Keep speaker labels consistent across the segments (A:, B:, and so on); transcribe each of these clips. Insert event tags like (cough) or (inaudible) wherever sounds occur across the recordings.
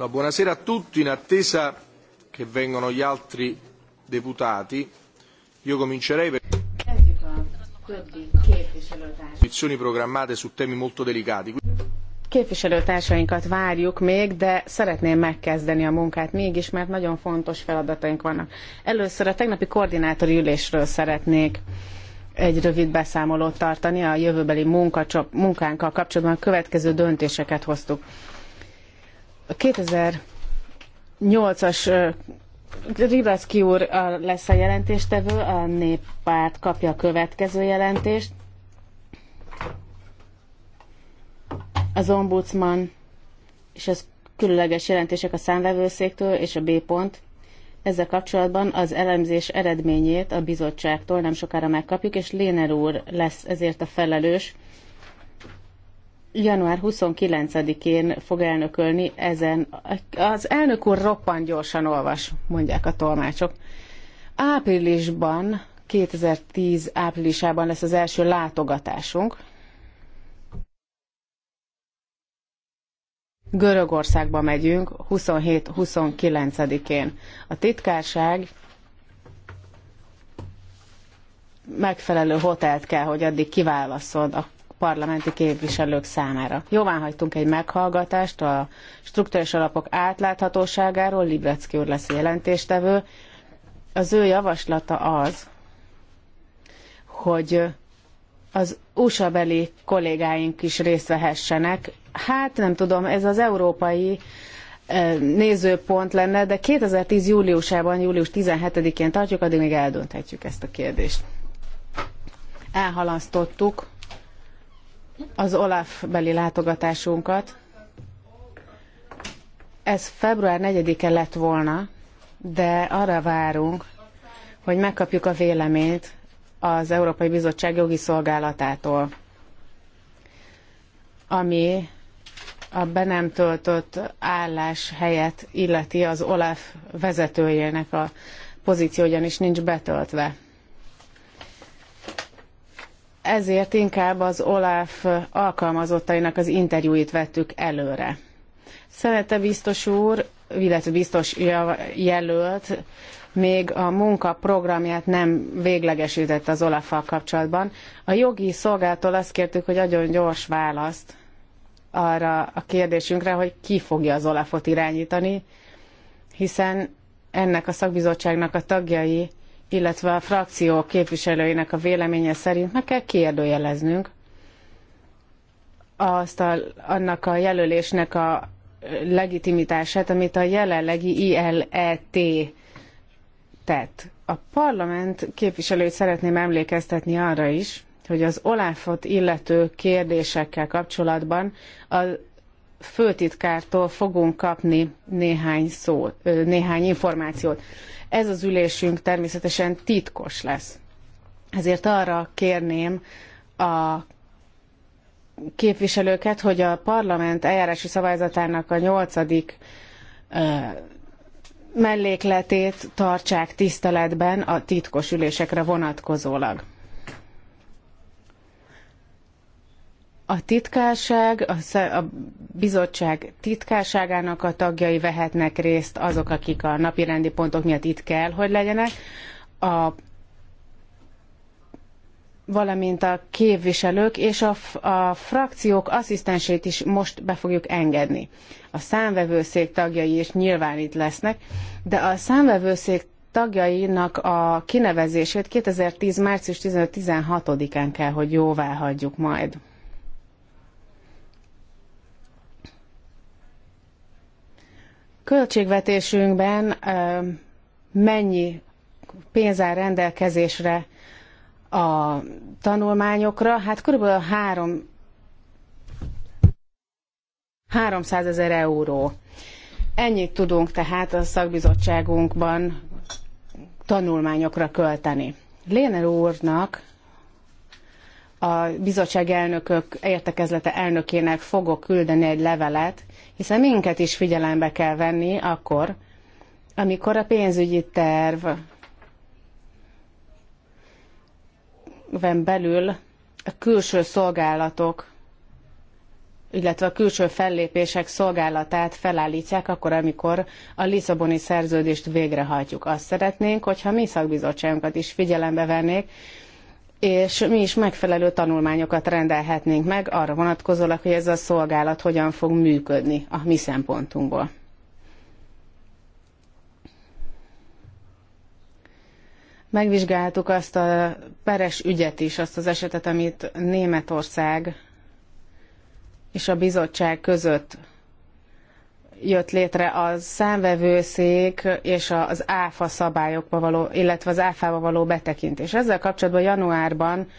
A: No, buonasera a tutti, in attesa che vengano gli altri deputati, io comincerei per audizioni programmate su temi molto delicati.
B: Képviselőtársainkat várjuk még, de szeretném megkezdeni a munkát mégis, mert nagyon fontos feladataink vannak. Először a tegnapi koordinátori ülésről szeretnék egy rövid beszámolót tartani a jövőbeli munkánkkal kapcsolatban a következő döntéseket hoztuk. 2008-as Ribaszki úr lesz a jelentéstevő, a néppárt kapja a következő jelentést. Az ombudsman, és ez különleges jelentések a számvevőszéktől és a B pont. Ezzel kapcsolatban az elemzés eredményét a bizottságtól nem sokára megkapjuk, és Léner úr lesz ezért a felelős január 29-én fog elnökölni ezen. Az elnök úr roppant gyorsan olvas, mondják a tolmácsok. Áprilisban, 2010 áprilisában lesz az első látogatásunk. Görögországba megyünk 27-29-én. A titkárság megfelelő hotelt kell, hogy addig kiválaszol a parlamenti képviselők számára. Jóváhagytunk hagytunk egy meghallgatást a struktúrás alapok átláthatóságáról, Librecki úr lesz jelentéstevő. Az ő javaslata az, hogy az USA beli kollégáink is részt vehessenek. Hát nem tudom, ez az európai eh, nézőpont lenne, de 2010 júliusában, július 17-én tartjuk, addig még eldönthetjük ezt a kérdést. Elhalasztottuk az Olaf beli látogatásunkat. Ez február 4-e lett volna, de arra várunk, hogy megkapjuk a véleményt az Európai Bizottság jogi szolgálatától, ami a be nem töltött állás helyet illeti az OLAF vezetőjének a pozíció, ugyanis nincs betöltve ezért inkább az Olaf alkalmazottainak az interjúit vettük előre. Szenete biztos úr, illetve biztos jelölt, még a munka programját nem véglegesített az olaf kapcsolatban. A jogi szolgáltól azt kértük, hogy adjon gyors választ arra a kérdésünkre, hogy ki fogja az Olafot irányítani, hiszen ennek a szakbizottságnak a tagjai illetve a frakció képviselőinek a véleménye szerint meg kell kérdőjeleznünk azt a, annak a jelölésnek a legitimitását, amit a jelenlegi ILET tett. A parlament képviselőit szeretném emlékeztetni arra is, hogy az Olafot illető kérdésekkel kapcsolatban az főtitkártól fogunk kapni néhány szót, néhány információt. Ez az ülésünk természetesen titkos lesz. Ezért arra kérném a képviselőket, hogy a parlament eljárási szabályzatának a nyolcadik mellékletét tartsák tiszteletben a titkos ülésekre vonatkozólag. a titkárság, a, a bizottság titkárságának a tagjai vehetnek részt, azok, akik a napirendi pontok miatt itt kell, hogy legyenek, a, valamint a képviselők és a, a frakciók asszisztensét is most be fogjuk engedni. A számvevőszék tagjai is nyilván itt lesznek, de a számvevőszék tagjainak a kinevezését 2010. március 15-16-án kell, hogy jóvá hagyjuk majd. költségvetésünkben mennyi pénz áll rendelkezésre a tanulmányokra? Hát körülbelül 3 300 ezer euró. Ennyit tudunk tehát a szakbizottságunkban tanulmányokra költeni. Léner úrnak, a bizottság elnökök értekezlete elnökének fogok küldeni egy levelet, hiszen minket is figyelembe kell venni akkor, amikor a pénzügyi terv belül a külső szolgálatok, illetve a külső fellépések szolgálatát felállítják akkor, amikor a Lisszaboni szerződést végrehajtjuk. Azt szeretnénk, hogyha mi szakbizottságunkat is figyelembe vennék, és mi is megfelelő tanulmányokat rendelhetnénk meg arra vonatkozólag, hogy ez a szolgálat hogyan fog működni a mi szempontunkból. Megvizsgáltuk azt a peres ügyet is, azt az esetet, amit Németország és a bizottság között jött létre a számvevőszék és az áfa szabályokba való, illetve az áfába való betekintés. Ezzel kapcsolatban januárban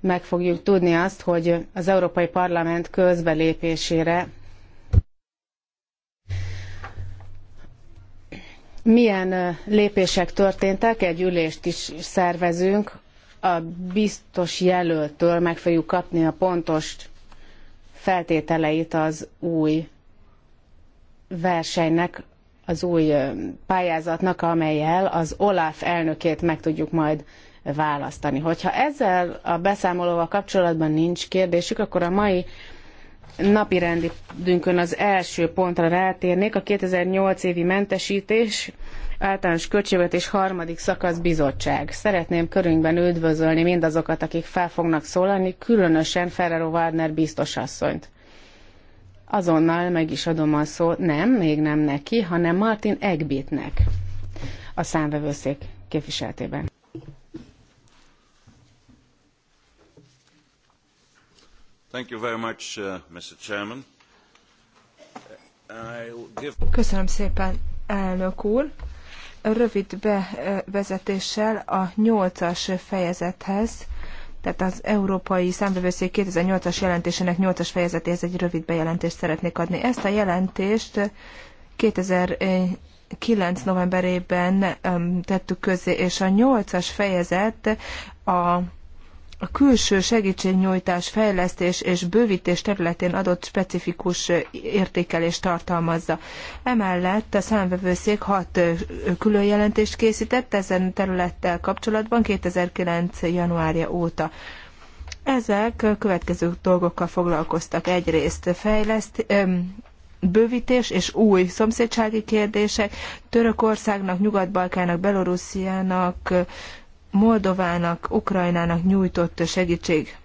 B: meg fogjuk tudni azt, hogy az Európai Parlament közbelépésére milyen lépések történtek, egy ülést is szervezünk, a biztos jelöltől meg fogjuk kapni a pontos feltételeit az új versenynek, az új pályázatnak, amelyel az OLAF elnökét meg tudjuk majd választani. Hogyha ezzel a beszámolóval kapcsolatban nincs kérdésük, akkor a mai napi rendünkön az első pontra rátérnék, a 2008 évi mentesítés, általános költségvetés harmadik szakasz bizottság. Szeretném körünkben üdvözölni mindazokat, akik fel fognak szólalni, különösen Ferrero Wagner biztosasszonyt. Azonnal meg is adom a szót, nem, még nem neki, hanem Martin Egbitnek a számvevőszék képviseltében. Thank you very much, uh, Mr. Chairman. Give...
C: Köszönöm szépen, elnök úr. Rövid bevezetéssel a nyolcas fejezethez tehát az Európai Számbevőszék 2008-as jelentésének 8-as fejezetéhez egy rövid bejelentést szeretnék adni. Ezt a jelentést 2009. novemberében tettük közzé, és a 8-as fejezet a a külső segítségnyújtás, fejlesztés és bővítés területén adott specifikus értékelést tartalmazza. Emellett a számvevőszék hat külön jelentést készített ezen területtel kapcsolatban 2009. januárja óta. Ezek következő dolgokkal foglalkoztak. Egyrészt fejleszt, bővítés és új szomszédsági kérdések Törökországnak, Nyugat-Balkának, Belorussziának, Moldovának, Ukrajnának nyújtott segítség.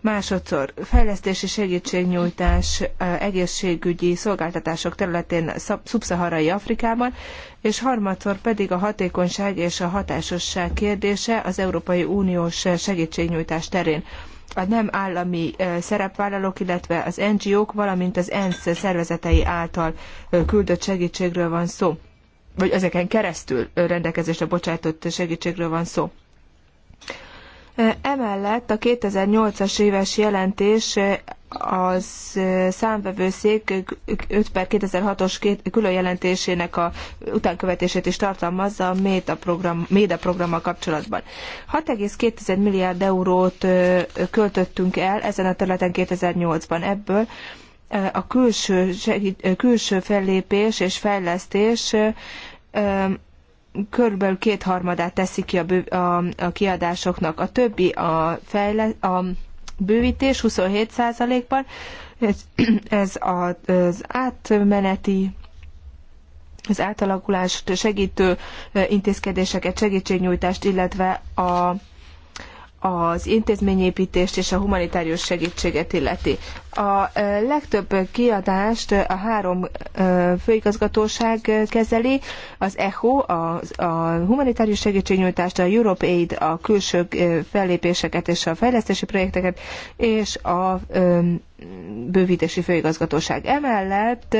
C: Másodszor fejlesztési segítségnyújtás egészségügyi szolgáltatások területén szubszaharai Afrikában, és harmadszor pedig a hatékonyság és a hatásosság kérdése az Európai Uniós segítségnyújtás terén. A nem állami szerepvállalók, illetve az NGO-k, valamint az ENSZ szervezetei által küldött segítségről van szó, vagy ezeken keresztül rendelkezésre bocsátott segítségről van szó. Emellett a 2008-as éves jelentés az számvevőszék 5 per 2006-os külön jelentésének a utánkövetését is tartalmazza a MEDA, program, MEDA programmal kapcsolatban. 6,2 milliárd eurót költöttünk el ezen a területen 2008-ban. Ebből a külső, segít, külső fellépés és fejlesztés körülbelül kétharmadát teszi ki a, bő, a, a kiadásoknak. A többi a, fejle, a bővítés 27%-ban, ez, (clears throat) ez a, az átmeneti az átalakulást segítő intézkedéseket, segítségnyújtást, illetve a az intézményépítést és a humanitárius segítséget illeti. A legtöbb kiadást a három főigazgatóság kezeli, az ECHO, a, a humanitárius segítségnyújtást, a Europe Aid, a külső fellépéseket és a fejlesztési projekteket, és a bővítési főigazgatóság. Emellett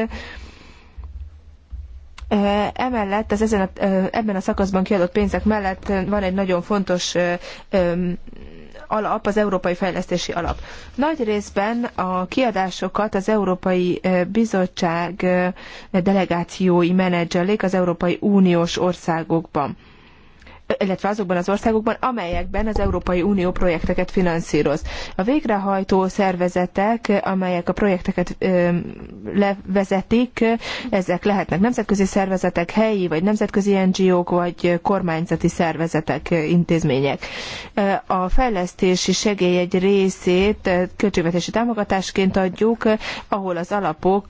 C: Emellett az ezen a, ebben a szakaszban kiadott pénzek mellett van egy nagyon fontos alap, az Európai Fejlesztési Alap. Nagy részben a kiadásokat az Európai Bizottság delegációi menedzselik az Európai Uniós országokban illetve azokban az országokban, amelyekben az Európai Unió projekteket finanszíroz. A végrehajtó szervezetek, amelyek a projekteket levezetik, ezek lehetnek nemzetközi szervezetek, helyi vagy nemzetközi NGO-k, vagy kormányzati szervezetek, intézmények. A fejlesztési segély egy részét költségvetési támogatásként adjuk, ahol az alapok,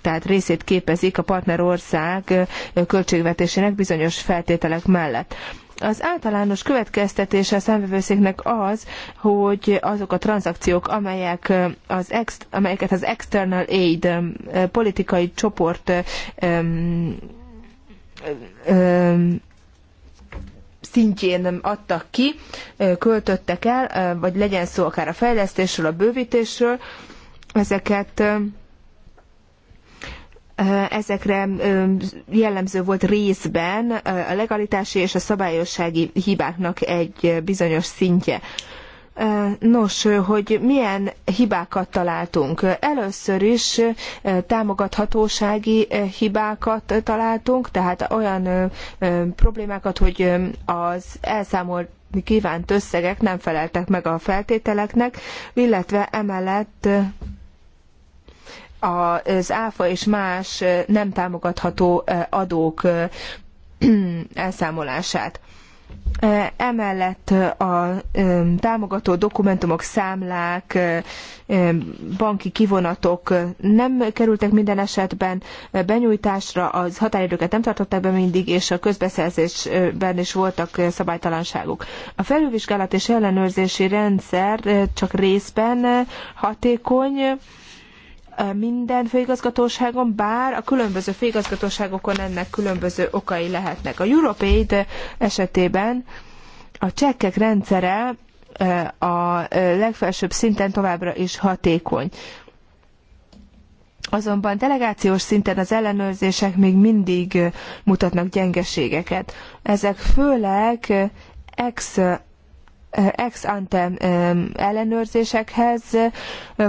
C: tehát részét képezik a partnerország költségvetésének bizonyos feltételek mellett. Az általános következtetése a számvevőszéknek az, hogy azok a tranzakciók, amelyek az ex, amelyeket az External Aid politikai csoport szintjén adtak ki, költöttek el, vagy legyen szó akár a fejlesztésről, a bővítésről, ezeket ezekre jellemző volt részben a legalitási és a szabályossági hibáknak egy bizonyos szintje. Nos, hogy milyen hibákat találtunk? Először is támogathatósági hibákat találtunk, tehát olyan problémákat, hogy az elszámolt kívánt összegek nem feleltek meg a feltételeknek, illetve emellett az áfa és más nem támogatható adók (clears throat) elszámolását. Emellett a támogató dokumentumok, számlák, banki kivonatok nem kerültek minden esetben benyújtásra, az határidőket nem tartották be mindig, és a közbeszerzésben is voltak szabálytalanságok. A felülvizsgálat és ellenőrzési rendszer csak részben hatékony, minden főigazgatóságon, bár a különböző főigazgatóságokon ennek különböző okai lehetnek. A Europaid esetében a csekkek rendszere a legfelsőbb szinten továbbra is hatékony. Azonban delegációs szinten az ellenőrzések még mindig mutatnak gyengeségeket. Ezek főleg ex ex ante ellenőrzésekhez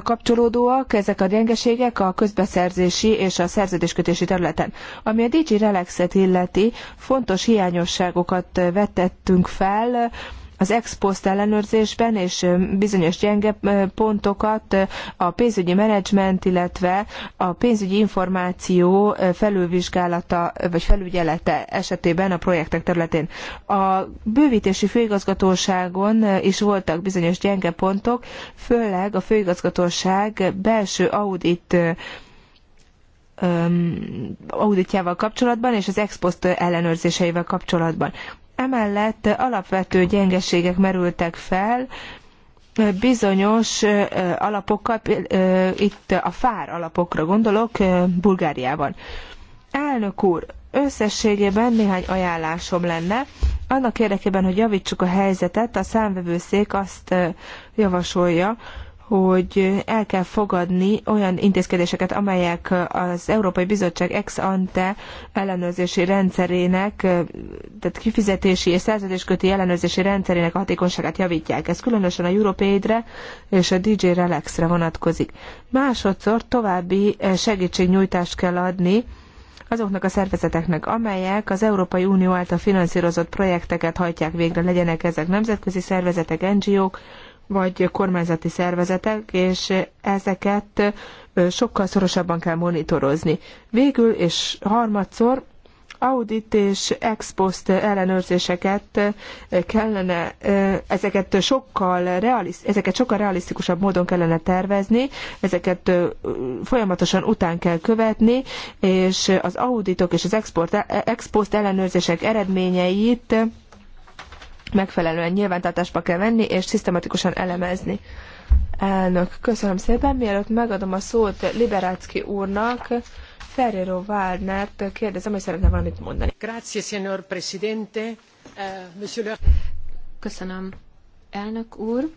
C: kapcsolódóak ezek a gyengeségek a közbeszerzési és a szerződéskötési területen. Ami a DG Relaxet illeti, fontos hiányosságokat vetettünk fel, az ex post ellenőrzésben és bizonyos gyenge pontokat a pénzügyi menedzsment, illetve a pénzügyi információ felülvizsgálata vagy felügyelete esetében a projektek területén. A bővítési főigazgatóságon is voltak bizonyos gyenge pontok, főleg a főigazgatóság belső audit auditjával kapcsolatban és az ex post ellenőrzéseivel kapcsolatban. Emellett alapvető gyengeségek merültek fel, bizonyos alapokkal, itt a fár alapokra gondolok, Bulgáriában. Elnök úr, összességében néhány ajánlásom lenne. Annak érdekében, hogy javítsuk a helyzetet, a számvevőszék azt javasolja, hogy el kell fogadni olyan intézkedéseket, amelyek az Európai Bizottság ex ante ellenőrzési rendszerének, tehát kifizetési és szerződésköti ellenőrzési rendszerének a hatékonyságát javítják. Ez különösen a Europaid-re és a DJ Relax-re vonatkozik. Másodszor további segítségnyújtást kell adni azoknak a szervezeteknek, amelyek az Európai Unió által finanszírozott projekteket hajtják végre, legyenek ezek nemzetközi szervezetek, NGO-k, vagy kormányzati szervezetek, és ezeket sokkal szorosabban kell monitorozni. Végül és harmadszor audit és ex post ellenőrzéseket kellene, ezeket sokkal, realiszt, ezeket sokkal realisztikusabb módon kellene tervezni, ezeket folyamatosan után kell követni, és az auditok és az export, e-, ex post ellenőrzések eredményeit megfelelően nyilvántartásba kell venni, és szisztematikusan elemezni. Elnök, köszönöm szépen. Mielőtt megadom a szót Liberácki úrnak, Ferrero Waldnert kérdezem, hogy szeretne valamit mondani.
B: Grazie, signor Presidente. Eh, monsieur... Köszönöm, elnök úr.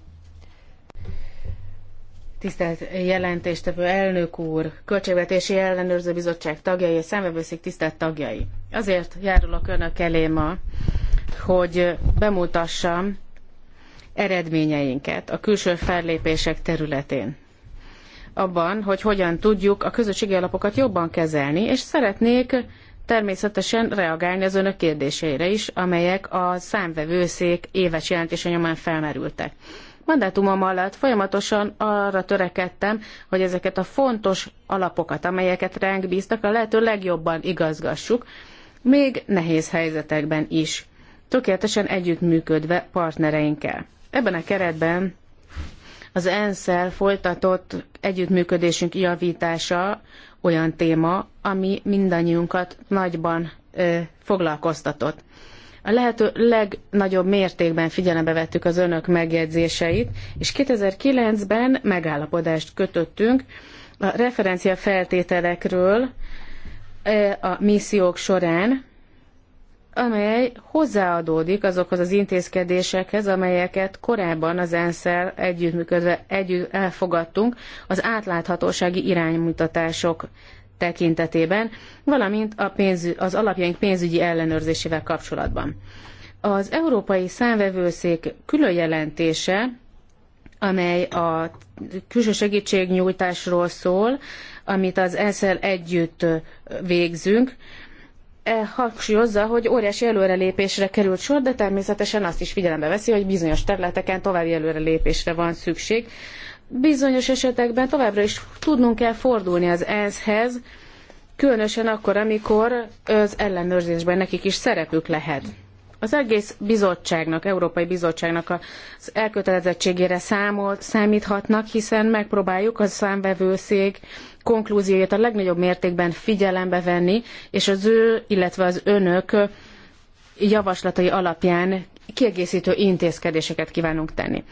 B: Tisztelt jelentéstevő elnök úr, Költségvetési Ellenőrző Bizottság tagjai, és szemvevőszék tisztelt tagjai. Azért járulok önök elé ma, hogy bemutassam eredményeinket a külső fellépések területén. Abban, hogy hogyan tudjuk a közösségi alapokat jobban kezelni, és szeretnék természetesen reagálni az önök kérdéseire is, amelyek a számvevőszék éves jelentése nyomán felmerültek. Mandátumom alatt folyamatosan arra törekedtem, hogy ezeket a fontos alapokat, amelyeket ránk bíztak, a lehető legjobban igazgassuk, még nehéz helyzetekben is tökéletesen együttműködve partnereinkkel. Ebben a keretben az ensz folytatott együttműködésünk javítása olyan téma, ami mindannyiunkat nagyban ö, foglalkoztatott. A lehető legnagyobb mértékben figyelembe vettük az önök megjegyzéseit, és 2009-ben megállapodást kötöttünk a referencia feltételekről a missziók során, amely hozzáadódik azokhoz az intézkedésekhez, amelyeket korábban az ENSZ-el együttműködve együtt elfogadtunk az átláthatósági iránymutatások tekintetében, valamint a pénz, az alapjaink pénzügyi ellenőrzésével kapcsolatban. Az Európai Számvevőszék külön jelentése, amely a külső segítségnyújtásról szól, amit az ENSZ-el együtt végzünk, E, hangsúlyozza, hogy óriási előrelépésre került sor, de természetesen azt is figyelembe veszi, hogy bizonyos területeken további előrelépésre van szükség. Bizonyos esetekben továbbra is tudnunk kell fordulni az ENSZ-hez, különösen akkor, amikor az ellenőrzésben nekik is szerepük lehet. Az egész bizottságnak, Európai Bizottságnak az elkötelezettségére számolt, számíthatnak, hiszen megpróbáljuk a számvevőszék konklúzióját a legnagyobb mértékben figyelembe venni, és az ő, illetve az önök javaslatai alapján kiegészítő intézkedéseket kívánunk tenni.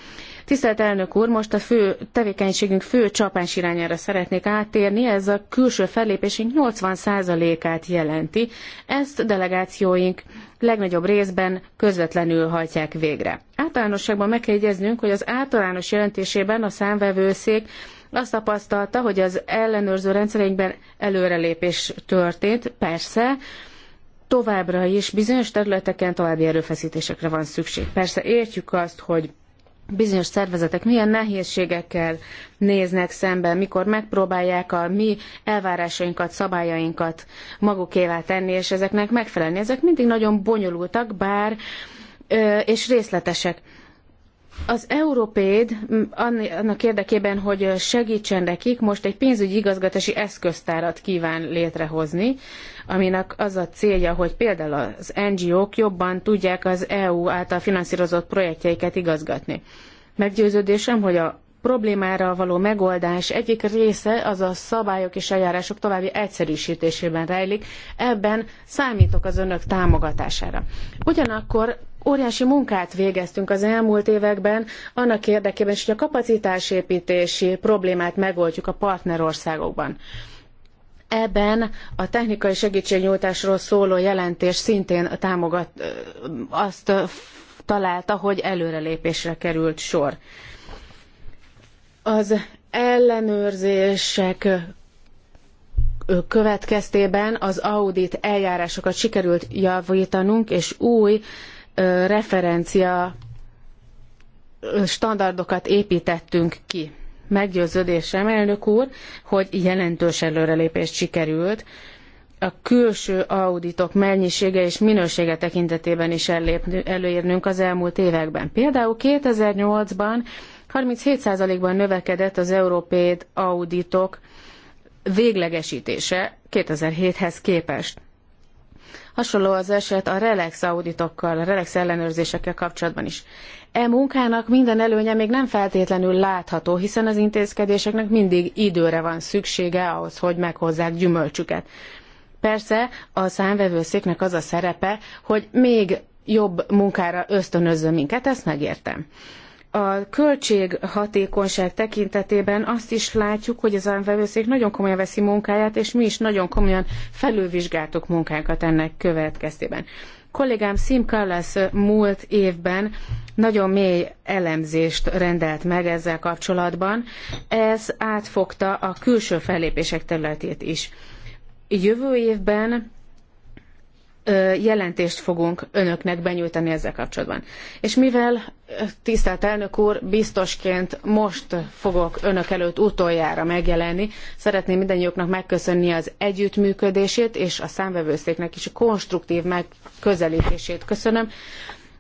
B: Tisztelt elnök úr, most a fő tevékenységünk fő csapás irányára szeretnék áttérni, ez a külső fellépésünk 80%-át jelenti, ezt delegációink legnagyobb részben közvetlenül hajtják végre. Általánosságban meg kell jegyeznünk, hogy az általános jelentésében a számvevőszék azt tapasztalta, hogy az ellenőrző rendszereinkben előrelépés történt, persze, továbbra is bizonyos területeken további erőfeszítésekre van szükség. Persze értjük azt, hogy bizonyos szervezetek milyen nehézségekkel néznek szembe, mikor megpróbálják a mi elvárásainkat, szabályainkat magukévá tenni, és ezeknek megfelelni. Ezek mindig nagyon bonyolultak, bár és részletesek. Az Európéd annak érdekében, hogy segítsen nekik, most egy pénzügyi igazgatási eszköztárat kíván létrehozni, aminek az a célja, hogy például az NGO-k jobban tudják az EU által finanszírozott projektjeiket igazgatni. Meggyőződésem, hogy a problémára való megoldás egyik része az a szabályok és eljárások további egyszerűsítésében rejlik, ebben számítok az önök támogatására. Ugyanakkor Óriási munkát végeztünk az elmúlt években annak érdekében, hogy a kapacitásépítési problémát megoldjuk a partnerországokban. Ebben a technikai segítségnyújtásról szóló jelentés szintén támogat, azt találta, hogy előrelépésre került sor. Az ellenőrzések következtében az audit eljárásokat sikerült javítanunk, és új referencia standardokat építettünk ki. Meggyőződésem, elnök úr, hogy jelentős előrelépést sikerült. A külső auditok mennyisége és minősége tekintetében is előírnünk az elmúlt években. Például 2008-ban 37%-ban növekedett az európai auditok véglegesítése 2007-hez képest. Hasonló az eset a relex auditokkal, a Relex ellenőrzésekkel kapcsolatban is. E munkának minden előnye még nem feltétlenül látható, hiszen az intézkedéseknek mindig időre van szüksége ahhoz, hogy meghozzák gyümölcsüket. Persze a számvevőszéknek az a szerepe, hogy még jobb munkára ösztönözzön minket, ezt megértem a költséghatékonyság tekintetében azt is látjuk, hogy az vevőszék nagyon komolyan veszi munkáját, és mi is nagyon komolyan felülvizsgáltuk munkánkat ennek következtében. Kollégám Sim Kallas múlt évben nagyon mély elemzést rendelt meg ezzel kapcsolatban. Ez átfogta a külső fellépések területét is. Jövő évben jelentést fogunk önöknek benyújtani ezzel kapcsolatban. És mivel, tisztelt elnök úr, biztosként most fogok önök előtt utoljára megjelenni, szeretném mindannyiuknak megköszönni az együttműködését, és a számvevőszéknek is a konstruktív megközelítését köszönöm.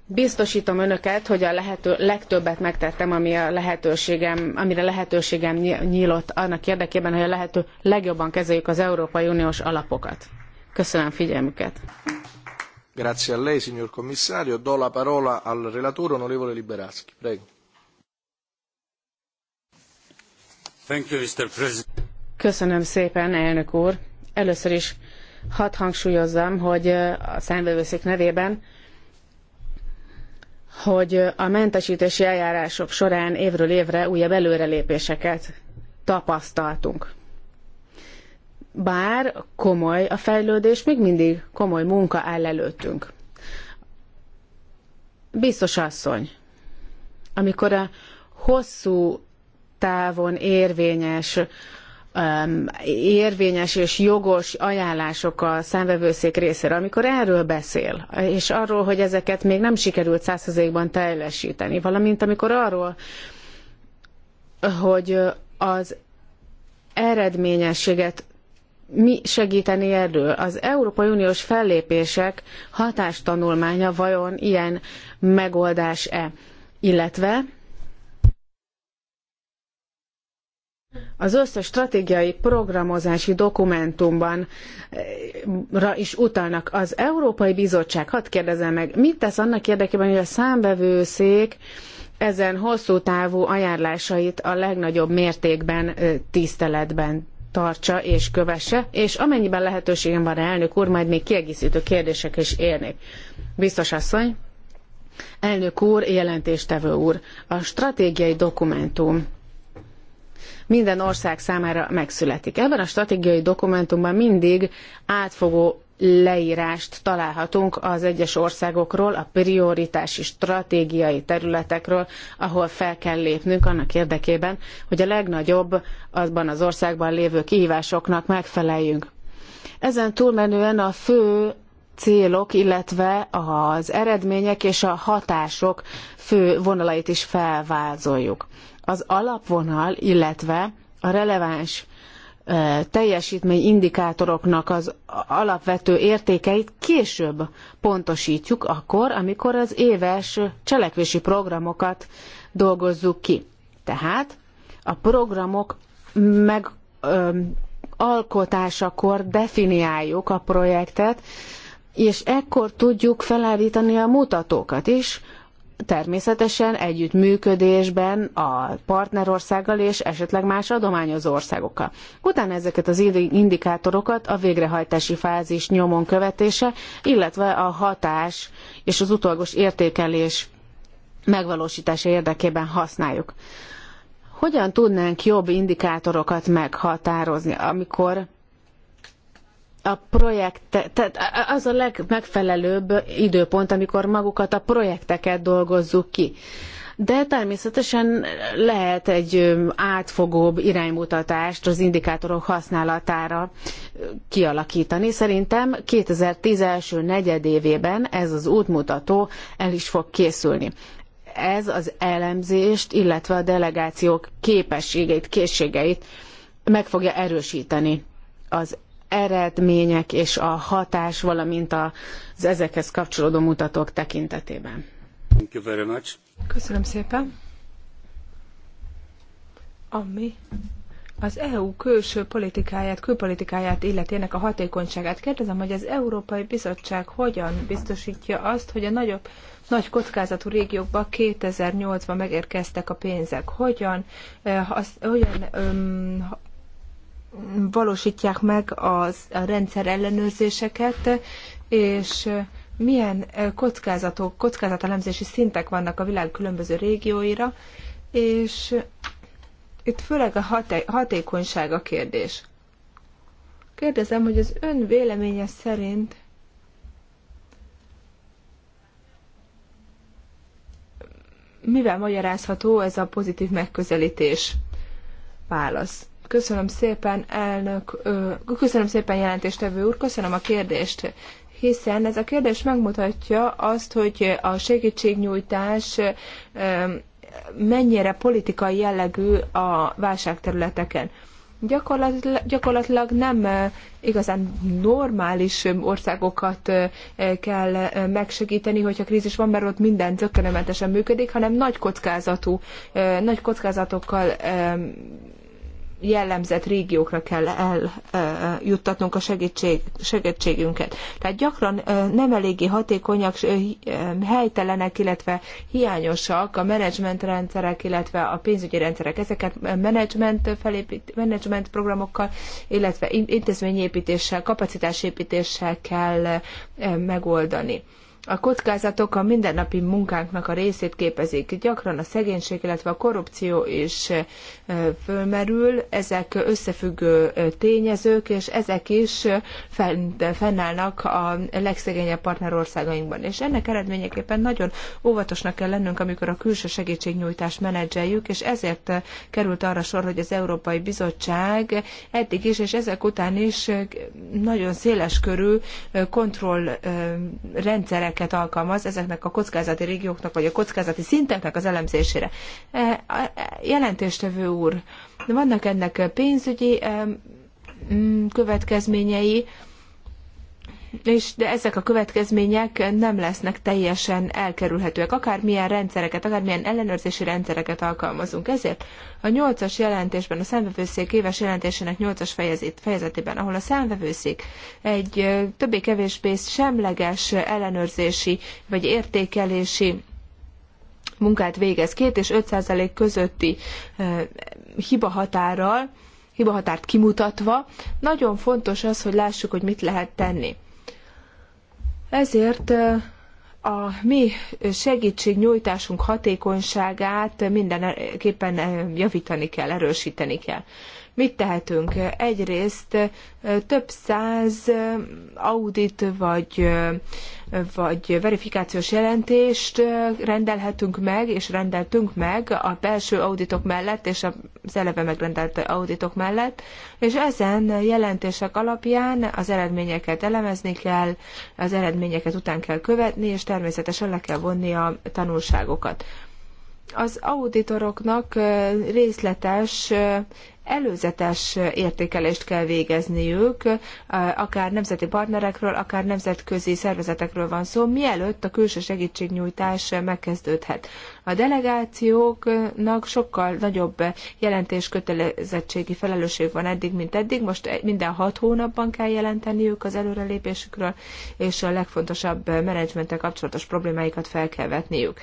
B: Biztosítom önöket, hogy a lehető, legtöbbet megtettem, ami a lehetőségem, amire lehetőségem nyílott annak érdekében, hogy a lehető legjobban kezeljük az Európai Uniós alapokat. Köszönöm figyelmüket!
A: Grazie a lei, signor Commissario. Do la parola al relatore, onorevole Liberaschi. Prego.
C: Thank you, Mr. President.
A: Köszönöm
B: szépen, elnök úr. Először is hadd hangsúlyozzam, hogy a számvevőszék nevében, hogy a mentesítési eljárások során évről évre újabb előrelépéseket tapasztaltunk bár komoly a fejlődés, még mindig komoly munka áll előttünk. Biztos asszony, amikor a hosszú távon érvényes um, érvényes és jogos ajánlások a számvevőszék részéről, amikor erről beszél, és arról, hogy ezeket még nem sikerült százszerzékban teljesíteni, valamint amikor arról, hogy az eredményességet mi segíteni erről? Az Európai Uniós fellépések hatástanulmánya vajon ilyen megoldás-e? Illetve az összes stratégiai programozási dokumentumban ra is utalnak. Az Európai Bizottság, hadd kérdezem meg, mit tesz annak érdekében, hogy a számbevőszék ezen hosszú távú ajánlásait a legnagyobb mértékben tiszteletben tartsa és kövesse, és amennyiben lehetőségem van, elnök úr, majd még kiegészítő kérdések is érnék. Biztos asszony, elnök úr, jelentéstevő úr, a stratégiai dokumentum minden ország számára megszületik. Ebben a stratégiai dokumentumban mindig átfogó leírást találhatunk az egyes országokról, a prioritási stratégiai területekről, ahol fel kell lépnünk annak érdekében, hogy a legnagyobb azban az országban lévő kihívásoknak megfeleljünk. Ezen túlmenően a fő célok, illetve az eredmények és a hatások fő vonalait is felvázoljuk. Az alapvonal, illetve a releváns teljesítményindikátoroknak az alapvető értékeit később pontosítjuk, akkor, amikor az éves cselekvési programokat dolgozzuk ki. Tehát a programok megalkotásakor definiáljuk a projektet, és ekkor tudjuk felállítani a mutatókat is, természetesen együttműködésben a partnerországgal és esetleg más adományozó országokkal. Utána ezeket az indikátorokat a végrehajtási fázis nyomon követése, illetve a hatás és az utolgos értékelés megvalósítása érdekében használjuk. Hogyan tudnánk jobb indikátorokat meghatározni, amikor a projekt, tehát az a legmegfelelőbb időpont, amikor magukat a projekteket dolgozzuk ki. De természetesen lehet egy átfogóbb iránymutatást az indikátorok használatára kialakítani. Szerintem 2010 első negyedévében ez az útmutató el is fog készülni. Ez az elemzést, illetve a delegációk képességeit, készségeit meg fogja erősíteni az eredmények és a hatás, valamint az ezekhez kapcsolódó mutatók tekintetében. Köszönöm szépen. Ami az EU külső politikáját,
C: külpolitikáját illetének a hatékonyságát. Kérdezem, hogy az Európai Bizottság hogyan biztosítja azt, hogy a nagyobb, nagy kockázatú régiókba 2008-ban megérkeztek a pénzek? Hogyan, eh, az, hogyan valósítják meg az, a rendszer ellenőrzéseket, és milyen kockázatok, kockázatelemzési szintek vannak a világ különböző régióira, és itt főleg a haté hatékonyság a kérdés. Kérdezem, hogy az ön véleménye szerint mivel magyarázható ez a pozitív megközelítés? Válasz. Köszönöm szépen, elnök, köszönöm szépen jelentéstevő úr, köszönöm a kérdést, hiszen ez a kérdés megmutatja azt, hogy a segítségnyújtás mennyire politikai jellegű a válságterületeken. Gyakorlatilag, gyakorlatilag nem igazán normális országokat kell megsegíteni, hogyha krízis van, mert ott minden zökkenőmentesen működik, hanem nagy kockázatú, nagy kockázatokkal jellemzett régiókra kell eljuttatnunk a segítség, segítségünket. Tehát gyakran nem eléggé hatékonyak, helytelenek, illetve hiányosak a menedzsment rendszerek, illetve a pénzügyi rendszerek. Ezeket menedzsment, felépít, menedzsment programokkal, illetve intézményépítéssel, kapacitásépítéssel kell megoldani. A kockázatok a mindennapi munkánknak a részét képezik. Gyakran a szegénység, illetve a korrupció is fölmerül, ezek összefüggő tényezők, és ezek is fennállnak a legszegényebb partnerországainkban. És ennek eredményeképpen nagyon óvatosnak kell lennünk, amikor a külső segítségnyújtást menedzseljük, és ezért került arra sor, hogy az Európai Bizottság eddig is, és ezek után is nagyon széleskörű kontrollrendszerek módszereket alkalmaz ezeknek a kockázati régióknak, vagy a kockázati szinteknek az elemzésére. E, e, jelentéstevő úr, vannak ennek pénzügyi mm, következményei, és de ezek a következmények nem lesznek teljesen elkerülhetőek, akármilyen rendszereket, akármilyen ellenőrzési rendszereket alkalmazunk. Ezért a 8-as jelentésben, a számvevőszék éves jelentésének 8-as fejezetében, ahol a számvevőszék egy többé-kevésbé semleges ellenőrzési vagy értékelési munkát végez, 2 és 5 százalék közötti hibahatárral, hibahatárt kimutatva, nagyon fontos az, hogy lássuk, hogy mit lehet tenni. Ezért a mi segítségnyújtásunk hatékonyságát mindenképpen javítani kell, erősíteni kell. Mit tehetünk? Egyrészt több száz audit vagy, vagy verifikációs jelentést rendelhetünk meg, és rendeltünk meg a belső auditok mellett, és az eleve megrendelt auditok mellett, és ezen jelentések alapján az eredményeket elemezni kell, az eredményeket után kell követni, és természetesen le kell vonni a tanulságokat az auditoroknak részletes előzetes értékelést kell végezniük, akár nemzeti partnerekről, akár nemzetközi szervezetekről van szó, mielőtt a külső segítségnyújtás megkezdődhet. A delegációknak sokkal nagyobb jelentés kötelezettségi felelősség van eddig, mint eddig. Most e- minden hat hónapban kell jelenteniük az előrelépésükről, és a legfontosabb menedzsmenttel kapcsolatos problémáikat fel kell vetniük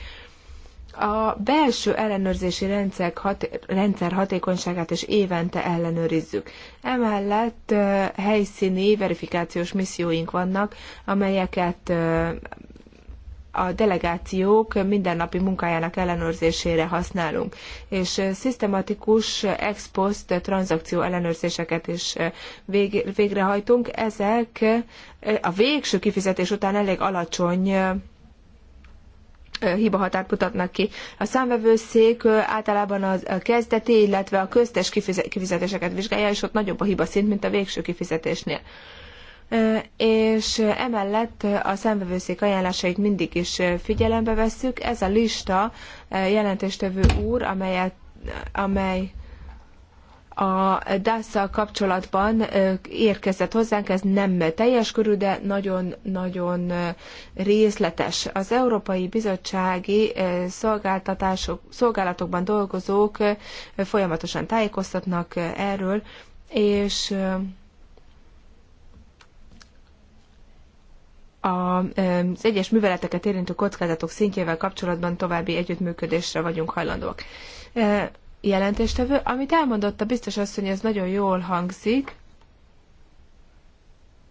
C: a belső ellenőrzési rendszer, hat, rendszer hatékonyságát is évente ellenőrizzük. Emellett helyszíni verifikációs misszióink vannak, amelyeket a delegációk mindennapi munkájának ellenőrzésére használunk, és szisztematikus ex post tranzakció ellenőrzéseket is végrehajtunk. Ezek a végső kifizetés után elég alacsony hibahatárt mutatnak ki. A számvevőszék általában a kezdeti, illetve a köztes kifizetéseket vizsgálja, és ott nagyobb a hibaszint, mint a végső kifizetésnél és emellett a számvevőszék ajánlásait mindig is figyelembe vesszük. Ez a lista jelentéstevő úr, amelyet, amely a DASZ-szal kapcsolatban érkezett hozzánk, ez nem teljes körű, de nagyon-nagyon részletes. Az Európai Bizottsági szolgáltatások, szolgálatokban dolgozók folyamatosan tájékoztatnak erről, és az egyes műveleteket érintő kockázatok szintjével kapcsolatban további együttműködésre vagyunk hajlandóak jelentéstevő. Amit elmondott a biztos asszony, ez nagyon jól hangzik,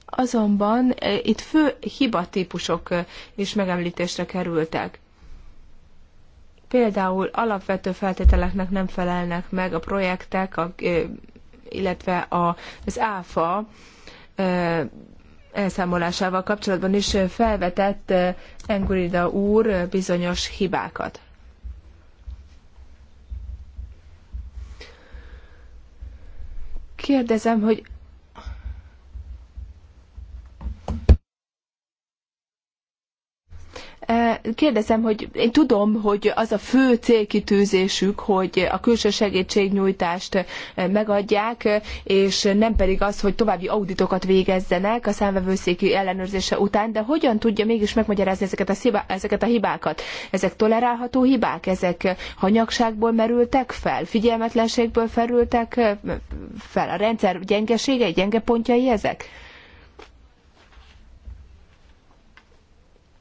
C: azonban e, itt fő hibatípusok e, is megemlítésre kerültek. Például alapvető feltételeknek nem felelnek meg a projektek, a, e, illetve a, az ÁFA elszámolásával kapcsolatban is felvetett Engurida úr bizonyos hibákat. Kérdezem, hogy Kérdezem, hogy én tudom, hogy az a fő célkitűzésük, hogy a külső segítségnyújtást megadják, és nem pedig az, hogy további auditokat végezzenek a számvevőszéki ellenőrzése után, de hogyan tudja mégis megmagyarázni ezeket a, ezeket a hibákat? Ezek tolerálható hibák? Ezek hanyagságból merültek fel? Figyelmetlenségből felültek fel? A rendszer gyengeségei, gyenge pontjai ezek?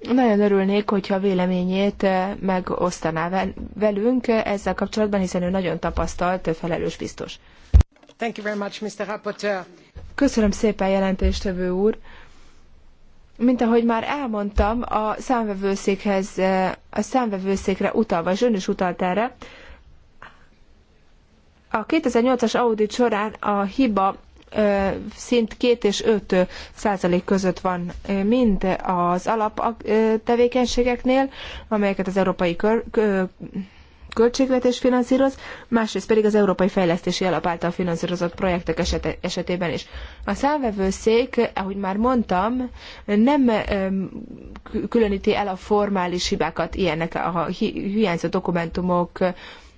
C: Nagyon örülnék, hogyha véleményét eh, megosztaná velünk eh, ezzel kapcsolatban, hiszen ő nagyon tapasztalt, eh, felelős biztos.
B: Thank you very much, Mr. Rapporteur.
C: Köszönöm szépen, jelentéstevő úr. Mint ahogy már elmondtam, a számvevőszékhez, a számvevőszékre utalva, és ön is utalt erre, a 2008-as audit során a hiba szint 2 és 5 százalék között van mind az alaptevékenységeknél, amelyeket az európai kör, költségvetés finanszíroz, másrészt pedig az Európai Fejlesztési Alap által finanszírozott projektek esetében is. A számvevőszék, ahogy már mondtam, nem különíti el a formális hibákat, ilyenek a hiányzó dokumentumok,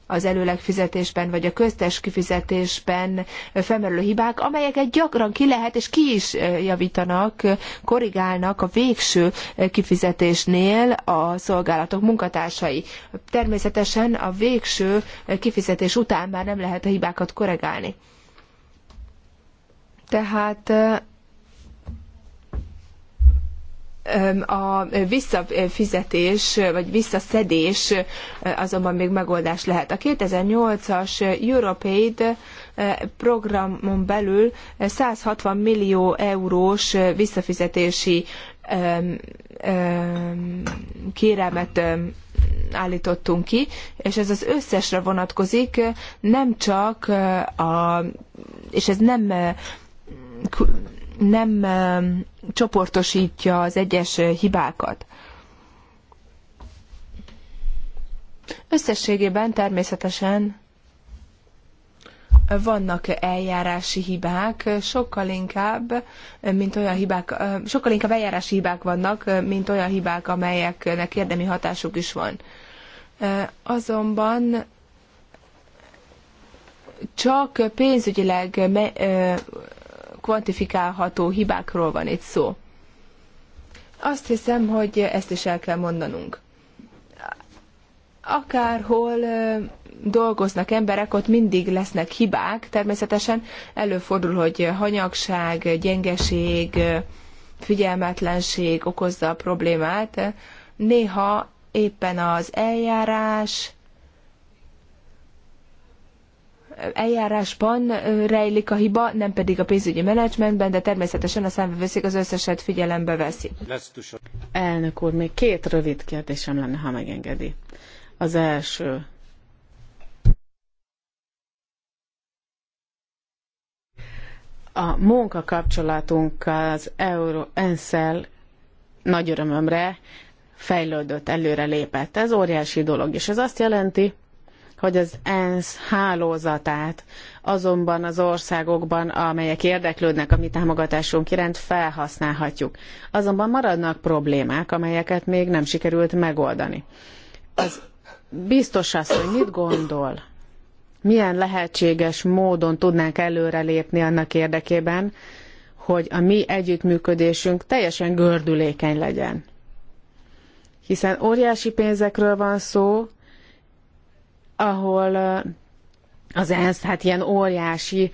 C: az előleg fizetésben vagy a köztes kifizetésben felmerülő hibák, amelyeket gyakran ki lehet és ki is javítanak, korrigálnak a végső kifizetésnél a szolgálatok munkatársai. Természetesen a végső kifizetés után már nem lehet a hibákat korrigálni. Tehát a visszafizetés vagy visszaszedés azonban még megoldás lehet. A 2008-as Europaid programon belül 160 millió eurós visszafizetési kérelmet állítottunk ki, és ez az összesre vonatkozik, nem csak a, és ez nem nem ehm, csoportosítja az egyes eh, hibákat. Összességében természetesen vannak eljárási hibák, sokkal inkább, eh, mint olyan hibák, eh, sokkal inkább eljárási hibák vannak, mint olyan hibák, amelyeknek érdemi hatásuk is van. Azonban csak pénzügyileg kvantifikálható hibákról van itt szó. Azt hiszem, hogy ezt is el kell mondanunk. Akárhol dolgoznak emberek, ott mindig lesznek hibák, természetesen előfordul, hogy hanyagság, gyengeség, figyelmetlenség okozza a problémát. Néha éppen az eljárás, eljárásban rejlik a hiba, nem pedig a pénzügyi
B: menedzsmentben, de természetesen a számvevőszék az összeset figyelembe veszi. Elnök úr, még két rövid kérdésem lenne, ha megengedi. Az első. A munkakapcsolatunk az Euro Enszel nagy örömömre fejlődött, előre lépett. Ez óriási dolog, és ez azt jelenti, hogy az ENSZ hálózatát azonban az országokban, amelyek érdeklődnek a mi támogatásunk iránt, felhasználhatjuk. Azonban maradnak problémák, amelyeket még nem sikerült megoldani. Az biztos az, hogy mit gondol? Milyen lehetséges módon tudnánk előrelépni annak érdekében, hogy a mi együttműködésünk teljesen gördülékeny legyen? Hiszen óriási pénzekről van szó, ahol az ENSZ, hát ilyen óriási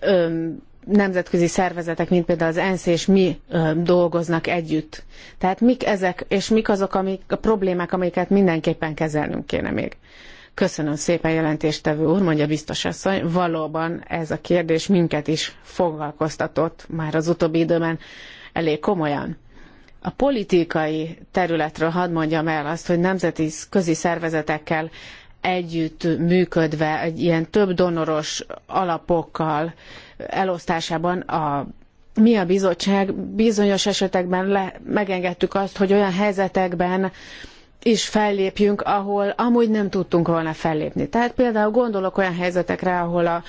B: öm, nemzetközi szervezetek, mint például az ENSZ és mi dolgoznak együtt. Tehát mik ezek, és mik azok amik, a problémák, amiket mindenképpen kezelnünk kéne még. Köszönöm szépen, jelentéstevő úr, mondja biztos asszony. Valóban ez a kérdés minket is foglalkoztatott már az utóbbi időben elég komolyan. A politikai területről hadd mondjam el azt, hogy nemzeti közi szervezetekkel együtt működve egy ilyen több donoros alapokkal elosztásában a mi a bizottság bizonyos esetekben le, megengedtük azt, hogy olyan helyzetekben is fellépjünk, ahol amúgy nem tudtunk volna fellépni. Tehát például gondolok olyan helyzetekre, ahol a,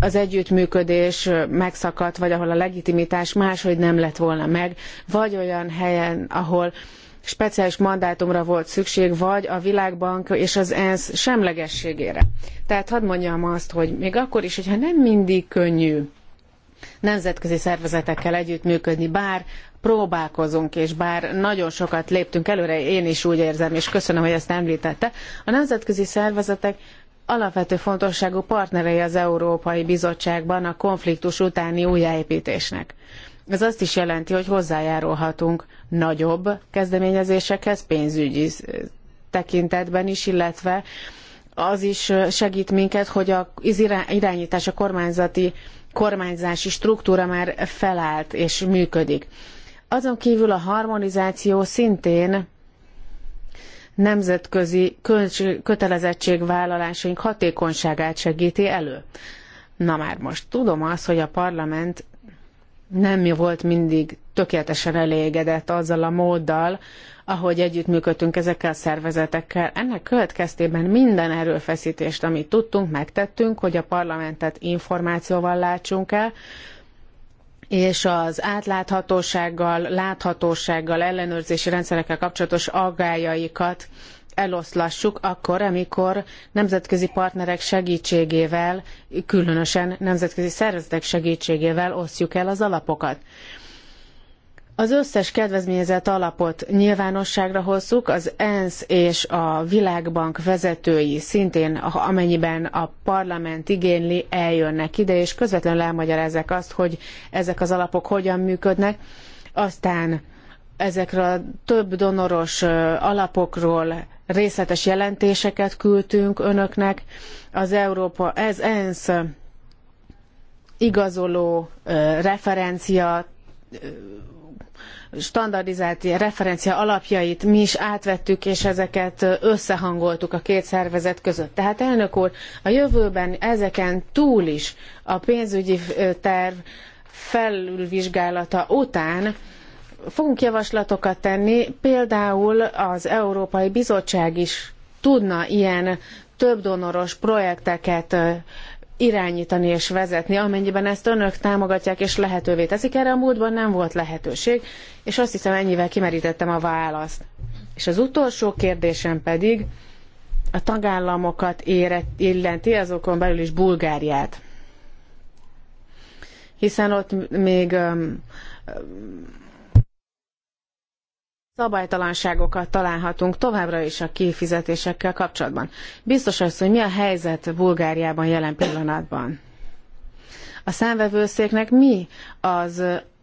B: az együttműködés megszakadt, vagy ahol a legitimitás máshogy nem lett volna meg, vagy olyan helyen, ahol speciális mandátumra volt szükség, vagy a Világbank és az ENSZ semlegességére. Tehát hadd mondjam azt, hogy még akkor is, hogyha nem mindig könnyű nemzetközi szervezetekkel együttműködni, bár próbálkozunk, és bár nagyon sokat léptünk előre, én is úgy érzem, és köszönöm, hogy ezt említette, a nemzetközi szervezetek alapvető fontosságú partnerei az Európai Bizottságban a konfliktus utáni újjáépítésnek. Ez azt is jelenti, hogy hozzájárulhatunk nagyobb kezdeményezésekhez pénzügyi tekintetben is, illetve az is segít minket, hogy az irányítás, a kormányzati kormányzási struktúra már felállt és működik. Azon kívül a harmonizáció szintén nemzetközi kötelezettségvállalásaink hatékonyságát segíti elő. Na már most tudom azt, hogy a parlament nem volt mindig tökéletesen elégedett azzal a móddal, ahogy együttműködtünk ezekkel a szervezetekkel. Ennek következtében minden erőfeszítést, amit tudtunk, megtettünk, hogy a parlamentet információval látsunk el, és az átláthatósággal, láthatósággal, ellenőrzési rendszerekkel kapcsolatos aggájaikat eloszlassuk akkor, amikor nemzetközi partnerek segítségével, különösen nemzetközi szervezetek segítségével osztjuk el az alapokat. Az összes kedvezményezett alapot nyilvánosságra hozzuk, az ENSZ és a Világbank vezetői szintén, amennyiben a parlament igényli, eljönnek ide, és közvetlenül elmagyarázzák azt, hogy ezek az alapok hogyan működnek. Aztán ezekről a több donoros alapokról részletes jelentéseket küldtünk önöknek. Az Európa, ez ENSZ igazoló referencia standardizált referencia alapjait mi is átvettük, és ezeket összehangoltuk a két szervezet között. Tehát elnök úr, a jövőben ezeken túl is a pénzügyi terv felülvizsgálata után fogunk javaslatokat tenni, például az Európai Bizottság is tudna ilyen többdonoros projekteket irányítani és vezetni, amennyiben ezt önök támogatják és lehetővé teszik. Erre a múltban nem volt lehetőség, és azt hiszem ennyivel kimerítettem a választ. És az utolsó kérdésem pedig a tagállamokat éret, illeti, azokon belül is Bulgáriát. Hiszen ott még um, um, szabálytalanságokat találhatunk továbbra is a kifizetésekkel kapcsolatban. Biztos az, hogy mi a helyzet Bulgáriában jelen pillanatban? A számvevőszéknek mi az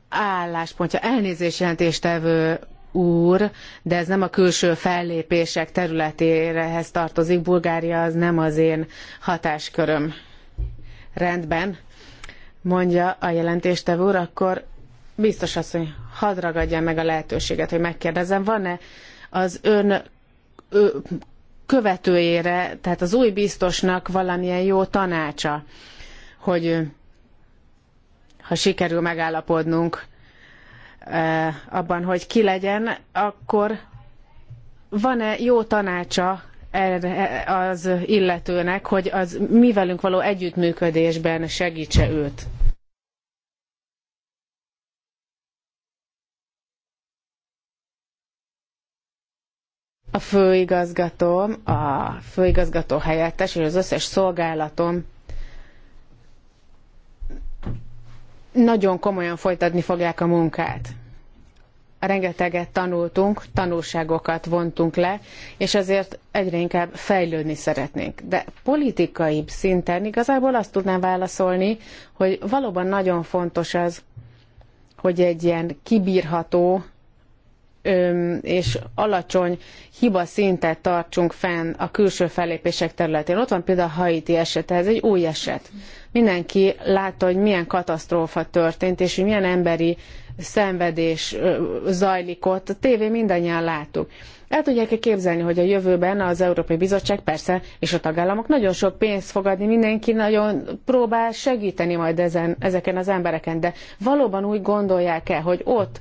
B: álláspontja? Elnézés jelentéstevő úr, de ez nem a külső fellépések területérehez tartozik. Bulgária az nem az én hatásköröm. Rendben, mondja a jelentéstevő úr, akkor biztos asszony, hadd ragadjam meg a lehetőséget, hogy megkérdezem, van-e az ön ö, követőjére, tehát az új biztosnak valamilyen jó tanácsa, hogy ha sikerül megállapodnunk abban, hogy ki legyen, akkor van-e jó tanácsa erre az illetőnek, hogy az mi velünk való együttműködésben segítse őt? a főigazgatóm, a főigazgató helyettes és az összes szolgálatom nagyon komolyan folytatni fogják a munkát. Rengeteget tanultunk, tanulságokat vontunk le, és azért egyre inkább fejlődni szeretnénk. De politikai szinten igazából azt tudnám válaszolni, hogy valóban nagyon fontos az, hogy egy ilyen kibírható, és alacsony hiba szintet tartsunk fenn a külső fellépések területén. Ott van például a Haiti esete, ez egy új eset. Mindenki látta, hogy milyen katasztrófa történt, és hogy milyen emberi szenvedés zajlik ott. A tévé mindannyian láttuk. El tudják-e képzelni, hogy a jövőben az Európai Bizottság persze, és a tagállamok nagyon sok pénzt fogadni, mindenki nagyon próbál segíteni majd ezen, ezeken az embereken, de valóban úgy gondolják-e, hogy ott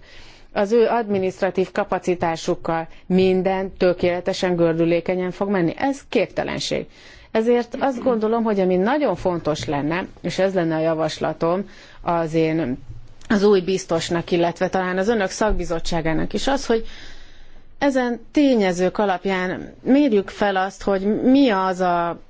B: az ő administratív kapacitásukkal minden tökéletesen gördülékenyen fog menni. Ez képtelenség. Ezért azt gondolom, hogy ami nagyon fontos lenne, és ez lenne a javaslatom az én az új biztosnak, illetve talán az önök szakbizottságának is az, hogy ezen tényezők alapján mérjük fel azt, hogy mi az a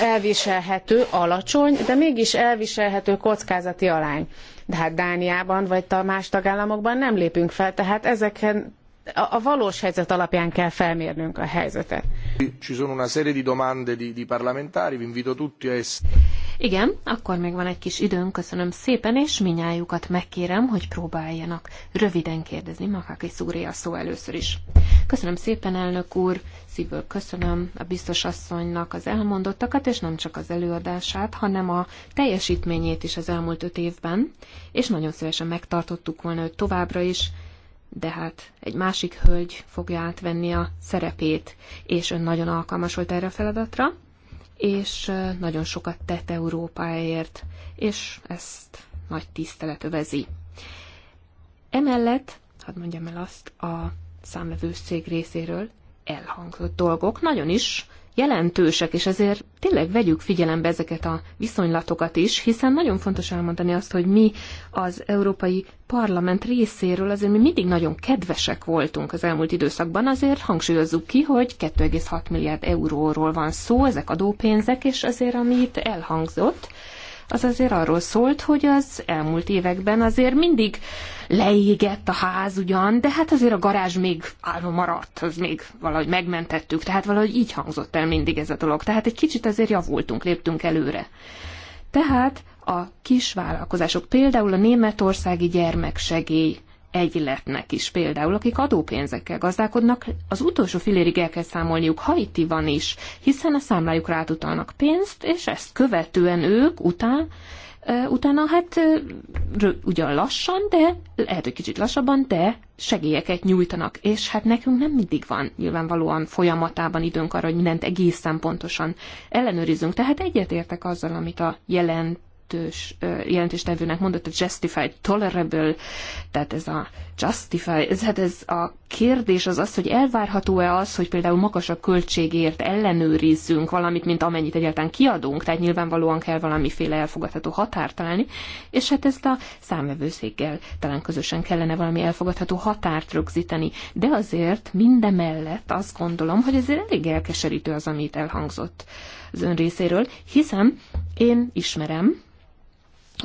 B: elviselhető, alacsony, de mégis elviselhető kockázati arány de hát Dániában vagy a más tagállamokban nem lépünk fel, tehát ezeken a, a valós helyzet alapján kell felmérnünk a helyzetet.
A: Ci sono una serie di domande di, di parlamentari, vi invito tutti a
D: Igen, akkor még van egy kis időnk, köszönöm szépen, és minnyájukat megkérem, hogy próbáljanak röviden kérdezni Makakis úré a szó először is. Köszönöm szépen, elnök úr, szívből köszönöm a biztos asszonynak az elmondottakat, és nem csak az előadását, hanem a teljesítményét is az elmúlt öt évben, és nagyon szívesen megtartottuk volna őt továbbra is, de hát egy másik hölgy fogja átvenni a szerepét, és ön nagyon alkalmas volt erre a feladatra, és nagyon sokat tett Európáért, és ezt nagy tisztelet övezi. Emellett, hadd mondjam el azt, a számvevőszék részéről elhangzott dolgok nagyon is jelentősek, és ezért tényleg vegyük figyelembe ezeket a viszonylatokat is, hiszen nagyon fontos elmondani azt, hogy mi az Európai Parlament részéről azért mi mindig nagyon kedvesek voltunk az elmúlt időszakban, azért hangsúlyozzuk ki, hogy 2,6 milliárd euróról van szó, ezek adópénzek, és azért amit elhangzott, az azért arról szólt, hogy az elmúlt években azért mindig leégett a ház ugyan, de hát azért a garázs még állva maradt, az még valahogy megmentettük, tehát valahogy így hangzott el mindig ez a dolog. Tehát egy kicsit azért javultunk, léptünk előre. Tehát a kis vállalkozások, például a németországi gyermeksegély egyletnek is például, akik adópénzekkel gazdálkodnak, az utolsó filérig el kell számolniuk, itt van is, hiszen a számlájuk rátutalnak pénzt, és ezt követően ők után utána hát ugyan lassan, de lehet, hogy kicsit lassabban, de segélyeket nyújtanak, és hát nekünk nem mindig van nyilvánvalóan folyamatában időnk arra, hogy mindent egészen pontosan ellenőrizzünk. Tehát egyetértek azzal, amit a jelent jelentős jelentéstevőnek mondott, a justified, tolerable, tehát ez a justified, hát ez a kérdés az az, hogy elvárható-e az, hogy például magasabb költségért ellenőrizzünk valamit, mint amennyit egyáltalán kiadunk, tehát nyilvánvalóan kell valamiféle elfogadható határt találni, és hát ezt a számvevőszéggel talán közösen kellene valami elfogadható határt rögzíteni. De azért mindemellett azt gondolom, hogy ezért elég elkeserítő az, amit elhangzott az ön részéről, hiszen én ismerem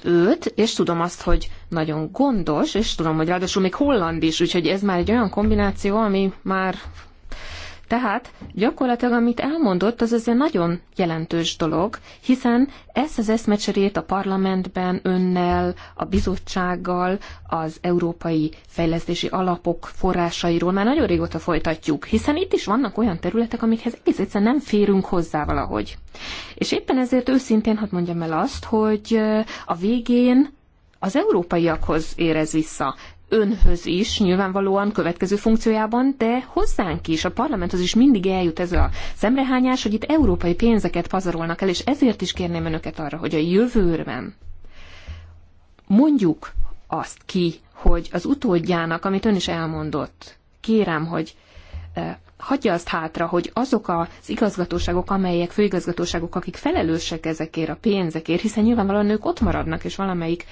D: őt, és tudom azt, hogy nagyon gondos, és tudom, hogy ráadásul még holland is, úgyhogy ez már egy olyan kombináció, ami már tehát gyakorlatilag, amit elmondott, az azért nagyon jelentős dolog, hiszen ezt az eszmecserét a parlamentben önnel, a bizottsággal, az európai fejlesztési alapok forrásairól már nagyon régóta folytatjuk, hiszen itt is vannak olyan területek, amikhez egész egyszerűen nem férünk hozzá valahogy. És éppen ezért őszintén hadd mondjam el azt, hogy a végén az európaiakhoz érez vissza önhöz is nyilvánvalóan következő funkciójában, de hozzánk is, a parlamenthoz is mindig eljut ez a szemrehányás, hogy itt európai pénzeket pazarolnak el, és ezért is kérném önöket arra, hogy a jövőben mondjuk azt ki, hogy az utódjának, amit ön is elmondott, kérem, hogy eh, hagyja azt hátra, hogy azok az igazgatóságok, amelyek főigazgatóságok, akik felelősek ezekért a pénzekért, hiszen nyilvánvalóan ők ott maradnak, és valamelyik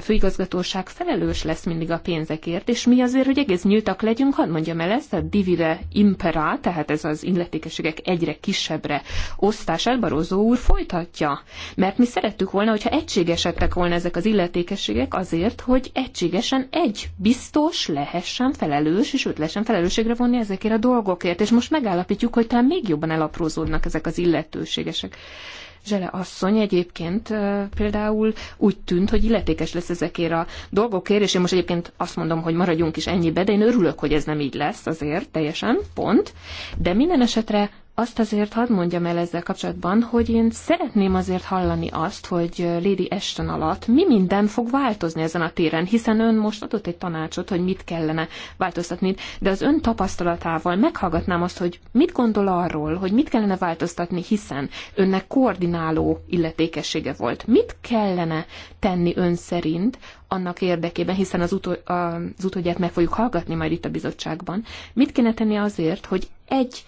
D: főigazgatóság felelős lesz mindig a pénzekért, és mi azért, hogy egész nyíltak legyünk, hadd mondjam el ezt, a divide impera, tehát ez az illetékeségek egyre kisebbre osztását Barozó úr folytatja. Mert mi szerettük volna, hogyha egységesedtek volna ezek az illetékességek azért, hogy egységesen egy biztos lehessen felelős, és őt lehessen felelősségre vonni ezekért a dolgokért jogokért, és most megállapítjuk, hogy talán még jobban elaprózódnak ezek az illetőségesek. Zsele asszony egyébként például úgy tűnt, hogy illetékes lesz ezekért a dolgokért, és én most egyébként azt mondom, hogy maradjunk is ennyibe, de én örülök, hogy ez nem így lesz azért teljesen, pont. De minden esetre azt azért hadd mondjam el ezzel kapcsolatban, hogy én szeretném azért hallani azt, hogy eh, Lady Ashton alatt mi minden fog változni ezen a téren, hiszen ön most adott egy tanácsot, hogy mit kellene változtatni, de az ön tapasztalatával meghallgatnám azt, hogy mit gondol arról, hogy mit kellene változtatni, hiszen önnek koordináló illetékessége volt. Mit kellene tenni ön szerint annak érdekében, hiszen az, utó, az utódját meg fogjuk hallgatni majd itt a bizottságban. Mit kéne tenni azért, hogy egy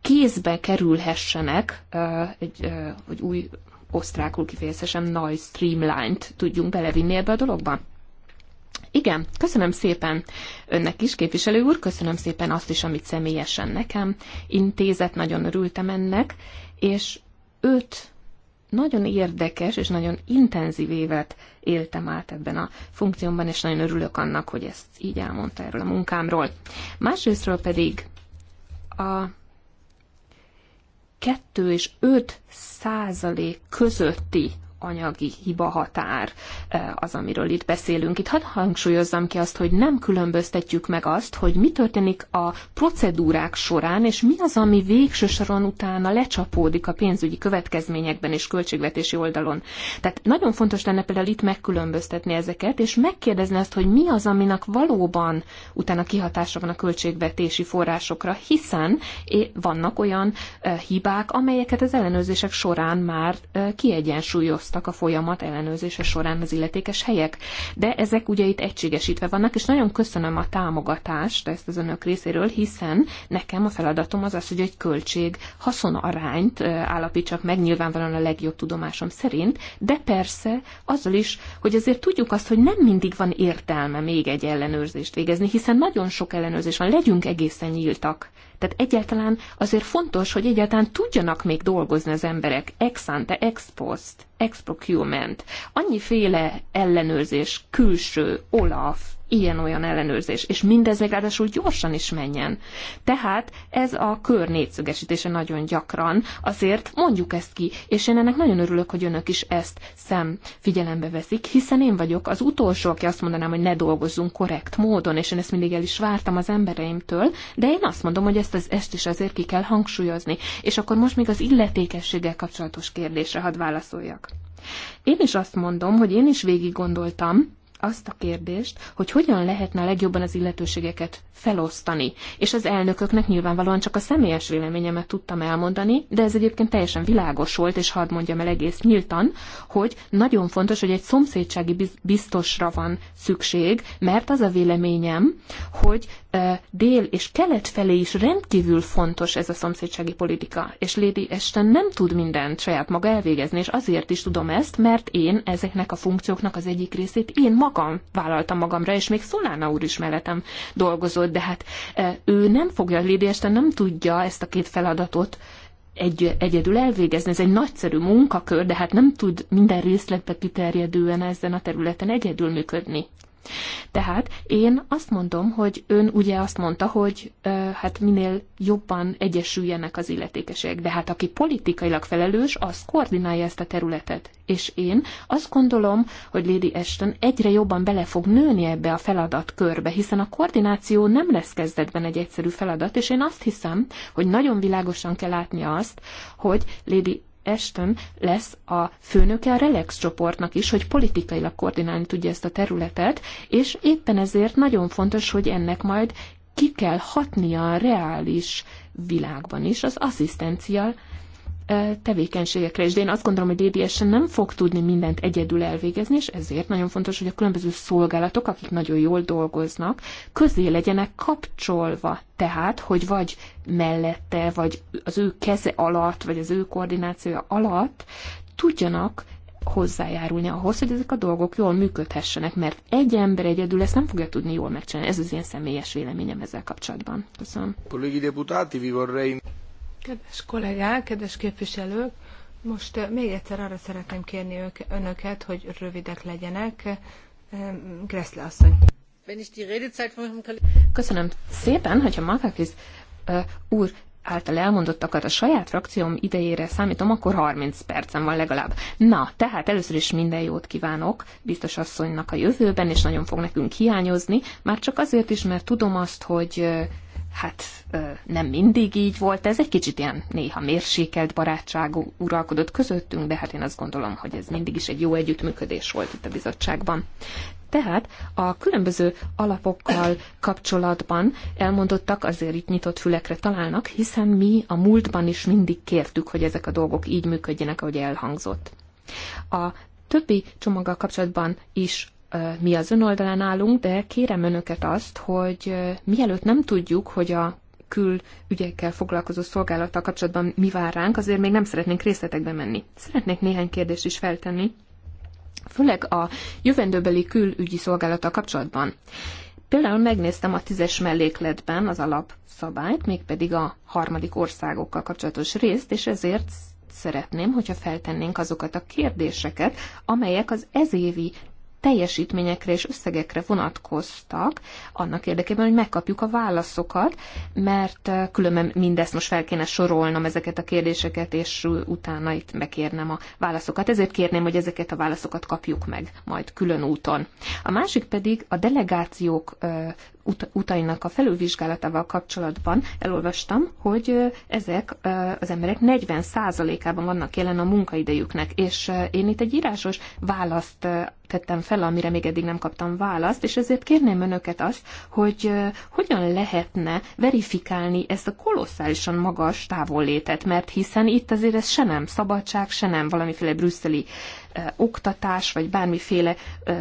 D: kézbe kerülhessenek, egy, hogy új osztrákul kifejezésem nagy streamlined tudjunk belevinni ebbe a dologba. Igen, köszönöm szépen önnek is, képviselő úr, köszönöm szépen azt is, amit személyesen nekem intézett, nagyon örültem ennek, és öt nagyon érdekes és nagyon intenzív évet éltem át ebben a funkciómban, és nagyon örülök annak, hogy ezt így elmondta erről a munkámról. Másrésztről pedig a 2 és 5 százalék közötti anyagi hiba határ eh, az, amiről itt beszélünk. Itt hadd hangsúlyozzam ki azt, hogy nem különböztetjük meg azt, hogy mi történik a procedúrák során, és mi az, ami végső soron utána lecsapódik a pénzügyi következményekben és költségvetési oldalon. Tehát nagyon fontos lenne például itt megkülönböztetni ezeket, és megkérdezni azt, hogy mi az, aminek valóban utána kihatása van a költségvetési forrásokra, hiszen vannak olyan eh, hibák, amelyeket az ellenőrzések során már eh, kiegyensúlyoz dolgoztak a folyamat ellenőrzése során az illetékes helyek. De ezek ugye itt egységesítve vannak, és nagyon köszönöm a támogatást, ezt az önök részéről, hiszen nekem a feladatom az az, hogy egy költség haszonarányt állapítsak meg nyilvánvalóan a legjobb tudomásom szerint, de persze azzal is, hogy azért tudjuk azt, hogy nem mindig van értelme még egy ellenőrzést végezni, hiszen nagyon sok ellenőrzés van, legyünk egészen nyíltak tehát egyáltalán azért fontos, hogy egyáltalán tudjanak még dolgozni az emberek ex ante, ex post, ex procurement. Annyiféle ellenőrzés, külső, Olaf, ilyen-olyan ellenőrzés, és mindez még ráadásul gyorsan is menjen. Tehát ez a kör négyszögesítése nagyon gyakran, azért mondjuk ezt ki, és én ennek nagyon örülök, hogy önök is ezt szem figyelembe veszik, hiszen én vagyok az utolsó, aki azt mondanám, hogy ne dolgozzunk korrekt módon, és én ezt mindig el is vártam az embereimtől, de én azt mondom, hogy ezt az est is azért ki kell hangsúlyozni. És akkor most még az illetékességgel kapcsolatos kérdésre hadd válaszoljak. Én is azt mondom, hogy én is végig gondoltam, azt a kérdést, hogy hogyan lehetne a legjobban az illetőségeket felosztani. És az elnököknek nyilvánvalóan csak a személyes véleményemet tudtam elmondani, de ez egyébként teljesen világos volt, és hadd mondjam el egész nyíltan, hogy nagyon fontos, hogy egy szomszédsági biztosra van szükség, mert az a véleményem, hogy dél és kelet felé is rendkívül fontos ez a szomszédsági politika, és Lady Ashton nem tud mindent saját maga elvégezni, és azért is tudom ezt, mert én ezeknek a funkcióknak az egyik részét én magam magam vállaltam magamra, és még Szolána úr is mellettem dolgozott, de hát e, ő nem fogja, Lídia este nem tudja ezt a két feladatot egy, egyedül elvégezni. Ez egy nagyszerű munkakör, de hát nem tud minden részletbe kiterjedően ezen a területen egyedül működni. Tehát én azt mondom, hogy ön ugye azt mondta, hogy hát minél jobban egyesüljenek az illetékesek, de hát aki politikailag felelős, az koordinálja ezt a területet. És én azt gondolom, hogy Lady Ashton egyre jobban bele fog nőni ebbe a feladatkörbe, hiszen a koordináció nem lesz kezdetben egy egyszerű feladat, és én azt hiszem, hogy nagyon világosan kell látni azt, hogy Lady Ashton lesz a főnöke a Relax csoportnak is, hogy politikailag koordinálni tudja ezt a területet, és éppen ezért nagyon fontos, hogy ennek majd ki kell hatnia a reális világban is az asszisztencia tevékenységekre is. De én azt gondolom, hogy DDS nem fog tudni mindent egyedül elvégezni, és ezért nagyon fontos, hogy a különböző szolgálatok, akik nagyon jól dolgoznak, közé legyenek kapcsolva. Tehát, hogy vagy mellette, vagy az ő keze alatt, vagy az ő koordinációja alatt tudjanak hozzájárulni ahhoz, hogy ezek a dolgok jól működhessenek, mert egy ember egyedül ezt nem fogja tudni jól megcsinálni. Ez az én személyes véleményem ezzel kapcsolatban. Köszönöm.
A: Kollégi deputáti, vi vorrei...
D: Kedves kollégák, kedves képviselők, most eh,
C: még egyszer arra szeretném kérni ők, önöket, hogy rövidek legyenek. Eh, Gressle asszony.
D: Köszönöm szépen, hogyha Mavakis uh, eh, úr által elmondottakat a saját frakcióm idejére számítom, akkor 30 percen van legalább. Na, tehát először is minden jót kívánok biztos asszonynak a jövőben, és nagyon fog nekünk hiányozni, már csak azért is, mert tudom azt, hogy hát nem mindig így volt, ez egy kicsit ilyen néha mérsékelt barátság uralkodott közöttünk, de hát én azt gondolom, hogy ez mindig is egy jó együttműködés volt itt a bizottságban. Tehát a különböző alapokkal kapcsolatban elmondottak azért itt nyitott fülekre találnak, hiszen mi a múltban is mindig kértük, hogy ezek a dolgok így működjenek, ahogy elhangzott. A többi csomaggal kapcsolatban is mi az ön oldalán állunk, de kérem önöket azt, hogy mielőtt nem tudjuk, hogy a külügyekkel foglalkozó szolgálattal kapcsolatban mi vár ránk, azért még nem szeretnénk részletekbe menni. Szeretnék néhány kérdést is feltenni, főleg a jövendőbeli külügyi szolgálattal kapcsolatban. Például megnéztem a tízes mellékletben az alapszabályt, mégpedig a harmadik országokkal kapcsolatos részt, és ezért szeretném, hogyha feltennénk azokat a kérdéseket, amelyek az ezévi teljesítményekre és összegekre vonatkoztak, annak érdekében, hogy megkapjuk a válaszokat, mert eh, különben mindezt most fel kéne sorolnom ezeket a kérdéseket, és utána itt megkérnem a válaszokat. Ezért kérném, hogy ezeket a válaszokat kapjuk meg majd külön úton. A másik pedig a delegációk eh, utainak a felülvizsgálatával kapcsolatban elolvastam, hogy eh, ezek az emberek 40%-ában vannak jelen a munkaidejüknek, és én itt egy írásos választ tettem fel, amire még eddig nem kaptam választ, és ezért kérném önöket azt, hogy hogyan lehetne verifikálni ezt a kolosszálisan magas távollétet, mert hiszen itt azért ez se nem szabadság, se nem valamiféle brüsszeli oktatás, vagy bármiféle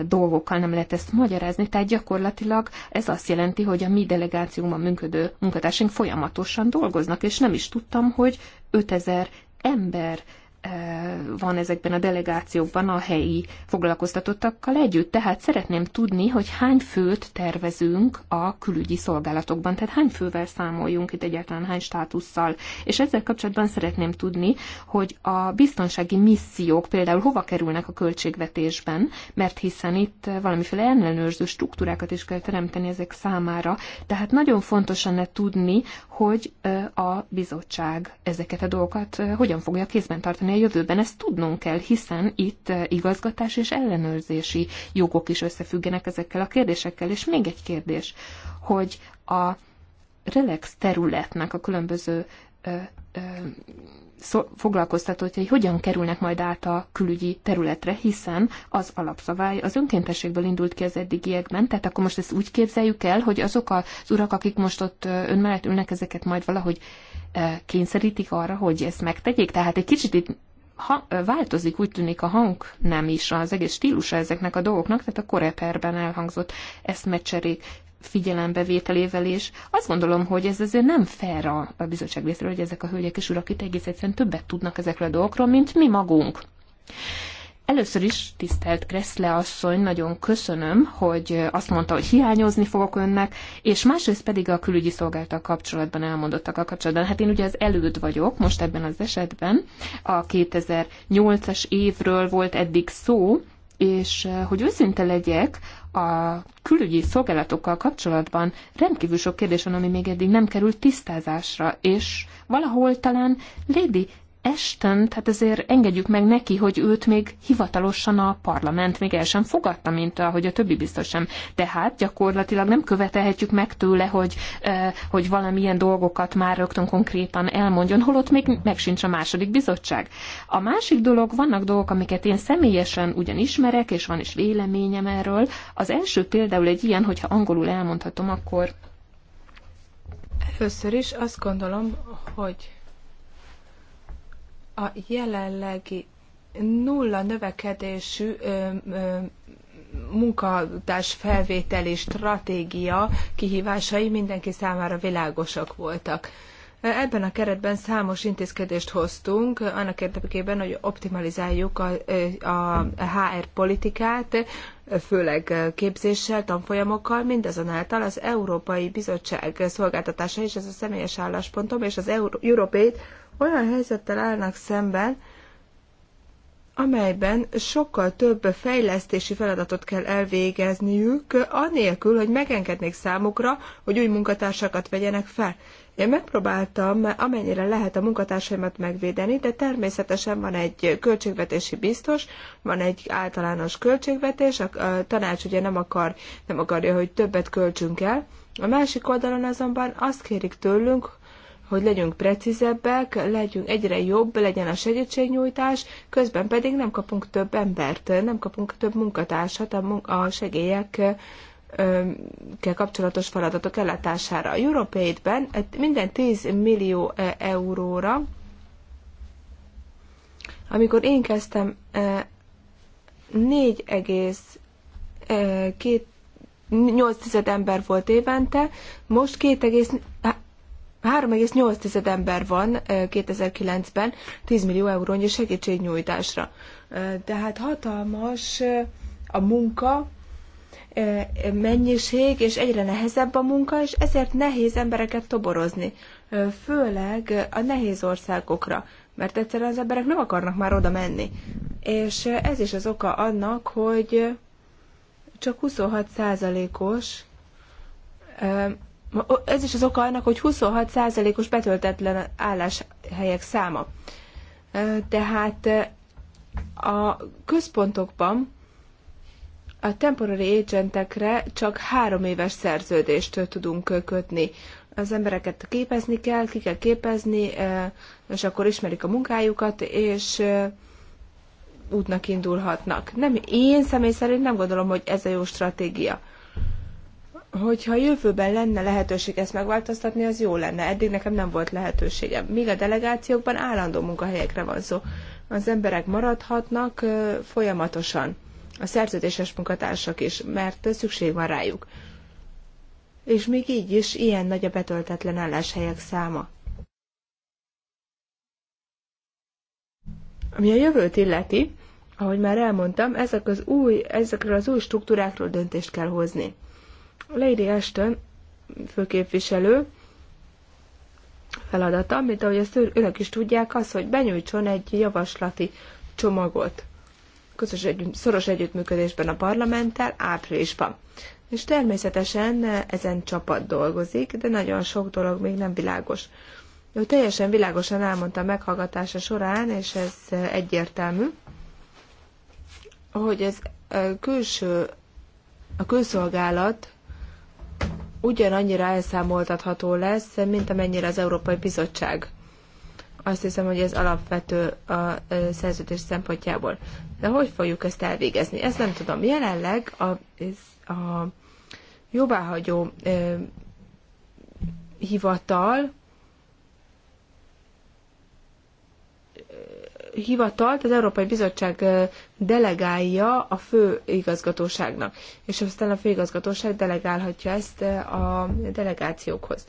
D: dolgokkal nem lehet ezt magyarázni. Tehát gyakorlatilag ez azt jelenti, hogy a mi delegációban működő munkatársaink folyamatosan dolgoznak, és nem is tudtam, hogy 5000 ember van ezekben a delegációkban a helyi foglalkoztatottakkal együtt. Tehát szeretném tudni, hogy hány főt tervezünk a külügyi szolgálatokban, tehát hány fővel számoljunk itt egyáltalán, hány státusszal. És ezzel kapcsolatban szeretném tudni, hogy a biztonsági missziók például hova kerülnek a költségvetésben, mert hiszen itt valamiféle ellenőrző struktúrákat is kell teremteni ezek számára. Tehát nagyon fontos lenne tudni, hogy a bizottság ezeket a dolgokat hogyan fogja kézben tartani a jövőben. Ezt tudnunk kell, hiszen itt eh, igazgatás és ellenőrzési jogok is összefüggenek ezekkel a kérdésekkel. És még egy kérdés, hogy a relax területnek a különböző ö, eh, ö, eh, szó, foglalkoztatottjai hogyan kerülnek majd át a külügyi területre, hiszen az alapszabály az önkéntességből indult ki az eddigiekben, tehát akkor most ezt úgy képzeljük el, hogy azok az urak, akik most ott ön mellett ülnek, ezeket majd valahogy kényszerítik arra, hogy ezt megtegyék. Tehát egy kicsit itt ha, változik, úgy tűnik a hang nem is, az egész stílusa ezeknek a dolgoknak, tehát a koreperben elhangzott eszmecserék figyelembevételével, és azt gondolom, hogy ez azért nem fair a, a bizottság részéről, hogy ezek a hölgyek és urak itt egész egyszerűen többet tudnak ezekről a dolgokról, mint mi magunk. Először is, tisztelt Kreszle asszony, nagyon köszönöm, hogy azt mondta, hogy hiányozni fogok önnek, és másrészt pedig a külügyi szolgáltak kapcsolatban elmondottak a kapcsolatban. Hát én ugye az előd vagyok most ebben az esetben, a 2008-as évről volt eddig szó, és eh, hogy őszinte legyek, a külügyi szolgálatokkal kapcsolatban rendkívül sok kérdés van, ami még eddig nem került tisztázásra, és valahol talán Lady Estent, tehát ezért engedjük meg neki, hogy őt még hivatalosan a parlament még el sem fogadta, mint ahogy a többi biztos sem. Tehát gyakorlatilag nem követelhetjük meg tőle, hogy, eh, hogy valamilyen dolgokat már rögtön konkrétan elmondjon, holott még meg sincs a második bizottság. A másik dolog, vannak dolgok, amiket én személyesen ugyan ismerek, és van is véleményem erről. Az első például egy ilyen, hogyha angolul elmondhatom, akkor...
C: Először is azt gondolom, hogy a jelenlegi nulla növekedésű ö, ö, munkatárs felvételi stratégia kihívásai mindenki számára világosak voltak. Ebben a keretben számos intézkedést hoztunk, annak érdekében, hogy optimalizáljuk a, a HR politikát, főleg képzéssel, tanfolyamokkal, mindazonáltal az Európai Bizottság szolgáltatása és ez a személyes álláspontom, és az Euró- Európét olyan helyzettel állnak szemben, amelyben sokkal több fejlesztési feladatot kell elvégezniük, anélkül, hogy megengednék számukra, hogy új munkatársakat vegyenek fel. Én megpróbáltam amennyire lehet a munkatársaimat megvédeni, de természetesen van egy költségvetési biztos, van egy általános költségvetés, a tanács ugye nem, akar, nem akarja, hogy többet költsünk el. A másik oldalon azonban azt kérik tőlünk, hogy legyünk precízebbek, legyünk egyre jobb, legyen a segítségnyújtás, közben pedig nem kapunk több embert, nem kapunk több munkatársat a segélyek kell kapcsolatos feladatok ellátására. A Europaid-ben minden 10 millió euróra, amikor én kezdtem, 4,2 8 ember volt évente, most 2, 3,8 ember van 2009-ben 10 millió eurónyi segítségnyújtásra. Tehát hatalmas a munka, mennyiség, és egyre nehezebb a munka, és ezért nehéz embereket toborozni, főleg a nehéz országokra, mert egyszerűen az emberek nem akarnak már oda menni. És ez is az oka annak, hogy csak 26 százalékos ez is az oka annak, hogy 26%-os betöltetlen álláshelyek száma. Tehát a központokban a temporary agentekre csak három éves szerződést tudunk kötni. Az embereket képezni kell, ki kell képezni, és akkor ismerik a munkájukat, és útnak indulhatnak. Nem, én személy szerint nem gondolom, hogy ez a jó stratégia hogyha jövőben lenne lehetőség ezt megváltoztatni, az jó lenne. Eddig nekem nem volt lehetőségem. Míg a delegációkban állandó munkahelyekre van szó. Az emberek maradhatnak folyamatosan. A szerződéses munkatársak is, mert szükség van rájuk. És még így is ilyen nagy a betöltetlen álláshelyek száma. Ami a jövőt illeti, ahogy már elmondtam, ezek az új, ezekről az új struktúrákról döntést kell hozni. Lady Ashton főképviselő feladata, mint ahogy ezt önök is tudják, az, hogy benyújtson egy javaslati csomagot közös egy szoros együttműködésben a parlamenttel áprilisban. És természetesen ezen csapat dolgozik, de nagyon sok dolog még nem világos. Ő teljesen világosan elmondta a meghallgatása során, és ez egyértelmű, hogy ez külső, a külszolgálat ugyanannyira elszámoltatható lesz, mint amennyire az Európai Bizottság. Azt hiszem, hogy ez alapvető a szerződés szempontjából. De hogy fogjuk ezt elvégezni? Ezt nem tudom. Jelenleg a, a jobbáhagyó hivatal hivatalt az Európai Bizottság delegálja a főigazgatóságnak, és aztán a főigazgatóság delegálhatja ezt a delegációkhoz.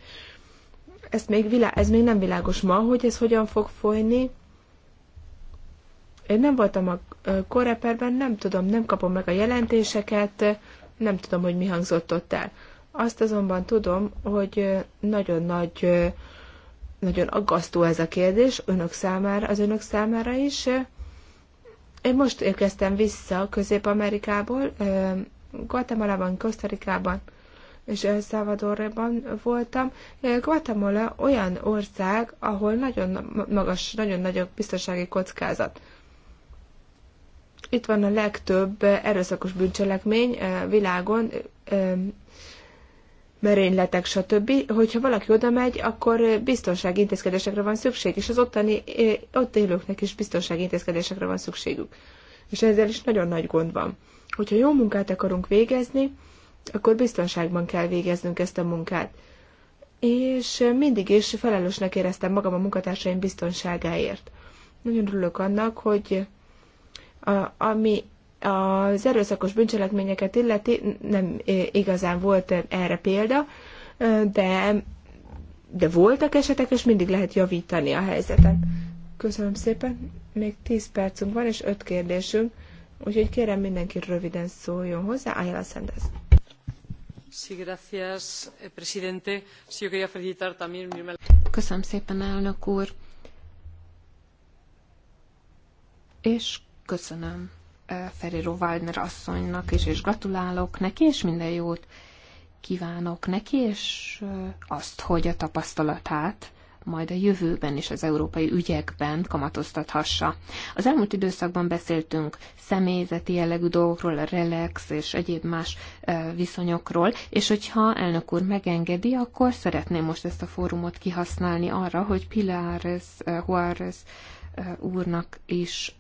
C: Ezt még vilá- ez még nem világos ma, hogy ez hogyan fog folyni. Én nem voltam a koreperben, nem tudom, nem kapom meg a jelentéseket, nem tudom, hogy mi hangzott ott el. Azt azonban tudom, hogy nagyon nagy nagyon aggasztó ez a kérdés önök számára, az önök számára is. Én most érkeztem vissza Közép-Amerikából, Guatemala-ban, Kosztarikában és El Salvadorban voltam. Guatemala olyan ország, ahol nagyon magas, nagyon nagy biztonsági kockázat. Itt van a legtöbb erőszakos bűncselekmény világon, merényletek, stb. Hogyha valaki oda megy, akkor biztonsági intézkedésekre van szükség, és az ottani, ott élőknek is biztonsági intézkedésekre van szükségük. És ezzel is nagyon nagy gond van. Hogyha jó munkát akarunk végezni, akkor biztonságban kell végeznünk ezt a munkát. És mindig is felelősnek éreztem magam a munkatársaim biztonságáért. Nagyon örülök annak, hogy a, ami az erőszakos bűncselekményeket illeti, nem igazán volt erre példa, de, de voltak esetek, és mindig lehet javítani a helyzeten. Köszönöm szépen. Még 10 percünk van, és 5 kérdésünk, úgyhogy kérem mindenki röviden szóljon hozzá. Ayala Sanders.
D: Köszönöm szépen, elnök úr. És köszönöm Ferrero Waldner asszonynak is, és gratulálok neki, és minden jót kívánok neki, és azt, hogy a tapasztalatát majd a jövőben is az európai ügyekben kamatoztathassa. Az elmúlt időszakban beszéltünk személyzeti jellegű dolgokról, a relax és egyéb más viszonyokról, és hogyha elnök úr megengedi, akkor szeretném most ezt a fórumot kihasználni arra, hogy Pilares Juárez úrnak is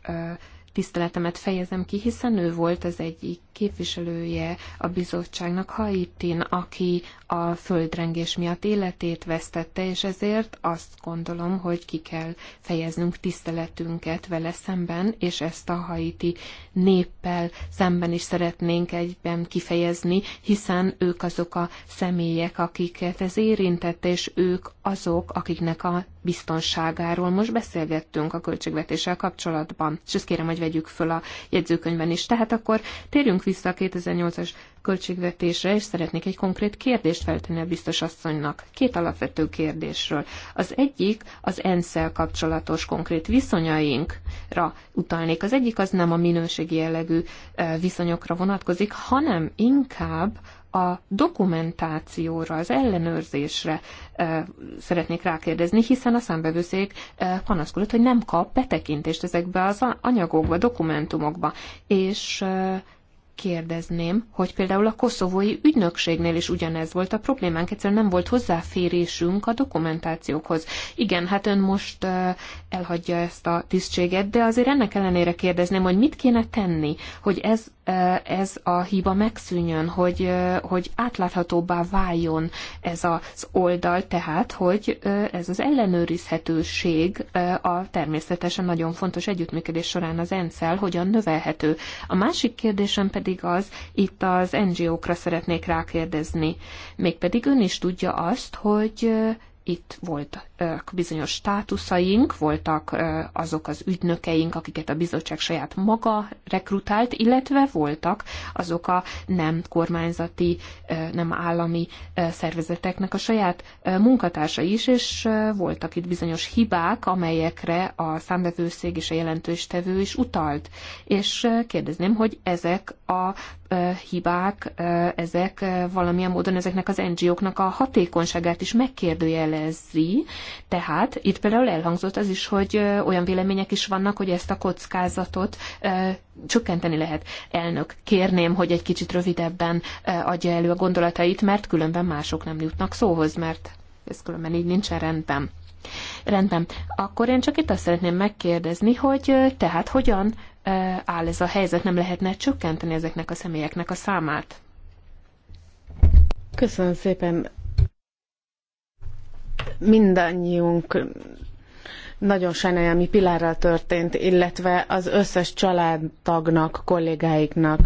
D: tiszteletemet fejezem ki, hiszen ő volt az egyik képviselője a bizottságnak Haitin, aki a földrengés miatt életét vesztette, és ezért azt gondolom, hogy ki kell fejeznünk tiszteletünket vele szemben, és ezt a haiti néppel szemben is szeretnénk egyben kifejezni, hiszen ők azok a személyek, akiket ez érintett, és ők azok, akiknek a biztonságáról most beszélgettünk a költségvetéssel kapcsolatban, és ezt kérem, hogy vegyük föl a jegyzőkönyvben is. Tehát akkor térjünk vissza a 2008-as költségvetésre, és szeretnék egy konkrét kérdést feltenni a biztos asszonynak. Két alapvető kérdésről. Az egyik az ensz kapcsolatos konkrét viszonyainkra utalnék. Az egyik az nem a minőségi jellegű eh, viszonyokra vonatkozik, hanem inkább a dokumentációra, az ellenőrzésre szeretnék rákérdezni, hiszen a számbevőszék panaszkodott, hogy nem kap betekintést ezekbe az anyagokba, dokumentumokba, és kérdezném, hogy például a koszovói ügynökségnél is ugyanez volt a problémánk, egyszerűen nem volt hozzáférésünk a dokumentációkhoz. Igen, hát ön most elhagyja ezt a tisztséget, de azért ennek ellenére kérdezném, hogy mit kéne tenni, hogy ez, ez a hiba megszűnjön, hogy, hogy átláthatóbbá váljon ez az oldal, tehát, hogy ez az ellenőrizhetőség a természetesen nagyon fontos együttműködés során az ENSZ-el hogyan növelhető. A másik kérdésem pedig pedig az, itt az NGO-kra szeretnék rákérdezni. Mégpedig ön is tudja azt, hogy itt volt bizonyos státuszaink, voltak azok az ügynökeink, akiket a bizottság saját maga rekrutált, illetve voltak azok a nem kormányzati, nem állami szervezeteknek a saját munkatársa is, és voltak itt bizonyos hibák, amelyekre a számvevőszék és a tevő is utalt. És kérdezném, hogy ezek a hibák, ezek valamilyen módon ezeknek az NGO-knak a hatékonyságát is megkérdőjelezi, tehát itt például elhangzott az is, hogy olyan vélemények is vannak, hogy ezt a kockázatot csökkenteni lehet. Elnök, kérném, hogy egy kicsit rövidebben adja elő a gondolatait, mert különben mások nem jutnak szóhoz, mert ez különben így nincsen rendben. Rendben. Akkor én csak itt azt szeretném megkérdezni, hogy tehát hogyan áll ez a helyzet, nem lehetne csökkenteni ezeknek a személyeknek a számát?
B: Köszönöm szépen mindannyiunk nagyon sajnálom, ami Pilárral történt, illetve az összes családtagnak, kollégáiknak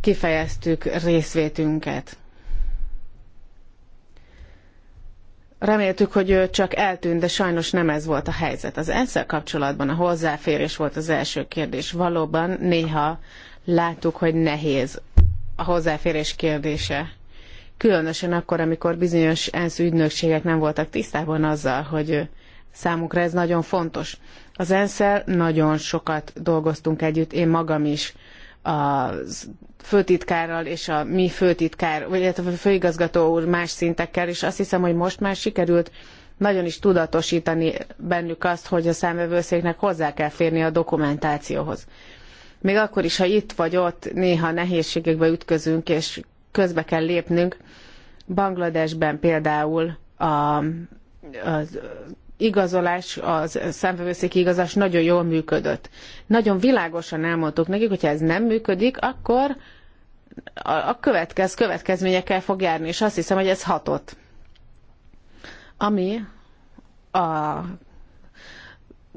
B: kifejeztük részvétünket. Reméltük, hogy ő csak eltűnt, de sajnos nem ez volt a helyzet. Az ezzel kapcsolatban a hozzáférés volt az első kérdés. Valóban néha láttuk, hogy nehéz a hozzáférés kérdése különösen akkor, amikor bizonyos ENSZ ügynökségek nem voltak tisztában azzal, hogy számukra ez nagyon fontos. Az ensz nagyon sokat dolgoztunk együtt, én magam is a főtitkárral és a mi főtitkár, illetve hát a főigazgató úr más szintekkel, és azt hiszem, hogy most már sikerült nagyon is tudatosítani bennük azt, hogy a számvevőszéknek hozzá kell férni a dokumentációhoz. Még akkor is, ha itt vagy ott, néha nehézségekbe ütközünk, és közbe kell lépnünk. Bangladesben például a, az igazolás, az számvevőszéki igazolás nagyon jól működött. Nagyon világosan elmondtuk nekik, hogyha ez nem működik, akkor a következ, következményekkel fog járni, és azt hiszem, hogy ez hatott. Ami a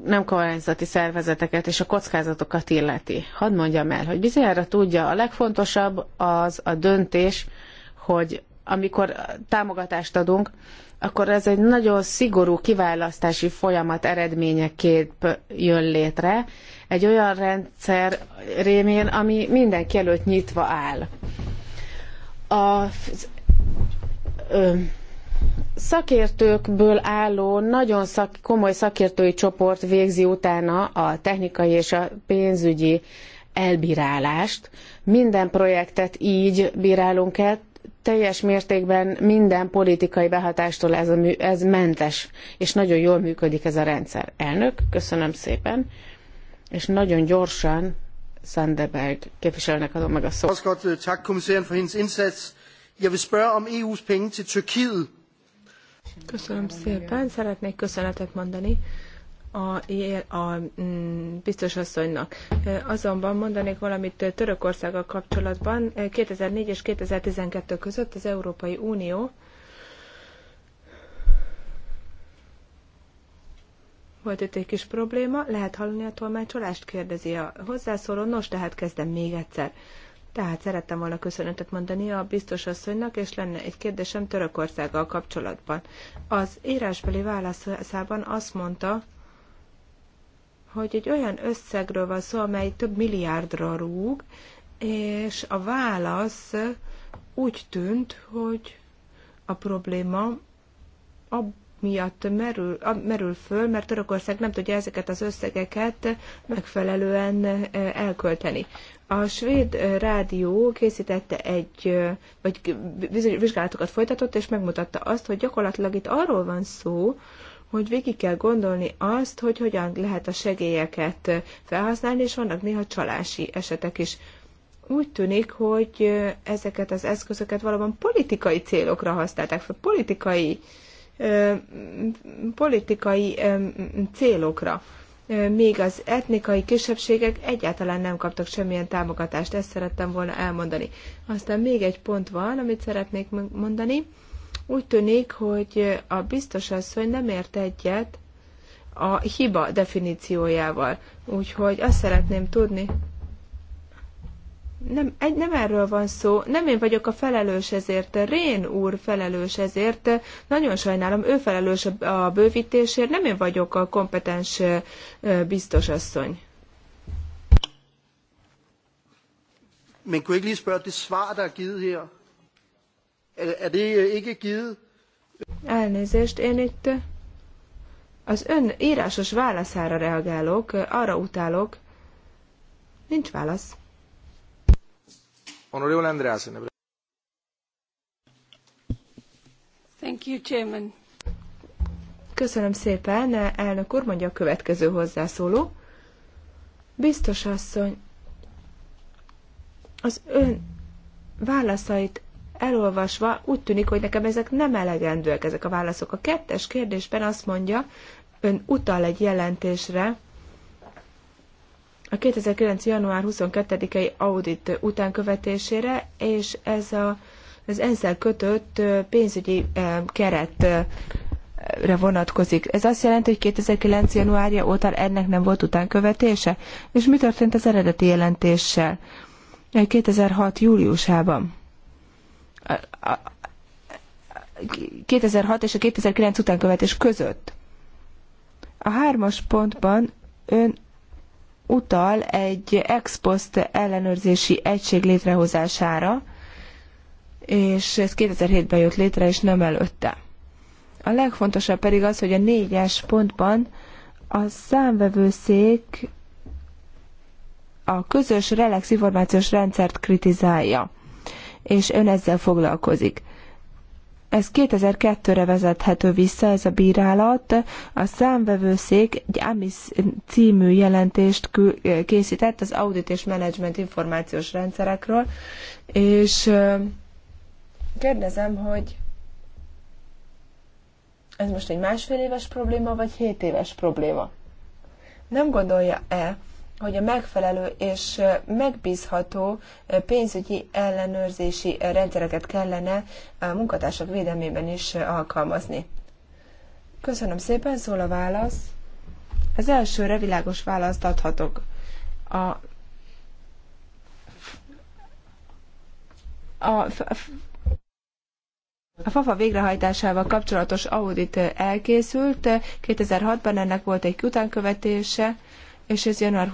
B: nem kormányzati szervezeteket és a kockázatokat illeti. Hadd mondjam el, hogy bizonyára tudja, a legfontosabb az a döntés, hogy amikor támogatást adunk, akkor ez egy nagyon szigorú kiválasztási folyamat eredményeképp jön létre, egy olyan rendszer rémén, ami mindenki előtt nyitva áll. Az ö, szakértőkből álló, nagyon szak, komoly szakértői csoport végzi utána a technikai és a pénzügyi elbírálást. Minden projektet így bírálunk el, teljes mértékben minden politikai behatástól ez, a mű, ez mentes, és nagyon jól működik ez a rendszer. Elnök, köszönöm szépen, és nagyon gyorsan Sanderberg képviselőnek adom meg a szót.
A: Jeg vil spørge om EU's penge til Tyrkiet
C: Köszönöm szépen. Szeretnék köszönetet mondani a, a mm, biztos asszonynak. Azonban mondanék valamit Törökországgal kapcsolatban. 2004 és 2012 között az Európai Unió Volt itt egy kis probléma, lehet hallani a tolmácsolást, kérdezi a hozzászóló. Nos, tehát kezdem még egyszer. Tehát szerettem volna köszönetet mondani a biztos asszonynak, és lenne egy kérdésem Törökországgal kapcsolatban. Az írásbeli válaszában azt mondta, hogy egy olyan összegről van szó, amely több milliárdra rúg, és a válasz úgy tűnt, hogy a probléma a miatt merül, merül föl, mert Törökország nem tudja ezeket az összegeket megfelelően eh, elkölteni. A svéd rádió készítette egy, vagy vizsgálatokat folytatott, és megmutatta azt, hogy gyakorlatilag itt arról van szó, hogy végig kell gondolni azt, hogy hogyan lehet a segélyeket felhasználni, és vannak néha csalási esetek is. Úgy tűnik, hogy ezeket az eszközöket valóban politikai célokra használták fel, politikai, politikai célokra még az etnikai kisebbségek egyáltalán nem kaptak semmilyen támogatást. Ezt szerettem volna elmondani. Aztán még egy pont van, amit szeretnék mondani. Úgy tűnik, hogy a biztos asszony nem ért egyet a hiba definíciójával. Úgyhogy azt szeretném tudni, nem, egy, nem erről van szó, nem én vagyok a felelős ezért, Rén úr felelős ezért, nagyon sajnálom, ő felelős a bővítésért, nem én vagyok a kompetens biztos asszony.
A: Men kunne ikke lige spørge, det svar, der er givet her, er, er det ikke givet?
C: Elnézést, én itt az ön írásos válaszára reagálok, arra utálok, nincs
A: válasz. Köszönöm
C: szépen, elnök úr, mondja a következő hozzászóló. Biztos asszony, az ön válaszait elolvasva úgy tűnik, hogy nekem ezek nem elegendőek, ezek a válaszok. A kettes kérdésben azt mondja, ön utal egy jelentésre, a 2009. január 22-i audit utánkövetésére, és ez a, az ensz kötött pénzügyi keretre vonatkozik. Ez azt jelenti, hogy 2009. januárja óta ennek nem volt utánkövetése? És mi történt az eredeti jelentéssel 2006. júliusában? 2006 és a 2009 utánkövetés között. A hármas pontban ön utal egy ex post ellenőrzési egység létrehozására, és ez 2007-ben jött létre, és nem előtte. A legfontosabb pedig az, hogy a négyes pontban a számvevőszék a közös relax információs rendszert kritizálja, és ön ezzel foglalkozik ez 2002-re vezethető vissza ez a bírálat. A számvevőszék egy AMIS című jelentést készített az audit és Management információs rendszerekről, és kérdezem, hogy ez most egy másfél éves probléma, vagy hét éves probléma? Nem gondolja-e, hogy a megfelelő és megbízható pénzügyi ellenőrzési rendszereket kellene a munkatársak védelmében is alkalmazni. Köszönöm szépen, szól a válasz. Az elsőre világos választ adhatok. A, a, a FAFA végrehajtásával kapcsolatos audit elkészült. 2006-ban ennek volt egy követése és ez január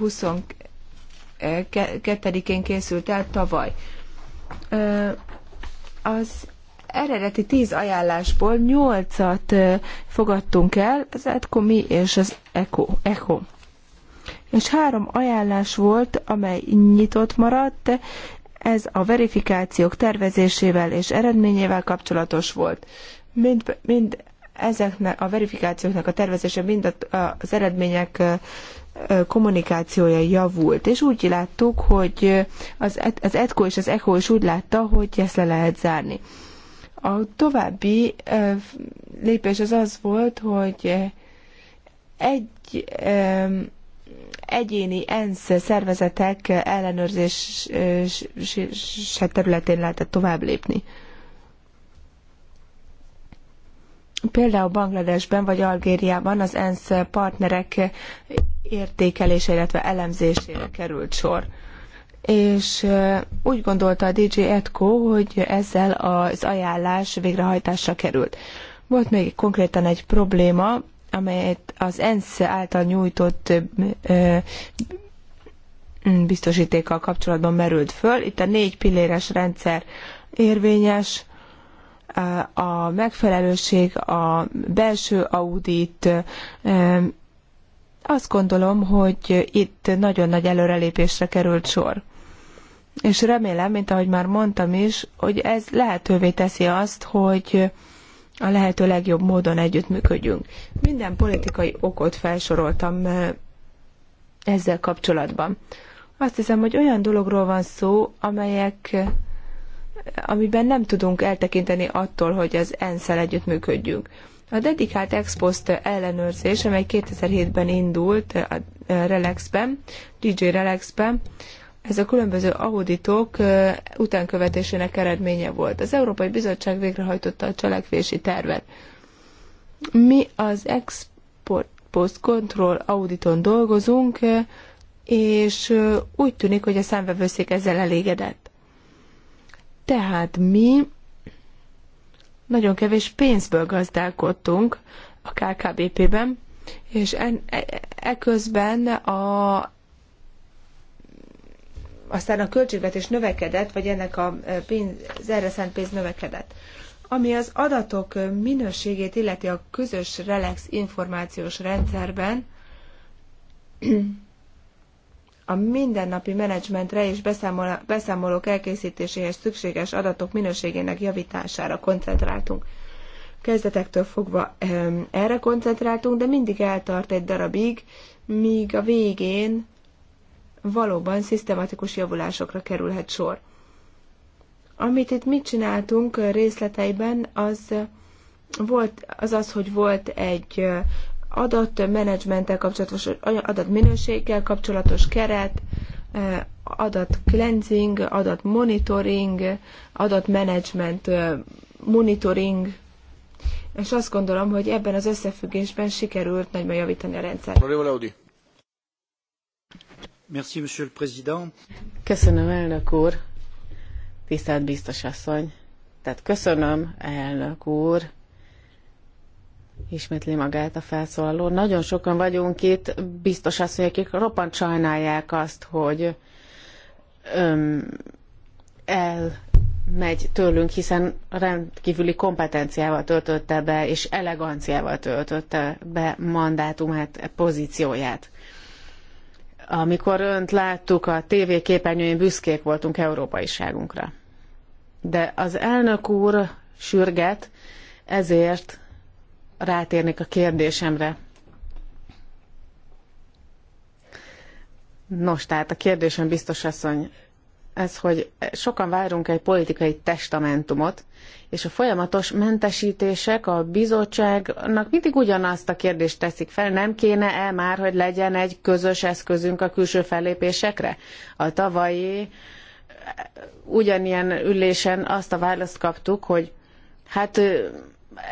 C: 22-én készült el tavaly. Az eredeti tíz ajánlásból nyolcat fogadtunk el, az ETCO mi és az ECO. ECO. És három ajánlás volt, amely nyitott maradt, ez a verifikációk tervezésével és eredményével kapcsolatos volt. Mind, mind ezeknek a verifikációknak a tervezése, mind az eredmények kommunikációja javult, és úgy láttuk, hogy az, az Edko és az ECHO is úgy látta, hogy ezt le lehet zárni. A további lépés az az volt, hogy egy egyéni ENSZ szervezetek ellenőrzés területén lehetett tovább lépni. Például Bangladesben vagy Algériában az ENSZ partnerek értékelése, illetve elemzésére került sor és úgy gondolta a DJ Edco, hogy ezzel az ajánlás végrehajtásra került. Volt még konkrétan egy probléma, amelyet az ENSZ által nyújtott biztosítékkal kapcsolatban merült föl. Itt a négy pilléres rendszer érvényes, a megfelelőség, a belső audit, azt gondolom, hogy itt nagyon nagy előrelépésre került sor. És remélem, mint ahogy már mondtam is, hogy ez lehetővé teszi azt, hogy a lehető legjobb módon együttműködjünk. Minden politikai okot felsoroltam eh, ezzel kapcsolatban. Azt hiszem, hogy olyan dologról van szó, amelyek amiben nem tudunk eltekinteni attól, hogy az ENSZ-el együttműködjünk. A dedikált expost ellenőrzés, amely 2007-ben indult a Relaxben, DJ Relaxben, ez a különböző auditok utánkövetésének eredménye volt. Az Európai Bizottság végrehajtotta a cselekvési tervet. Mi az export post control auditon dolgozunk, és úgy tűnik, hogy a számvevőszék ezzel elégedett. Tehát mi nagyon kevés pénzből gazdálkodtunk a KKBP-ben, és eközben e, e a aztán a költségvetés növekedett, vagy ennek a e, pénz, erre szent pénz növekedett. Ami az adatok minőségét illeti a közös Relax információs rendszerben, a mindennapi menedzsmentre és beszámolók elkészítéséhez szükséges adatok minőségének javítására koncentráltunk. Kezdetektől fogva erre koncentráltunk, de mindig eltart egy darabig, míg a végén valóban szisztematikus javulásokra kerülhet sor. Amit itt mit csináltunk részleteiben, az volt, az az, hogy volt egy adat menedzsmenttel kapcsolatos, adat minőséggel kapcsolatos keret, adat cleansing, adat monitoring, és azt gondolom, hogy ebben az összefüggésben sikerült
B: nagyban javítani a rendszert.
A: Merci, monsieur le président.
B: Köszönöm, elnök úr. Tisztelt biztos asszony. Tehát köszönöm, elnök úr, Ismétli magát a felszólaló. Nagyon sokan vagyunk itt, biztos azt, hogy akik roppant sajnálják azt, hogy öm, megy tőlünk, hiszen rendkívüli kompetenciával töltötte be, és eleganciával töltötte be mandátumát, pozícióját. Amikor önt láttuk a TV képernyőjén, büszkék voltunk európaiságunkra. De az elnök úr sürget, ezért rátérnék a kérdésemre. Nos, tehát a kérdésem biztos asszony, ez, hogy sokan várunk egy politikai testamentumot, és a folyamatos mentesítések a bizottságnak mindig ugyanazt a kérdést teszik fel, nem kéne-e már, hogy legyen egy közös eszközünk a külső fellépésekre? A tavalyi eh, ugyanilyen ülésen azt a választ kaptuk, hogy hát eh,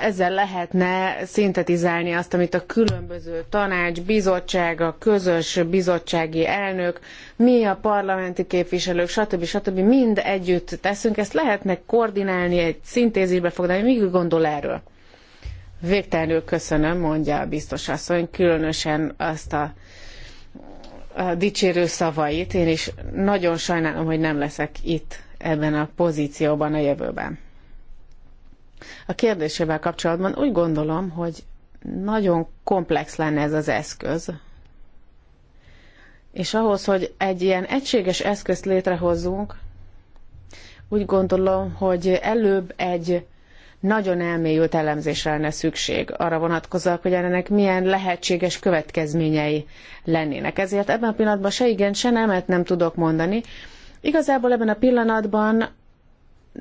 B: ezzel lehetne szintetizálni azt, amit a különböző tanács, bizottság, a közös bizottsági elnök, mi a parlamenti képviselők, stb. stb. mind együtt teszünk, ezt lehetne koordinálni, egy szintézisbe foglalni, mi gondol erről? Végtelenül köszönöm, mondja a biztos asszony, különösen azt a, a dicsérő szavait. Én is nagyon sajnálom, hogy nem leszek itt ebben a pozícióban a jövőben. A kérdésével kapcsolatban úgy gondolom, hogy nagyon komplex lenne ez az eszköz. És ahhoz, hogy egy ilyen egységes eszközt létrehozzunk, úgy gondolom, hogy előbb egy nagyon elmélyült elemzésre lenne szükség arra vonatkozóak, hogy ennek milyen lehetséges következményei lennének. Ezért ebben a pillanatban se igen, se nemet nem tudok mondani. Igazából ebben a pillanatban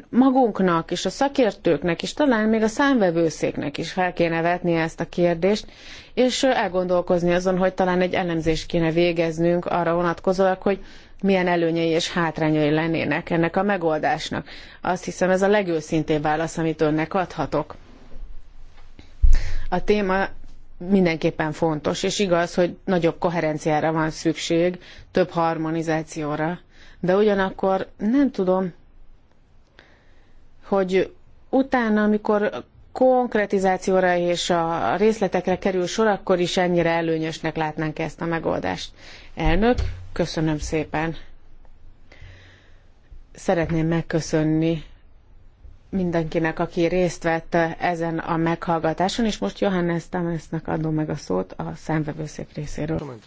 B: magunknak és a szakértőknek és talán még a számvevőszéknek is fel kéne vetni ezt a kérdést, és elgondolkozni azon, hogy talán egy elemzést kéne végeznünk arra vonatkozólag, hogy milyen előnyei és hátrányai lennének ennek a megoldásnak. Azt hiszem ez a legőszintébb válasz, amit önnek adhatok. A téma mindenképpen fontos, és igaz, hogy nagyobb koherenciára van szükség, több harmonizációra, de ugyanakkor nem tudom, hogy utána, amikor konkretizációra és a részletekre kerül sor, akkor is ennyire előnyösnek látnánk ezt a megoldást. Elnök, köszönöm szépen. Szeretném megköszönni mindenkinek, aki részt vett ezen a meghallgatáson, és most Johannes Tamesnek adom meg a szót a szemvevőszék részéről.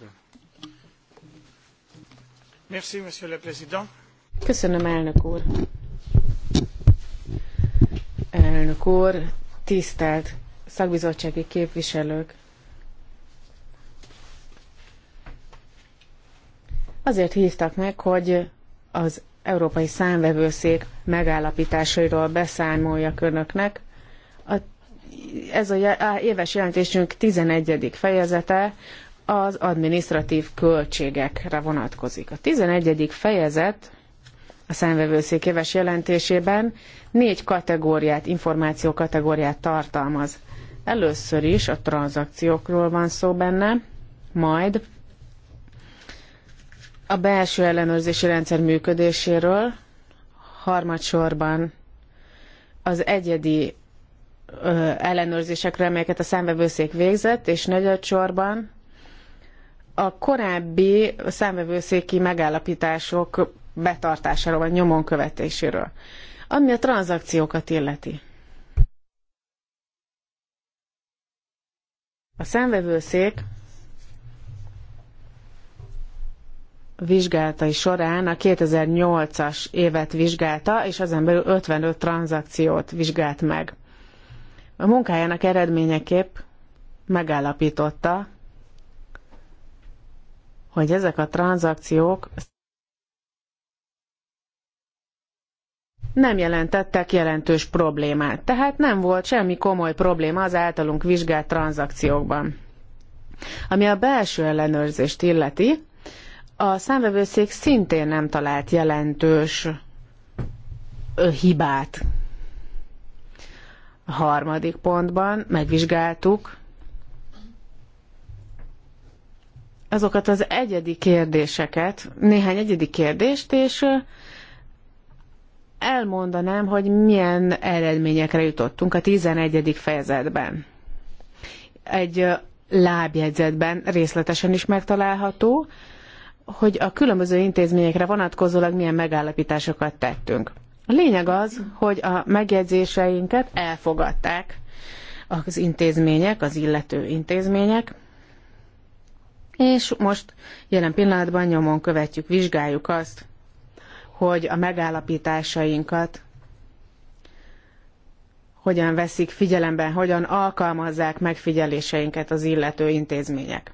B: Köszönöm, elnök úr. Elnök úr, tisztelt szakbizottsági képviselők! Azért hívtak meg, hogy az Európai Számvevőszék megállapításairól beszámoljak önöknek. A, ez a éves jelentésünk 11. fejezete az administratív költségekre vonatkozik. A 11. fejezet a számvevőszék éves jelentésében négy kategóriát, információ kategóriát tartalmaz. Először is a tranzakciókról van szó benne, majd a belső ellenőrzési rendszer működéséről, harmadsorban az egyedi ö, ellenőrzésekről, amelyeket a számvevőszék végzett, és negyedsorban a korábbi számvevőszéki megállapítások betartásáról vagy nyomon követéséről. Ami a tranzakciókat illeti. A számvevőszék vizsgálatai során a 2008-as évet vizsgálta, és ezen belül 55 tranzakciót vizsgált meg. A munkájának eredményeképp megállapította, hogy ezek a tranzakciók nem jelentettek jelentős problémát. Tehát nem volt semmi komoly probléma az általunk vizsgált tranzakciókban. Ami a belső ellenőrzést illeti, a számvevőszék szintén nem talált jelentős hibát. A harmadik pontban megvizsgáltuk azokat az egyedi kérdéseket, néhány egyedi kérdést, és elmondanám, hogy milyen eredményekre jutottunk a 11. fejezetben. Egy lábjegyzetben részletesen is megtalálható, hogy a különböző intézményekre vonatkozólag milyen megállapításokat tettünk. A lényeg az, hogy a megjegyzéseinket elfogadták az intézmények, az illető intézmények, és most jelen pillanatban nyomon követjük, vizsgáljuk azt, hogy a megállapításainkat hogyan veszik figyelembe, hogyan alkalmazzák megfigyeléseinket az illető intézmények.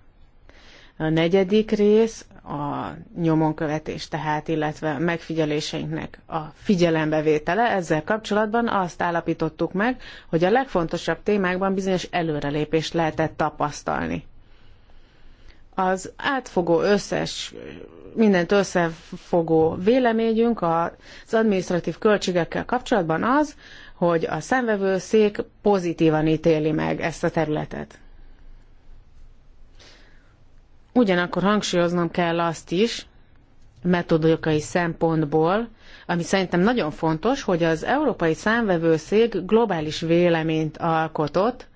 B: A negyedik rész a nyomonkövetés tehát, illetve megfigyeléseinknek a figyelembevétele. Ezzel kapcsolatban azt állapítottuk meg, hogy a legfontosabb témákban bizonyos előrelépést lehetett tapasztalni az átfogó összes, mindent összefogó véleményünk az administratív költségekkel kapcsolatban az, hogy a számvevőszék pozitívan ítéli meg ezt a területet. Ugyanakkor hangsúlyoznom kell azt is, metodikai szempontból, ami szerintem nagyon fontos, hogy az Európai Számvevőszék globális véleményt alkotott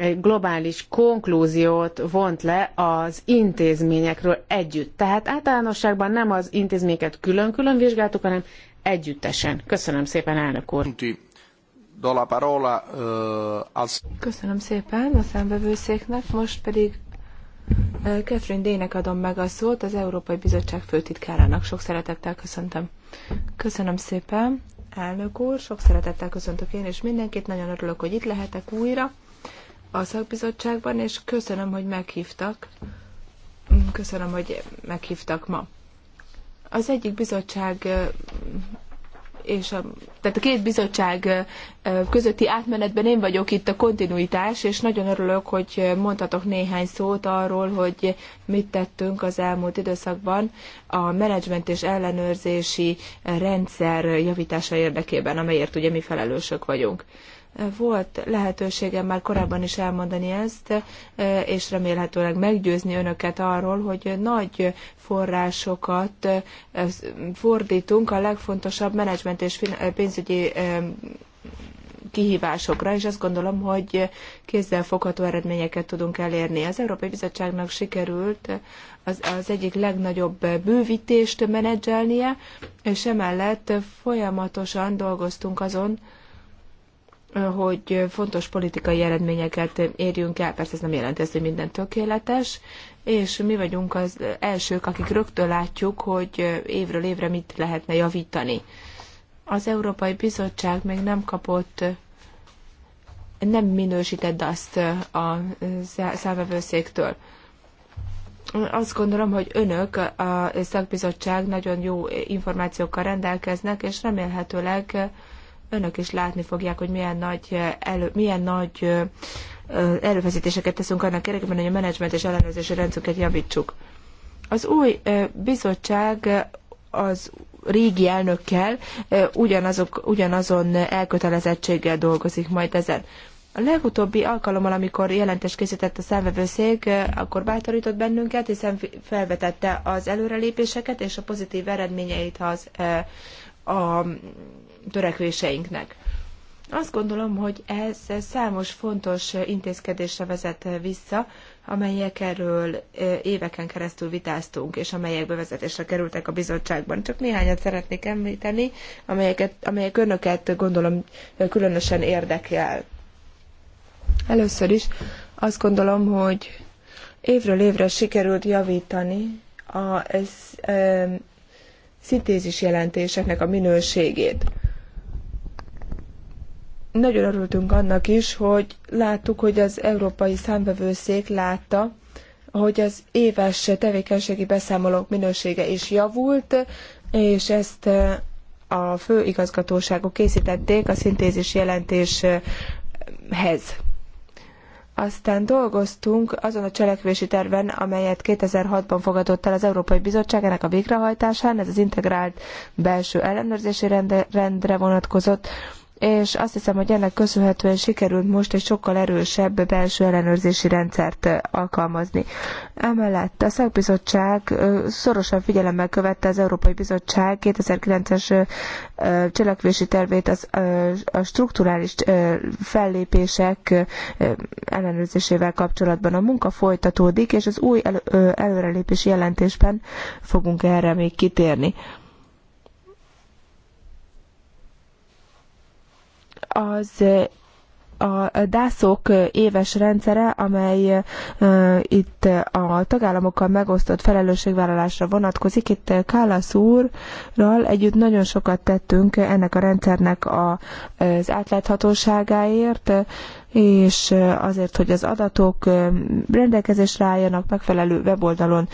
B: egy globális konklúziót vont le az intézményekről együtt. Tehát általánosságban nem az intézményeket külön-külön vizsgáltuk, hanem együttesen. Köszönöm szépen, elnök úr! Eh,
C: Köszönöm szépen a számbevőszéknek, most pedig eh, Catherine Dének adom meg a szót, az Európai Bizottság főtitkárának. Sok szeretettel köszöntöm. Köszönöm szépen, elnök úr, sok szeretettel köszöntök én és mindenkit, nagyon örülök, hogy itt lehetek újra a szakbizottságban, és köszönöm, hogy meghívtak. Köszönöm, hogy meghívtak ma. Az egyik bizottság és a, tehát a két bizottság közötti átmenetben én vagyok itt a kontinuitás, és nagyon örülök, hogy mondhatok néhány szót arról, hogy mit tettünk az elmúlt időszakban a menedzsment és ellenőrzési rendszer javítása érdekében, amelyért ugye mi felelősök vagyunk. Volt lehetőségem már korábban is elmondani ezt, e, és remélhetőleg meggyőzni önöket arról, hogy nagy forrásokat e, fordítunk a legfontosabb menedzsment és pénzügyi e, kihívásokra, és azt gondolom, hogy fogható eredményeket tudunk elérni. Az Európai Bizottságnak sikerült az, az egyik legnagyobb bővítést menedzselnie, és emellett folyamatosan dolgoztunk azon, hogy fontos politikai eredményeket érjünk el. Persze ez nem jelenti ezt, hogy minden tökéletes, és mi vagyunk az elsők, akik rögtön látjuk, hogy évről évre mit lehetne javítani. Az Európai Bizottság még nem kapott, nem minősített azt a számvevőszéktől. Azt gondolom, hogy önök a szakbizottság nagyon jó információkkal rendelkeznek, és remélhetőleg önök is látni fogják, hogy milyen nagy, elő, milyen nagy erőfeszítéseket teszünk annak érdekében, hogy a menedzsment és ellenőrzési rendszerünket javítsuk. Az új bizottság az régi elnökkel ugyanazok, ugyanazon elkötelezettséggel dolgozik majd ezen. A legutóbbi alkalommal, amikor jelentést készített a számvevőszék, akkor bátorított bennünket, hiszen felvetette az előrelépéseket és a pozitív eredményeit az a törekvéseinknek. Azt gondolom, hogy ez számos fontos intézkedésre vezet vissza, amelyek erről éveken keresztül vitáztunk, és amelyek bevezetésre kerültek a bizottságban. Csak néhányat szeretnék említeni, amelyeket, amelyek önöket gondolom különösen érdekel. Először is azt gondolom, hogy évről évre sikerült javítani a szintézis jelentéseknek a minőségét. Nagyon örültünk annak is, hogy láttuk, hogy az Európai Számbevőszék látta, hogy az éves tevékenységi beszámolók minősége is javult, és ezt eh, a főigazgatóságok készítették a szintézis jelentéshez. Aztán dolgoztunk azon a cselekvési terven, amelyet 2006-ban fogadott el az Európai Bizottság ennek a végrehajtásán, ez az integrált belső ellenőrzési rendre, rendre vonatkozott, és azt hiszem, hogy ennek köszönhetően sikerült most egy sokkal erősebb belső ellenőrzési rendszert alkalmazni. Emellett a szakbizottság szorosan figyelemmel követte az Európai Bizottság 2009-es cselekvési tervét az, a strukturális fellépések ellenőrzésével kapcsolatban. A munka folytatódik, és az új előrelépési jelentésben fogunk erre még kitérni. az a dászok éves rendszere, amely itt a tagállamokkal megosztott felelősségvállalásra vonatkozik. Itt Kálasz úrral együtt nagyon sokat tettünk ennek a rendszernek az átláthatóságáért, és azért, hogy az adatok rendelkezésre álljanak, megfelelő weboldalon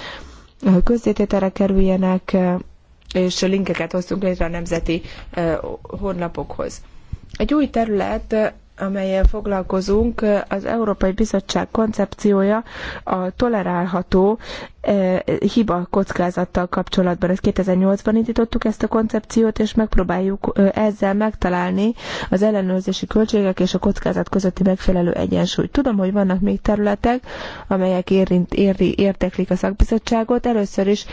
C: közzétételre kerüljenek, és linkeket hoztunk létre a nemzeti honlapokhoz. Egy új terület, amelyen foglalkozunk, az Európai Bizottság koncepciója a tolerálható e, hiba kockázattal kapcsolatban. Ezt 2008-ban indítottuk ezt a koncepciót, és megpróbáljuk e, ezzel megtalálni az ellenőrzési költségek és a kockázat közötti megfelelő egyensúlyt. Tudom, hogy vannak még területek, amelyek érint, éri, érteklik a szakbizottságot. Először is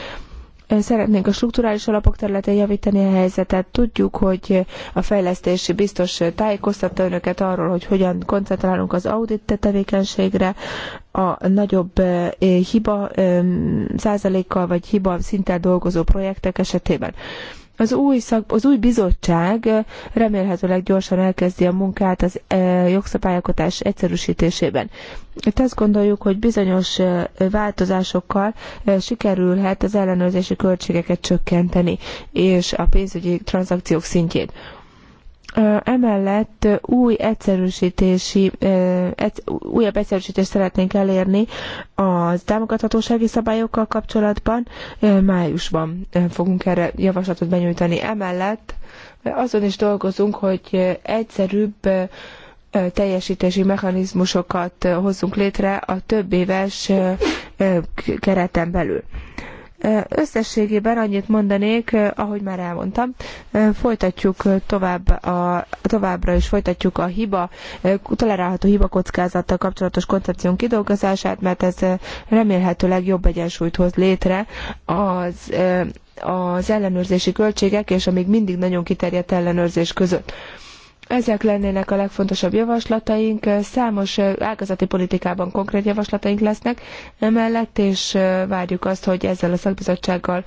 C: Szeretnénk a strukturális alapok területén javítani a helyzetet. Tudjuk, hogy a fejlesztési biztos tájékoztatta önöket arról, hogy hogyan koncentrálunk az audit tevékenységre, a nagyobb eh, hiba eh, százalékkal vagy hiba szinttel dolgozó projektek esetében. Az új, szak, az új bizottság remélhetőleg gyorsan elkezdi a munkát az jogszabályalkotás egyszerűsítésében. Itt azt gondoljuk, hogy bizonyos változásokkal sikerülhet az ellenőrzési költségeket csökkenteni, és a pénzügyi tranzakciók szintjét. Emellett új egyszerűsítési, újabb egyszerűsítést szeretnénk elérni a támogathatósági szabályokkal kapcsolatban. Májusban fogunk erre javaslatot benyújtani. Emellett azon is dolgozunk, hogy egyszerűbb teljesítési mechanizmusokat hozzunk létre a több éves kereten belül. Összességében annyit mondanék, ahogy már elmondtam, folytatjuk tovább a, továbbra is folytatjuk a hiba, tolerálható hiba kockázattal kapcsolatos koncepción kidolgozását, mert ez remélhetőleg jobb egyensúlyt hoz létre az az ellenőrzési költségek és a még mindig nagyon kiterjedt ellenőrzés között. Ezek lennének a legfontosabb javaslataink, számos ágazati politikában konkrét javaslataink lesznek emellett, és várjuk azt, hogy ezzel a szakbizottsággal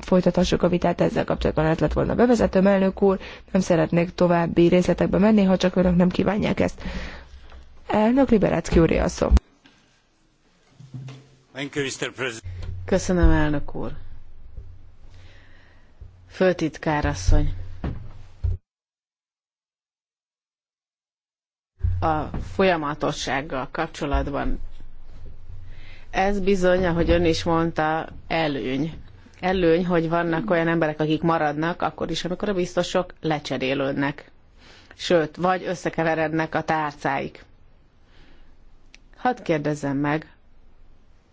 C: folytathassuk a vitát ezzel kapcsolatban. Ez lett volna bevezető elnök úr, nem szeretnék további részletekbe menni, ha csak önök nem kívánják ezt. Elnök Liberácki úr, a szó.
B: Köszönöm, elnök úr. Föltitkár asszony. a folyamatossággal kapcsolatban. Ez bizony, ahogy ön is mondta, előny. Előny, hogy vannak olyan emberek, akik maradnak, akkor is, amikor a biztosok lecserélődnek. Sőt, vagy összekeverednek a tárcáik. Hadd kérdezzem meg,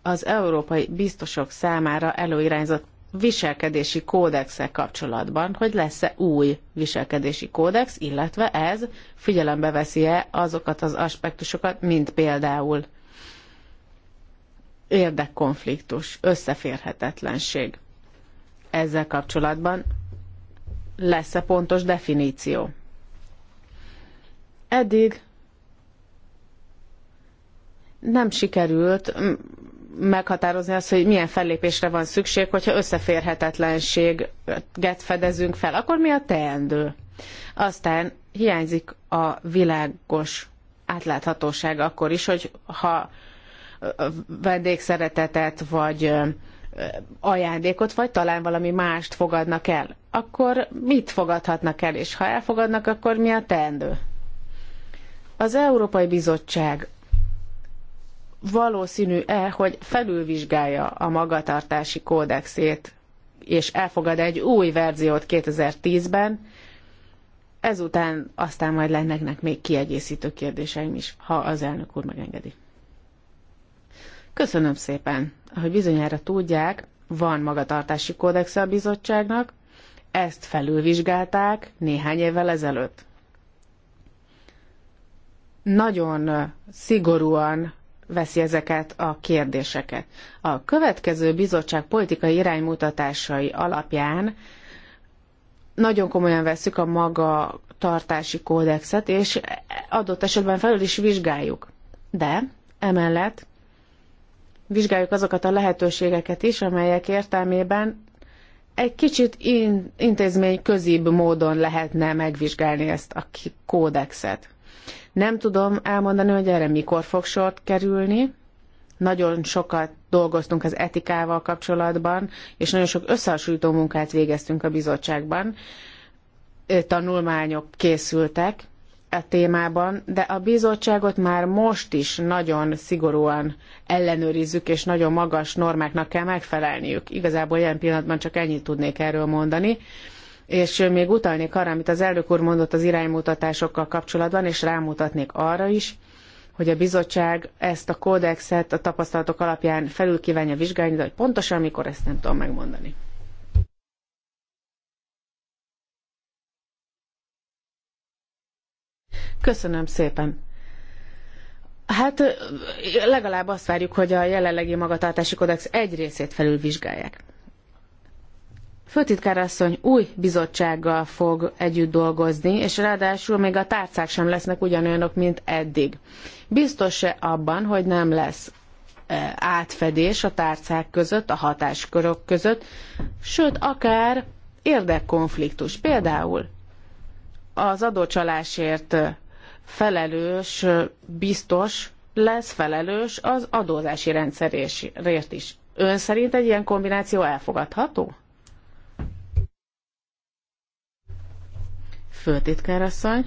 B: az európai biztosok számára előirányzott viselkedési kódexek kapcsolatban, hogy lesz-e új viselkedési kódex, illetve ez figyelembe veszi-e azokat az aspektusokat, mint például érdekkonfliktus, összeférhetetlenség. Ezzel kapcsolatban lesz-e pontos definíció. Eddig nem sikerült meghatározni azt, hogy milyen fellépésre van szükség, hogyha összeférhetetlenséget fedezünk fel, akkor mi a teendő? Aztán hiányzik a világos átláthatóság akkor is, hogy ha vendégszeretetet, vagy ajándékot, vagy talán valami mást fogadnak el, akkor mit fogadhatnak el, és ha elfogadnak, akkor mi a teendő? Az Európai Bizottság valószínű-e, hogy felülvizsgálja a magatartási kódexét, és elfogad egy új verziót 2010-ben, ezután aztán majd lennek még kiegészítő kérdéseim is, ha az elnök úr megengedi. Köszönöm szépen! Ahogy bizonyára tudják, van magatartási kódexe a bizottságnak, ezt felülvizsgálták néhány évvel ezelőtt. Nagyon szigorúan veszi ezeket a kérdéseket. A következő bizottság politikai iránymutatásai alapján nagyon komolyan veszük a maga tartási kódexet, és adott esetben felül is vizsgáljuk. De emellett vizsgáljuk azokat a lehetőségeket is, amelyek értelmében egy kicsit in, intézmény közibb módon lehetne megvizsgálni ezt a kódexet. Nem tudom elmondani, hogy erre mikor fog sort kerülni. Nagyon sokat dolgoztunk az etikával kapcsolatban, és nagyon sok összehasonlító munkát végeztünk a bizottságban. Tanulmányok készültek a témában, de a bizottságot már most is nagyon szigorúan ellenőrizzük, és nagyon magas normáknak kell megfelelniük. Igazából ilyen pillanatban csak ennyit tudnék erről mondani és még utalnék arra, amit az elnök úr mondott az iránymutatásokkal kapcsolatban, és rámutatnék arra is, hogy a bizottság ezt a kódexet a tapasztalatok alapján felül kívánja vizsgálni, de hogy pontosan mikor ezt nem tudom megmondani. Köszönöm szépen. Hát legalább azt várjuk, hogy a jelenlegi magatartási kódex egy részét felülvizsgálják. Főtitkár asszony új bizottsággal fog együtt dolgozni, és ráadásul még a tárcák sem lesznek ugyanolyanok, mint eddig. Biztos-e abban, hogy nem lesz e, átfedés a tárcák között, a hatáskörök között, sőt, akár érdekkonfliktus. Például az adócsalásért felelős biztos lesz felelős az adózási rendszerért is. Ön szerint egy ilyen kombináció elfogadható? főtitkárasszony.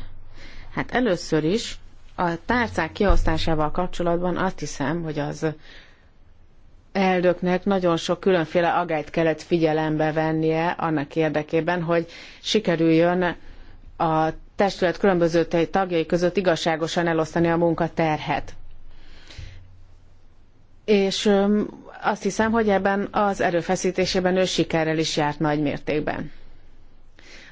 B: Hát először is a tárcák kiosztásával kapcsolatban azt hiszem, hogy az elnöknek nagyon sok különféle agályt kellett figyelembe vennie annak érdekében, hogy sikerüljön a testület különböző tagjai között igazságosan elosztani a munkaterhet. És azt hiszem, hogy ebben az erőfeszítésében ő sikerrel is járt nagy mértékben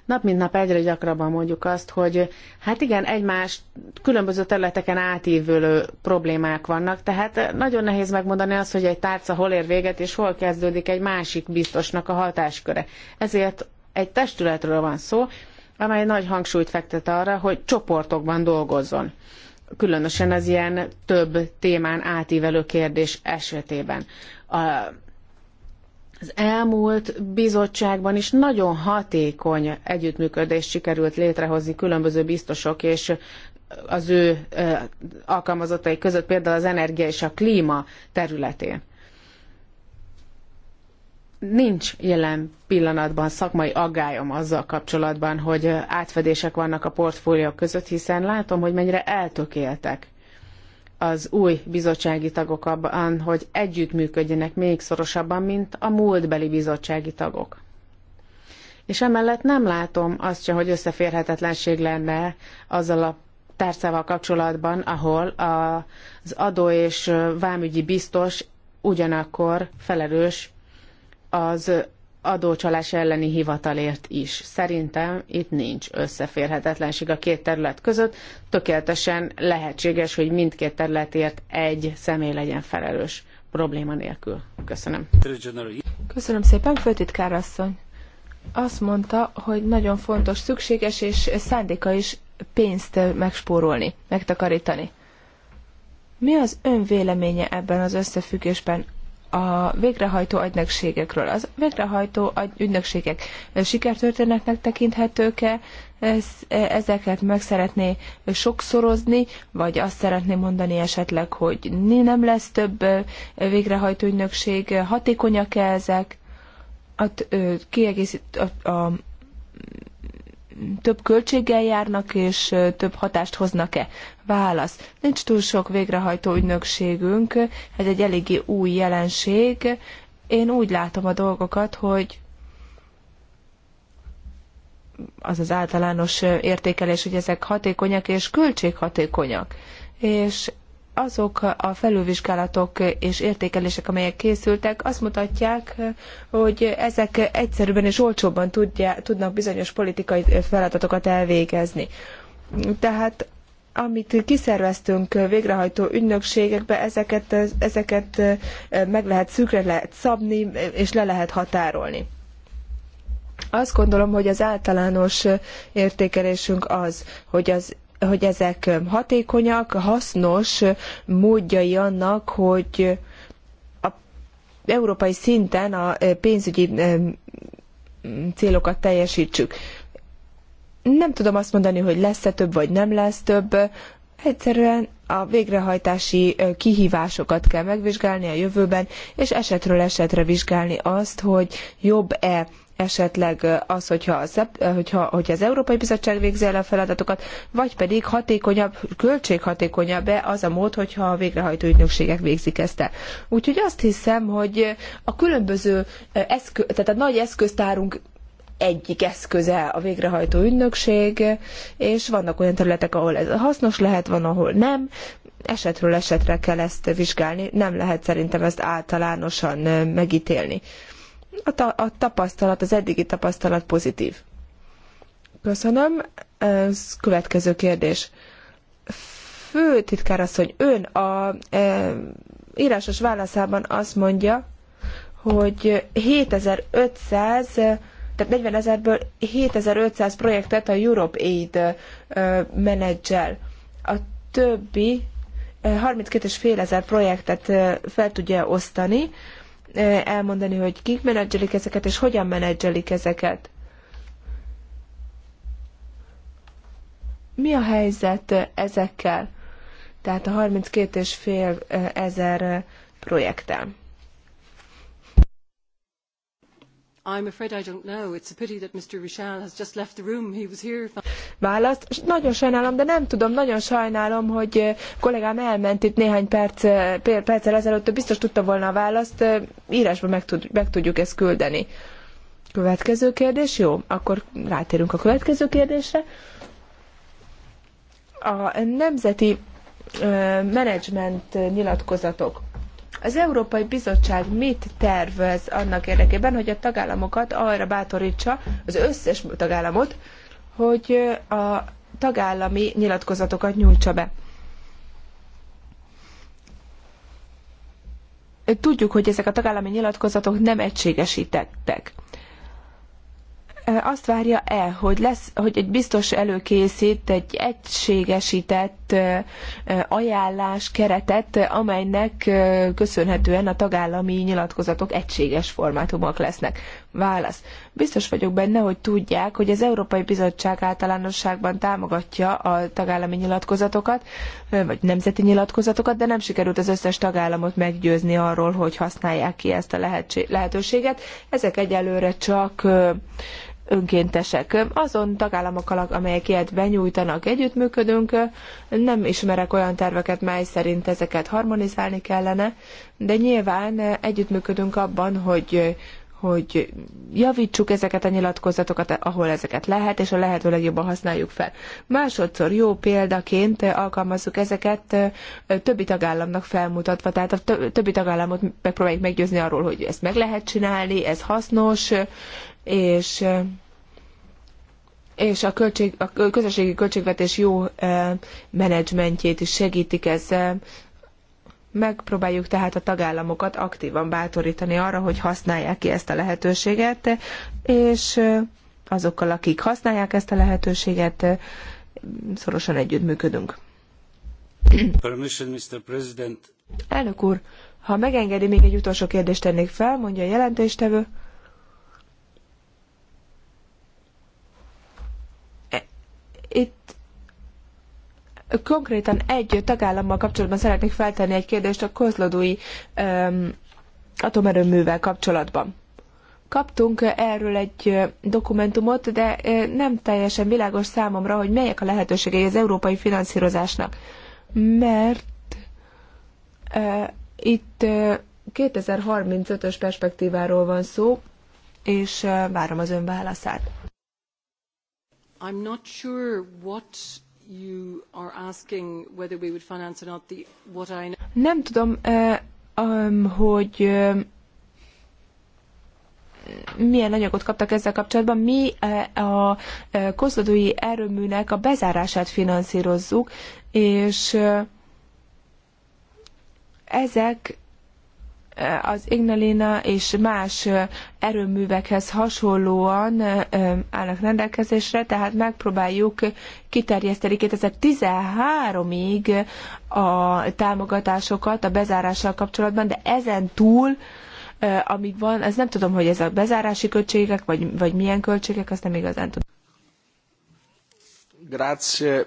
B: nap mint nap egyre gyakrabban mondjuk azt, hogy hát igen, egymás különböző területeken átívülő problémák vannak, tehát nagyon nehéz megmondani azt, hogy egy tárca hol ér véget, és hol kezdődik egy másik biztosnak a hatásköre. Ezért egy testületről van szó, amely nagy hangsúlyt fektet arra, hogy csoportokban dolgozzon. Különösen az ilyen több témán átívelő kérdés esetében. A az elmúlt bizottságban is nagyon hatékony együttműködést sikerült létrehozni különböző biztosok és az ő alkalmazottai között, például az energia és a klíma területén. Nincs jelen pillanatban szakmai aggályom azzal kapcsolatban, hogy átfedések vannak a portfóliók között, hiszen látom, hogy mennyire eltökéltek az új bizottsági tagok abban, hogy együttműködjenek még szorosabban, mint a múltbeli bizottsági tagok. És emellett nem látom azt se, hogy összeférhetetlenség lenne azzal a tárcával kapcsolatban, ahol az adó és vámügyi biztos ugyanakkor felelős az adócsalás elleni hivatalért is. Szerintem itt nincs összeférhetetlenség a két terület között. Tökéletesen lehetséges, hogy mindkét területért egy személy legyen felelős probléma nélkül. Köszönöm. Köszönöm szépen, főtitkár asszony.
C: Azt mondta, hogy nagyon fontos, szükséges és szándéka is pénzt megspórolni, megtakarítani. Mi az ön véleménye ebben az összefüggésben? a végrehajtó agynökségekről. Az végrehajtó ügynökségek sikertörténetnek tekinthetők-e? Ezeket meg szeretné sokszorozni, vagy azt szeretné mondani esetleg, hogy nem lesz több végrehajtó ügynökség, hatékonyak-e ezek? A, kiegészít, a, a több költséggel járnak, és több hatást hoznak-e? Válasz. Nincs túl sok végrehajtó ügynökségünk, ez egy eléggé új jelenség. Én úgy látom a dolgokat, hogy az az általános értékelés, hogy ezek hatékonyak és költséghatékonyak. És azok a felülvizsgálatok és értékelések, amelyek készültek, azt mutatják, hogy ezek egyszerűbben és olcsóbban tudja, tudnak bizonyos politikai feladatokat elvégezni. Tehát amit kiszerveztünk végrehajtó ügynökségekbe, ezeket, ezeket meg lehet szűkre lehet szabni, és le lehet határolni. Azt gondolom, hogy az általános értékelésünk az, hogy az hogy ezek hatékonyak, hasznos módjai annak, hogy a európai szinten a pénzügyi célokat teljesítsük. Nem tudom azt mondani, hogy lesz-e több vagy nem lesz több, Egyszerűen a végrehajtási kihívásokat kell megvizsgálni a jövőben, és esetről esetre vizsgálni azt, hogy jobb-e esetleg az, hogyha az, hogyha, az Európai Bizottság végzi el a feladatokat, vagy pedig hatékonyabb, költséghatékonyabb-e az a mód, hogyha a végrehajtó ügynökségek végzik ezt el. Úgyhogy azt hiszem, hogy a különböző eszköz, tehát a nagy eszköztárunk egyik eszköze a végrehajtó ügynökség, és vannak olyan területek, ahol ez hasznos lehet, van, ahol nem. Esetről esetre kell ezt vizsgálni, nem lehet szerintem ezt általánosan megítélni. A, ta- a tapasztalat, az eddigi tapasztalat pozitív. Köszönöm. Ez következő kérdés. Főtitkár asszony, ön a e, írásos válaszában azt mondja, hogy 7500 tehát 40 ezerből 7500 projektet a Europe Aid menedzsel. A többi 32,5 ezer projektet fel tudja osztani, elmondani, hogy kik menedzselik ezeket, és hogyan menedzselik ezeket. Mi a helyzet ezekkel? Tehát a 32,5 ezer projekttel.
A: I'm afraid I don't know. It's a pity that Mr. Richel has just left the room. He was here.
C: Választ. Nagyon sajnálom, de nem tudom, nagyon sajnálom, hogy eh, kollégám elment itt néhány perc, eh, perccel ezelőtt, biztos tudta volna a választ, eh, írásban meg, tud, meg tudjuk ezt küldeni. Következő kérdés, jó? Akkor rátérünk a következő kérdésre. A nemzeti menedzsment nyilatkozatok. Az Európai Bizottság mit tervez annak érdekében, hogy a tagállamokat arra bátorítsa, az összes tagállamot, hogy a tagállami nyilatkozatokat nyújtsa be? Tudjuk, hogy ezek a tagállami nyilatkozatok nem egységesítettek azt várja el, hogy lesz, hogy egy biztos előkészít egy egységesített adott ajánlás keretet, amelynek köszönhetően a tagállami nyilatkozatok egységes formátumok lesznek. Válasz. Biztos vagyok benne, hogy tudják, hogy az Európai Bizottság általánosságban támogatja a tagállami nyilatkozatokat, vagy nemzeti nyilatkozatokat, de nem sikerült az összes tagállamot meggyőzni arról, hogy használják ki ezt a lehetőséget. Ezek egyelőre csak önkéntesek. Azon tagállamokkal, amelyek ilyet benyújtanak, együttműködünk. Nem ismerek olyan terveket, mely szerint ezeket harmonizálni kellene, de nyilván együttműködünk abban, hogy hogy javítsuk ezeket a nyilatkozatokat, ahol ezeket lehet, és a lehető legjobban használjuk fel. Másodszor jó példaként alkalmazzuk ezeket többi tagállamnak felmutatva, tehát a többi tagállamot megpróbáljuk meggyőzni arról, hogy ezt meg lehet csinálni, ez hasznos, és és a, költség, a közösségi költségvetés jó menedzsmentjét is segítik ezzel. Megpróbáljuk tehát a tagállamokat aktívan bátorítani arra, hogy használják ki ezt a lehetőséget, és azokkal, akik használják ezt a lehetőséget, szorosan együttműködünk. Elnök úr, ha megengedi, még egy utolsó kérdést tennék fel, mondja a jelentéstevő. E, itt Konkrétan egy tagállammal kapcsolatban szeretnék feltenni egy kérdést a kozlodói um, atomerőművel kapcsolatban. Kaptunk erről egy dokumentumot, de nem teljesen világos számomra, hogy melyek a lehetőségei az európai finanszírozásnak. Mert uh, itt uh, 2035-ös perspektíváról van szó, és várom az ön válaszát.
A: I'm not sure what
C: nem tudom, um, hogy milyen anyagot kaptak ezzel kapcsolatban. Mi a kozlodói erőműnek a bezárását finanszírozzuk, és ezek az Ignalina és más erőművekhez hasonlóan állnak rendelkezésre, tehát megpróbáljuk kiterjeszteni 2013-ig a támogatásokat a bezárással kapcsolatban, de ezen túl amíg van, ez nem tudom, hogy ez a bezárási költségek, vagy, vagy milyen
D: költségek, azt nem igazán tudom.
A: Grazie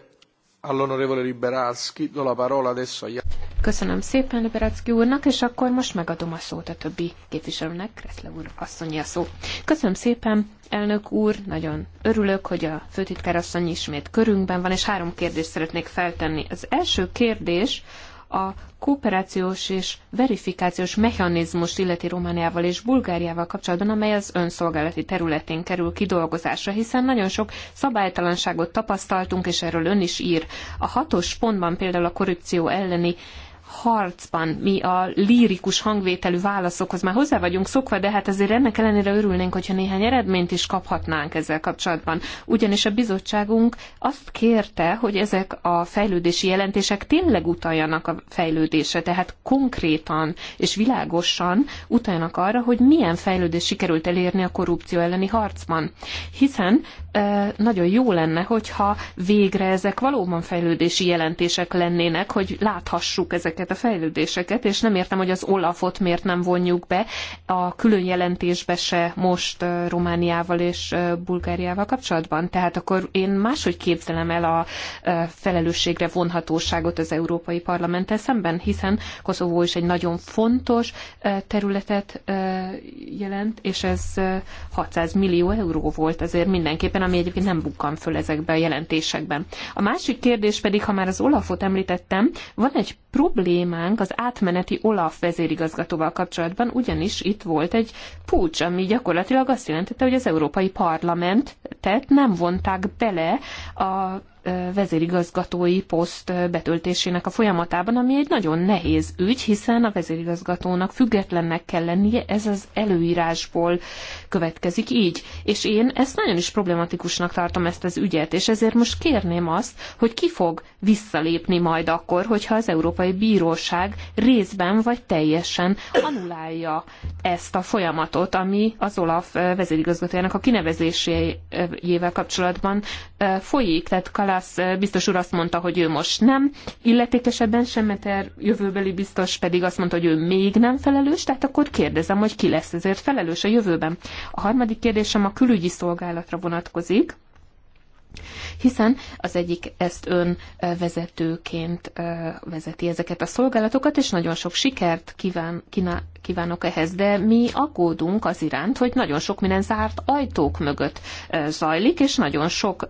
A: all'onorevole Liberalski. Do la parola adesso agli...
D: Köszönöm szépen Liberacki úrnak, és akkor most megadom a szót a többi képviselőnek, Kreszle úr asszonyi a szó. Köszönöm szépen, elnök úr, nagyon örülök, hogy a főtitkár asszony ismét körünkben van, és három kérdést szeretnék feltenni. Az első kérdés a kooperációs és verifikációs mechanizmus illeti Romániával és Bulgáriával kapcsolatban, amely az önszolgálati területén kerül kidolgozásra, hiszen nagyon sok szabálytalanságot tapasztaltunk, és erről ön is ír. A hatos pontban például a korrupció elleni harcban mi a lírikus hangvételű válaszokhoz már hozzá vagyunk szokva, de hát azért ennek ellenére örülnénk, hogyha néhány eredményt is kaphatnánk ezzel kapcsolatban. Ugyanis a bizottságunk azt kérte, hogy ezek a fejlődési jelentések tényleg utaljanak a fejlődésre, tehát konkrétan és világosan utaljanak arra, hogy milyen fejlődés sikerült elérni a korrupció elleni harcban. Hiszen nagyon jó lenne, hogyha végre ezek valóban fejlődési jelentések lennének, hogy láthassuk ezeket a fejlődéseket, és nem értem, hogy az Olafot miért nem vonjuk be a külön jelentésbe se most Romániával és Bulgáriával kapcsolatban. Tehát akkor én máshogy képzelem el a felelősségre vonhatóságot az Európai Parlamenttel szemben, hiszen Koszovó is egy nagyon fontos területet jelent, és ez 600 millió euró volt azért mindenképpen, ami egyébként nem bukkan föl ezekben a jelentésekben. A másik kérdés pedig, ha már az Olafot említettem, van egy problémánk az átmeneti Olaf vezérigazgatóval kapcsolatban, ugyanis itt volt egy púcs, ami gyakorlatilag azt jelentette, hogy az Európai parlament, tehát nem vonták bele a vezérigazgatói poszt betöltésének a folyamatában, ami egy nagyon nehéz ügy, hiszen a vezérigazgatónak függetlennek kell lennie, ez az előírásból következik így. És én ezt nagyon is problematikusnak tartom ezt az ügyet, és ezért most kérném azt, hogy ki fog visszalépni majd akkor, hogyha az Európai Bíróság részben vagy teljesen anulálja ezt a folyamatot, ami az Olaf vezérigazgatójának a kinevezésével kapcsolatban folyik, tehát Kalász biztos úr azt mondta, hogy ő most nem illetékes ebben sem, mert er, jövőbeli biztos pedig azt mondta, hogy ő még nem felelős, tehát akkor kérdezem, hogy ki lesz ezért felelős a jövőben. A harmadik kérdésem a külügyi szolgálatra vonatkozik hiszen az egyik ezt ön vezetőként vezeti ezeket a szolgálatokat, és nagyon sok sikert kíván, kínál, kívánok ehhez, de mi aggódunk az iránt, hogy nagyon sok minden zárt ajtók mögött zajlik, és nagyon sok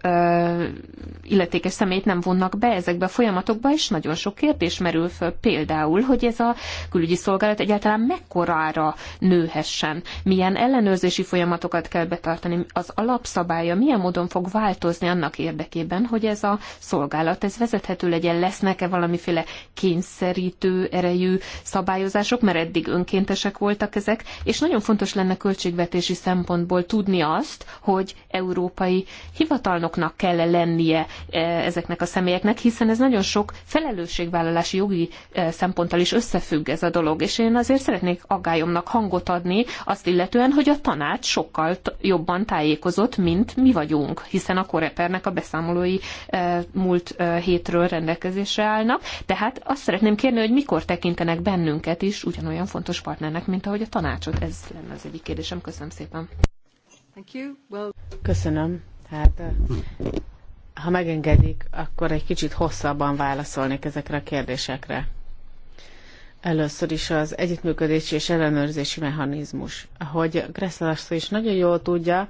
D: illetékes szemét nem vonnak be ezekbe a folyamatokba, és nagyon sok kérdés merül föl, például, hogy ez a külügyi szolgálat egyáltalán mekkorára nőhessen, milyen ellenőrzési folyamatokat kell betartani, az alapszabálya milyen módon fog változni annak annak érdekében, hogy ez a szolgálat, ez vezethető legyen, lesznek-e valamiféle kényszerítő erejű szabályozások, mert eddig önkéntesek voltak ezek, és nagyon fontos lenne költségvetési szempontból tudni azt, hogy európai hivatalnoknak kell lennie e, ezeknek a személyeknek, hiszen ez nagyon sok felelősségvállalási jogi e, szemponttal is összefügg ez a dolog, és én azért szeretnék aggályomnak hangot adni azt illetően, hogy a tanács sokkal jobban tájékozott, mint mi vagyunk, hiszen a Koreper embernek a beszámolói múlt hétről rendelkezésre állnak. Tehát azt szeretném kérni, hogy mikor tekintenek bennünket is ugyanolyan fontos partnernek, mint ahogy a tanácsot. Ez lenne az egyik kérdésem. Köszönöm szépen.
B: Thank you. Well... Köszönöm. Hát, ha megengedik, akkor egy kicsit hosszabban válaszolnék ezekre a kérdésekre. Először is az együttműködési és ellenőrzési mechanizmus. Ahogy Gresszel is nagyon jól tudja,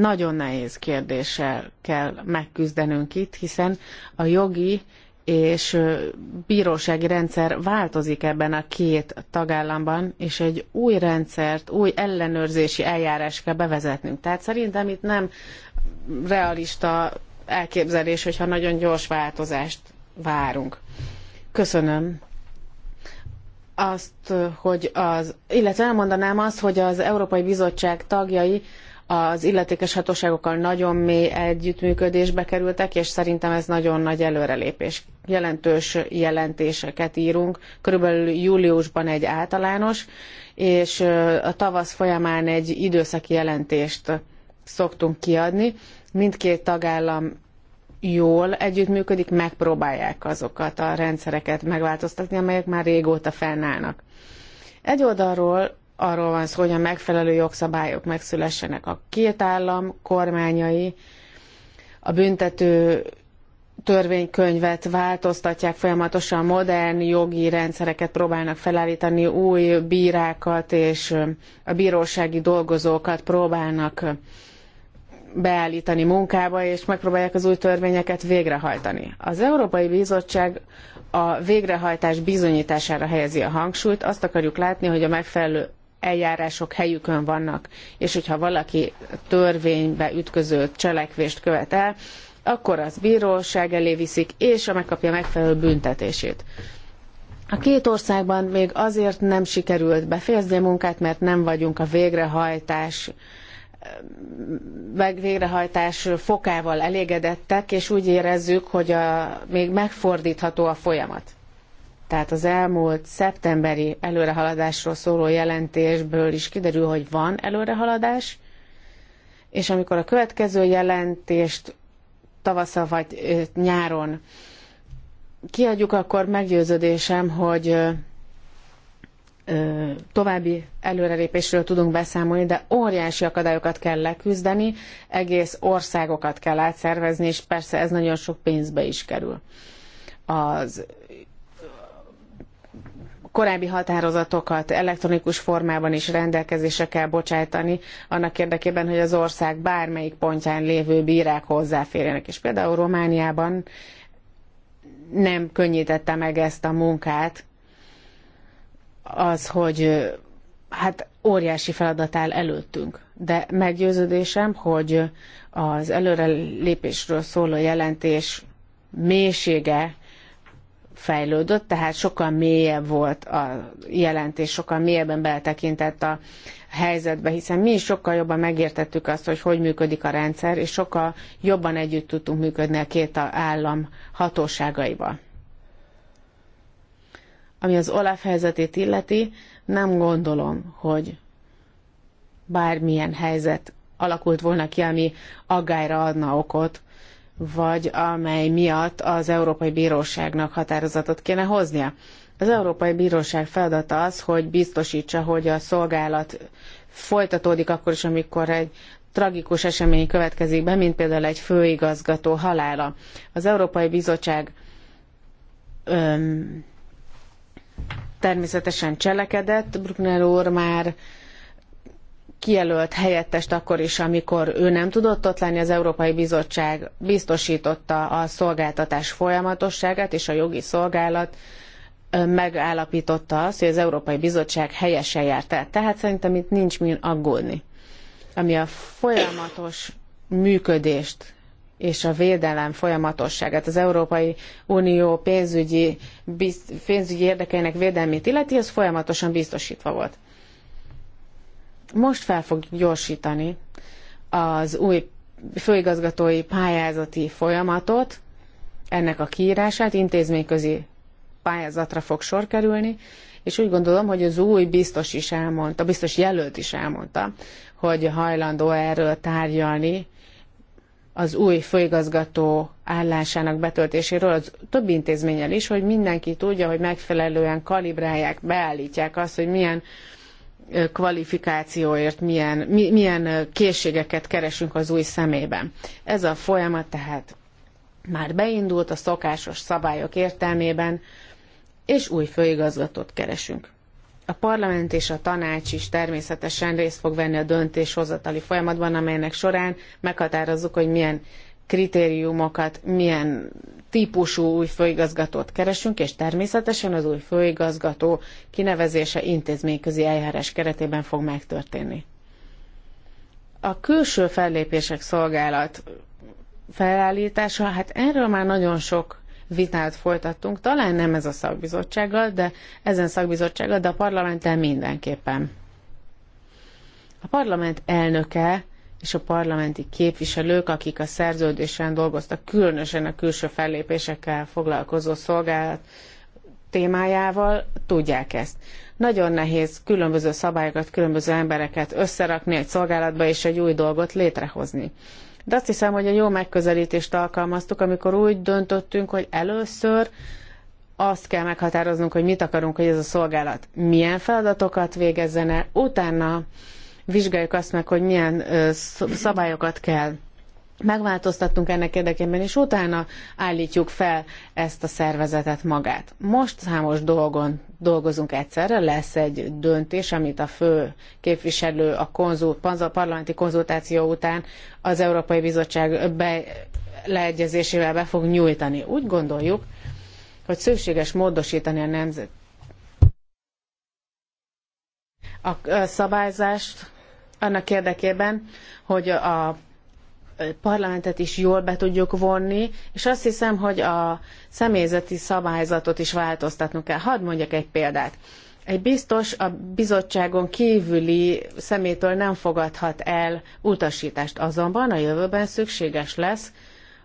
B: nagyon nehéz kérdéssel kell megküzdenünk itt, hiszen a jogi és bírósági rendszer változik ebben a két tagállamban, és egy új rendszert, új ellenőrzési eljárás kell bevezetnünk. Tehát szerintem itt nem realista elképzelés, hogyha nagyon gyors változást várunk. Köszönöm azt, hogy az, illetve elmondanám azt, hogy az Európai Bizottság tagjai az illetékes hatóságokkal nagyon mély együttműködésbe kerültek, és szerintem ez nagyon nagy előrelépés. Jelentős jelentéseket írunk, körülbelül júliusban egy általános, és a tavasz folyamán egy időszaki jelentést szoktunk kiadni. Mindkét tagállam jól együttműködik, megpróbálják azokat a rendszereket megváltoztatni, amelyek már régóta fennállnak. Egy oldalról arról van szó, hogy a megfelelő jogszabályok megszülessenek a két állam kormányai, a büntető törvénykönyvet változtatják folyamatosan, modern jogi rendszereket próbálnak felállítani, új bírákat és a bírósági dolgozókat próbálnak beállítani munkába, és megpróbálják az új törvényeket végrehajtani. Az Európai Bizottság a végrehajtás bizonyítására helyezi a hangsúlyt, azt akarjuk látni, hogy a megfelelő eljárások helyükön vannak, és hogyha valaki törvénybe ütköző cselekvést követ el, akkor az bíróság elé viszik, és megkapja megfelelő büntetését. A két országban még azért nem sikerült befejezni a munkát, mert nem vagyunk a végrehajtás végrehajtás fokával elégedettek, és úgy érezzük, hogy a, még megfordítható a folyamat. Tehát az elmúlt szeptemberi előrehaladásról szóló jelentésből is kiderül, hogy van előrehaladás, és amikor a következő jelentést tavasszal vagy nyáron kiadjuk, akkor meggyőződésem, hogy további előrelépésről tudunk beszámolni, de óriási akadályokat kell leküzdeni, egész országokat kell átszervezni, és persze ez nagyon sok pénzbe is kerül. Az korábbi határozatokat elektronikus formában is rendelkezésre kell bocsájtani, annak érdekében, hogy az ország bármelyik pontján lévő bírák hozzáférjenek. És például Romániában nem könnyítette meg ezt a munkát az, hogy hát óriási feladat áll előttünk. De meggyőződésem, hogy az előrelépésről szóló jelentés mélysége fejlődött, tehát sokkal mélyebb volt a jelentés, sokkal mélyebben beletekintett a helyzetbe, hiszen mi is sokkal jobban megértettük azt, hogy hogy működik a rendszer, és sokkal jobban együtt tudtunk működni a két állam hatóságaival. Ami az Olaf helyzetét illeti, nem gondolom, hogy bármilyen helyzet alakult volna ki, ami aggályra adna okot vagy amely miatt az Európai Bíróságnak határozatot kéne hoznia. Az Európai Bíróság feladata az, hogy biztosítsa, hogy a szolgálat folytatódik akkor is, amikor egy tragikus esemény következik be, mint például egy főigazgató halála. Az Európai Bizottság öm, természetesen cselekedett, Bruckner úr már kijelölt helyettest akkor is, amikor ő nem tudott ott lenni, az Európai Bizottság biztosította a szolgáltatás folyamatosságát, és a jogi szolgálat megállapította azt, hogy az Európai Bizottság helyesen járt el. Tehát szerintem itt nincs min aggódni. Ami a folyamatos működést és a védelem folyamatosságát, az Európai Unió pénzügyi, pénzügyi érdekeinek védelmét illeti, az folyamatosan biztosítva volt most fel fog gyorsítani az új főigazgatói pályázati folyamatot, ennek a kiírását intézményközi pályázatra fog sor kerülni, és úgy gondolom, hogy az új biztos is elmondta, biztos jelölt is elmondta, hogy hajlandó erről tárgyalni az új főigazgató állásának betöltéséről az több intézménnyel is, hogy mindenki tudja, hogy megfelelően kalibrálják, beállítják azt, hogy milyen kvalifikációért, milyen, mi, milyen készségeket keresünk az új szemében. Ez a folyamat tehát már beindult a szokásos szabályok értelmében, és új főigazgatót keresünk. A parlament és a tanács is természetesen részt fog venni a döntéshozatali folyamatban, amelynek során meghatározzuk, hogy milyen kritériumokat, milyen típusú új főigazgatót keresünk, és természetesen az új főigazgató kinevezése intézményközi eljárás keretében fog megtörténni. A külső fellépések szolgálat felállítása, hát erről már nagyon sok vitát folytattunk, talán nem ez a szakbizottsággal, de ezen szakbizottsággal, de a parlamenttel mindenképpen. A parlament elnöke és a parlamenti képviselők, akik a szerződésen dolgoztak, különösen a külső fellépésekkel foglalkozó szolgálat témájával, tudják ezt. Nagyon nehéz különböző szabályokat, különböző embereket összerakni egy szolgálatba és egy új dolgot létrehozni. De azt hiszem, hogy a jó megközelítést alkalmaztuk, amikor úgy döntöttünk, hogy először azt kell meghatároznunk, hogy mit akarunk, hogy ez a szolgálat milyen feladatokat végezzen el, utána vizsgáljuk azt meg, hogy milyen szabályokat kell megváltoztattunk ennek érdekében, és utána állítjuk fel ezt a szervezetet magát. Most számos dolgon dolgozunk egyszerre, lesz egy döntés, amit a fő képviselő a konzult, parlamenti konzultáció után az Európai Bizottság be, leegyezésével be fog nyújtani. Úgy gondoljuk, hogy szükséges módosítani a nemzet a szabályzást annak érdekében, hogy a parlamentet is jól be tudjuk vonni, és azt hiszem, hogy a személyzeti szabályzatot is változtatnunk kell. Hadd mondjak egy példát. Egy biztos a bizottságon kívüli szemétől nem fogadhat el utasítást, azonban a jövőben szükséges lesz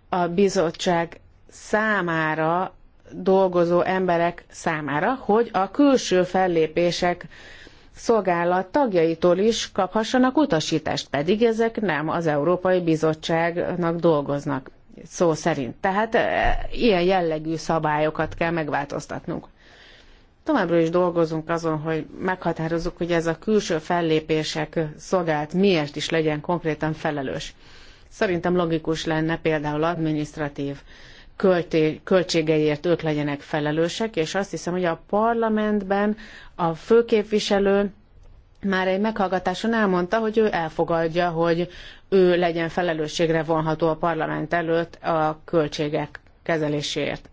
B: a bizottság számára dolgozó emberek számára, hogy a külső fellépések szolgálat tagjaitól is kaphassanak utasítást, pedig ezek nem az Európai Bizottságnak dolgoznak szó szerint. Tehát e, ilyen jellegű szabályokat kell megváltoztatnunk. Továbbra is dolgozunk azon, hogy meghatározzuk, hogy ez a külső fellépések szolgált miért is legyen konkrétan felelős. Szerintem logikus lenne például adminisztratív költé, költségeiért ők legyenek felelősek, és azt hiszem, hogy a parlamentben a főképviselő már egy meghallgatáson elmondta, hogy ő elfogadja, hogy ő legyen felelősségre vonható a parlament előtt a költségek kezeléséért.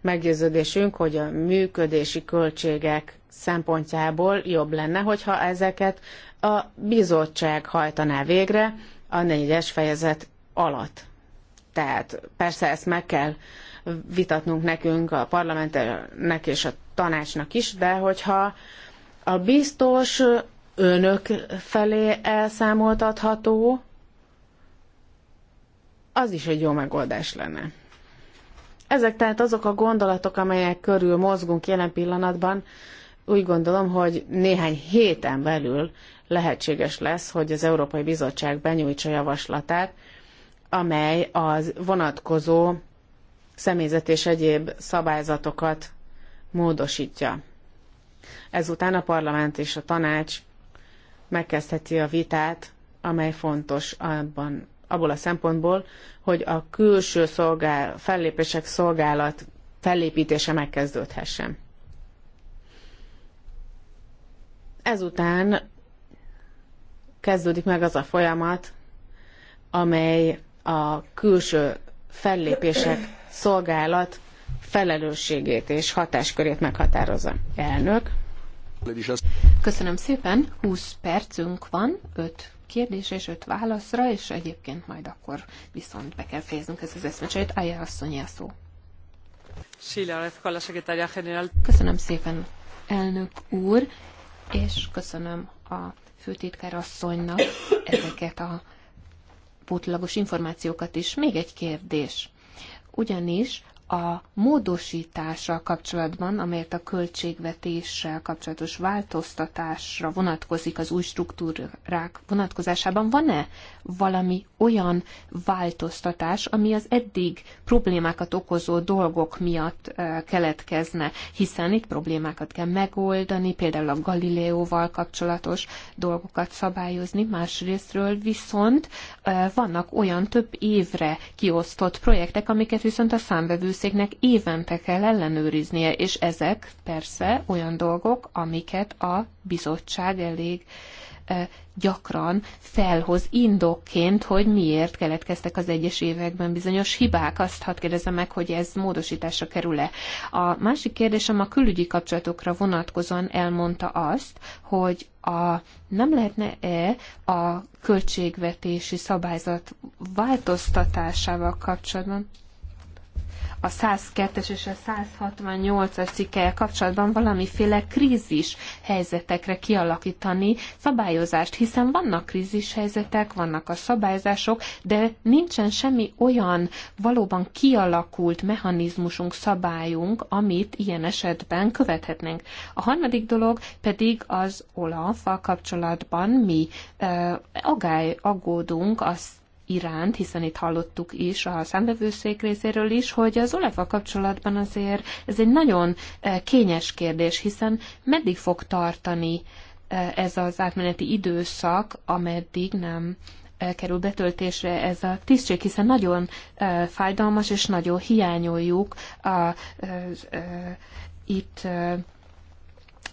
B: Meggyőződésünk, hogy a működési költségek szempontjából jobb lenne, hogyha ezeket a bizottság hajtaná végre a négyes fejezet alatt. Tehát persze ezt meg kell vitatnunk nekünk, a parlamentnek és a tanácsnak is, de hogyha a biztos önök felé elszámoltatható, az is egy jó megoldás lenne. Ezek tehát azok a gondolatok, amelyek körül mozgunk jelen pillanatban. Úgy gondolom, hogy néhány héten belül lehetséges lesz, hogy az Európai Bizottság benyújtsa javaslatát, amely az vonatkozó személyzet és egyéb szabályzatokat módosítja. Ezután a parlament és a tanács megkezdheti a vitát, amely fontos abban, abból a szempontból, hogy a külső szolgál, fellépések szolgálat fellépítése megkezdődhessen. Ezután kezdődik meg az a folyamat, amely a külső fellépések szolgálat felelősségét és hatáskörét meghatározza. Elnök. Köszönöm szépen. 20 percünk van, 5 kérdés és 5 válaszra,
D: és egyébként majd akkor viszont be kell fejeznünk ezt az eszmecserét. Állja asszony a szó. Köszönöm szépen, elnök úr, és köszönöm a főtitkár asszonynak ezeket a pótlagos információkat is. Még egy kérdés. Ugyanis a módosítással kapcsolatban, amelyet a költségvetéssel kapcsolatos változtatásra vonatkozik az új struktúrák vonatkozásában, van-e valami olyan változtatás, ami az eddig problémákat okozó dolgok miatt keletkezne, hiszen itt problémákat kell megoldani, például a Galileóval kapcsolatos dolgokat szabályozni, másrésztről viszont vannak olyan több évre kiosztott projektek, amiket viszont a számbevőszéknek évente kell ellenőriznie, és ezek persze olyan dolgok, amiket a bizottság elég gyakran felhoz indokként, hogy miért keletkeztek az egyes években bizonyos hibák. Azt hadd kérdezem meg, hogy ez módosításra kerül-e. A másik kérdésem a külügyi kapcsolatokra vonatkozóan elmondta azt, hogy a, nem lehetne-e a költségvetési szabályzat változtatásával kapcsolatban a 102-es és a 168-as cikkelje kapcsolatban valamiféle krízis helyzetekre kialakítani szabályozást, hiszen vannak krízis helyzetek, vannak a szabályzások, de nincsen semmi olyan valóban kialakult mechanizmusunk, szabályunk, amit ilyen esetben követhetnénk. A harmadik dolog pedig az olaf kapcsolatban mi agály, aggódunk azt iránt, hiszen itt hallottuk is a számbevőszék részéről is, hogy az a kapcsolatban azért ez egy nagyon e, kényes kérdés, hiszen meddig fog tartani e, ez az átmeneti időszak, ameddig nem e, kerül betöltésre ez a tisztség, hiszen nagyon fájdalmas és nagyon hiányoljuk a, a, a, itt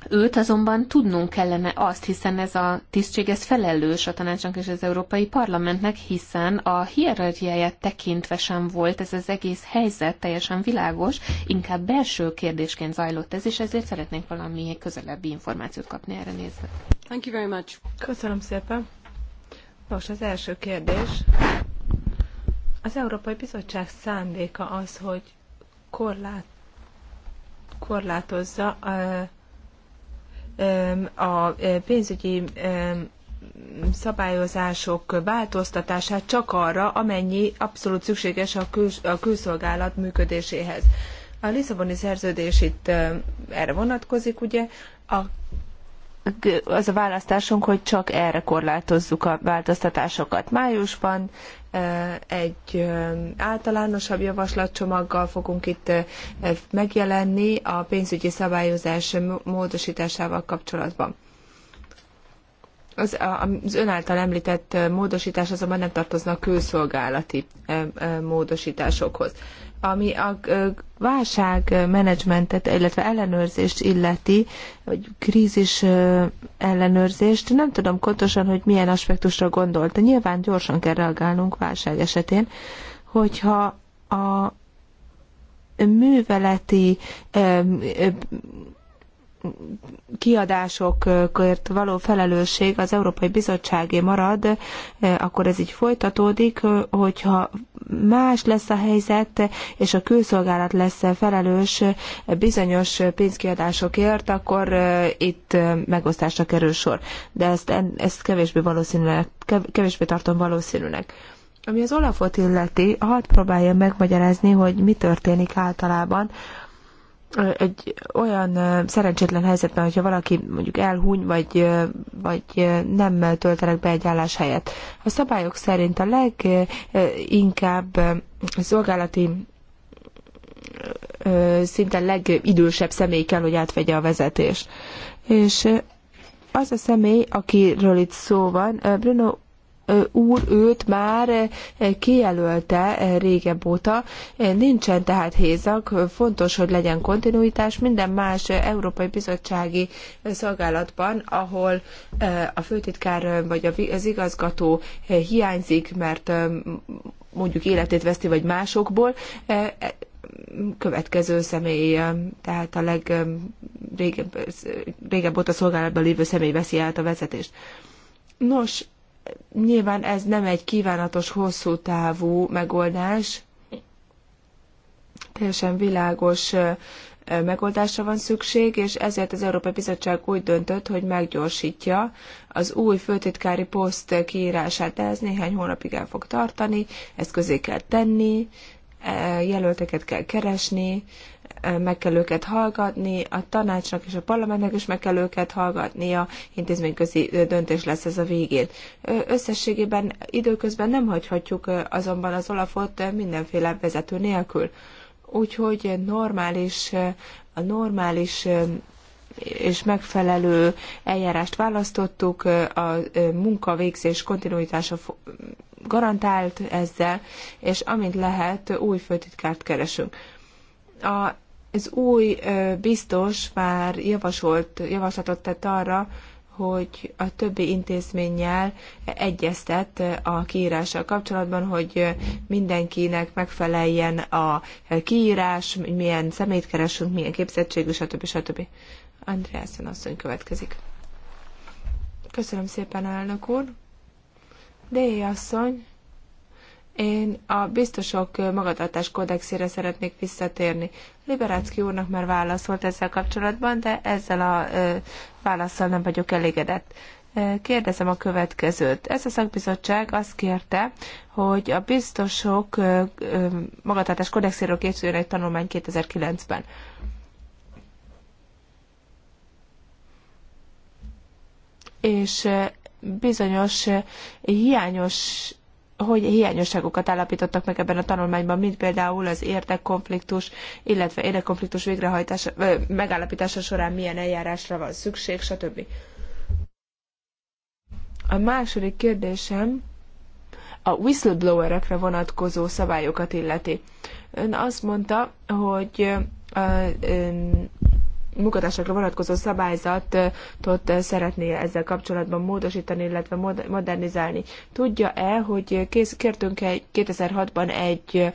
D: Őt azonban tudnunk kellene azt, hiszen ez a tisztség ez felelős a tanácsnak és az Európai Parlamentnek, hiszen a hierarchiáját tekintve sem volt ez az egész helyzet teljesen világos, inkább belső kérdésként zajlott ez, és ezért szeretnénk valami közelebbi információt kapni erre nézve.
C: Thank you very much. Köszönöm szépen. Most az első kérdés. Az Európai Bizottság szándéka az, hogy korlát, korlátozza a a pénzügyi szabályozások változtatását csak arra, amennyi abszolút szükséges a, kül- a külszolgálat működéséhez. A Lisszaboni szerződés itt erre vonatkozik, ugye? A az a választásunk, hogy csak erre korlátozzuk a változtatásokat. Májusban egy általánosabb javaslatcsomaggal fogunk itt megjelenni a pénzügyi szabályozás módosításával kapcsolatban. Az, az ön által említett módosítás azonban nem tartoznak külszolgálati módosításokhoz ami a válságmenedzsmentet, illetve ellenőrzést illeti, vagy krízis ellenőrzést, nem tudom pontosan, hogy milyen aspektusra gondolt. De nyilván gyorsan kell reagálnunk válság esetén, hogyha a műveleti kiadásokért való felelősség az Európai Bizottságé marad, eh, akkor ez így folytatódik, hogyha más lesz a helyzet, és a külszolgálat lesz felelős bizonyos pénzkiadásokért, akkor eh, itt eh, megosztásra kerül sor. De ezt, ezt kevésbé, valószínűnek, kevésbé tartom valószínűnek. Ami az Olafot illeti, hadd próbálja megmagyarázni, hogy mi történik általában egy olyan szerencsétlen helyzetben, hogyha valaki mondjuk elhúny, vagy, vagy nem töltenek be egy álláshelyet. A szabályok szerint a leginkább szolgálati szinten legidősebb személy kell, hogy átvegye a vezetés. És az a személy, akiről itt szó van, Bruno úr őt már kijelölte régebb óta. Nincsen tehát hézak, fontos, hogy legyen kontinuitás minden más Európai Bizottsági Szolgálatban, ahol eh, a főtitkár vagy az igazgató hiányzik, mert eh, mondjuk életét veszti, vagy másokból, eh, következő személy, tehát a legrégebb régebb óta szolgálatban lévő személy veszi át a vezetést. Nos, Nyilván ez nem egy kívánatos, hosszú távú megoldás, teljesen világos megoldásra van szükség, és ezért az Európai Bizottság úgy döntött, hogy meggyorsítja az új főtitkári poszt kiírását, de ez néhány hónapig el fog tartani, ezt közé kell tenni, jelölteket kell keresni, meg kell őket hallgatni, a tanácsnak és a parlamentnek is meg kell őket hallgatni a intézményközi döntés lesz ez a végén. Összességében időközben nem hagyhatjuk azonban az Olafot mindenféle vezető nélkül. Úgyhogy normális, a normális és megfelelő eljárást választottuk, a munkavégzés kontinuitása garantált ezzel, és amint lehet, új főtitkárt keresünk. A ez új biztos már javasolt, javaslatot tett arra, hogy a többi intézménnyel egyeztet a kiírással kapcsolatban, hogy mindenkinek megfeleljen a kiírás, milyen szemét keresünk, milyen képzettségű, stb. stb. Andreasen asszony következik. Köszönöm szépen, elnök úr. Déjasszony. asszony. Én a biztosok magatartás kódexére szeretnék visszatérni. Liberácki úrnak már válaszolt ezzel kapcsolatban, de ezzel a ö, válaszsal nem vagyok elégedett. Kérdezem a következőt. Ez a szakbizottság azt kérte, hogy a biztosok ö, ö, magatartás kódexéről készüljön egy tanulmány 2009-ben. És bizonyos hiányos hogy hiányosságokat állapítottak meg ebben a tanulmányban, mint például az érdekkonfliktus, illetve érdekkonfliktus végrehajtása, ö, megállapítása során milyen eljárásra van szükség, stb. A második kérdésem a whistleblowerekre vonatkozó szabályokat illeti. Ön azt mondta, hogy a munkatársakra vonatkozó szabályzatot szeretné ezzel kapcsolatban módosítani, illetve modernizálni. Tudja-e, hogy kész, kértünk egy 2006-ban egy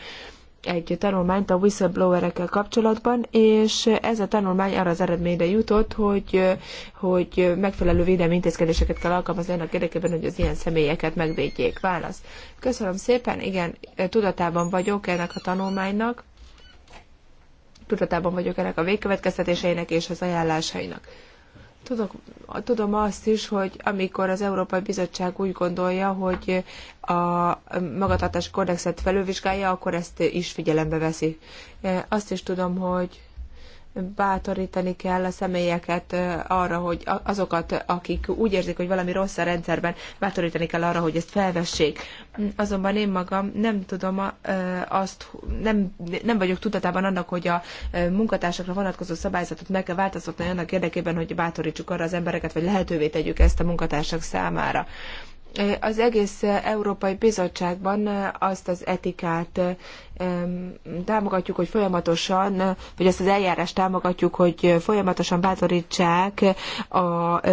C: egy tanulmányt a whistleblowerekkel kapcsolatban, és ez a tanulmány arra az eredményre jutott, hogy, hogy megfelelő védelmi intézkedéseket kell alkalmazni annak érdekében, hogy az ilyen személyeket megvédjék. Válasz. Köszönöm szépen, igen, tudatában vagyok ennek a tanulmánynak tudatában vagyok ennek a végkövetkeztetéseinek és az ajánlásainak. Tudok, tudom azt is, hogy amikor az Európai Bizottság úgy gondolja, hogy a magatartási kódexet felülvizsgálja, akkor ezt is figyelembe veszi. Azt is tudom, hogy bátorítani kell a személyeket arra, hogy azokat, akik úgy érzik, hogy valami rossz a rendszerben, bátorítani kell arra, hogy ezt felvessék. Azonban én magam nem tudom azt, nem, nem vagyok tudatában annak, hogy a munkatársakra vonatkozó szabályzatot meg kell változtatni annak érdekében, hogy bátorítsuk arra az embereket, vagy lehetővé tegyük ezt a munkatársak számára az egész Európai Bizottságban azt az etikát támogatjuk, hogy folyamatosan, vagy ezt az eljárást támogatjuk, hogy folyamatosan bátorítsák a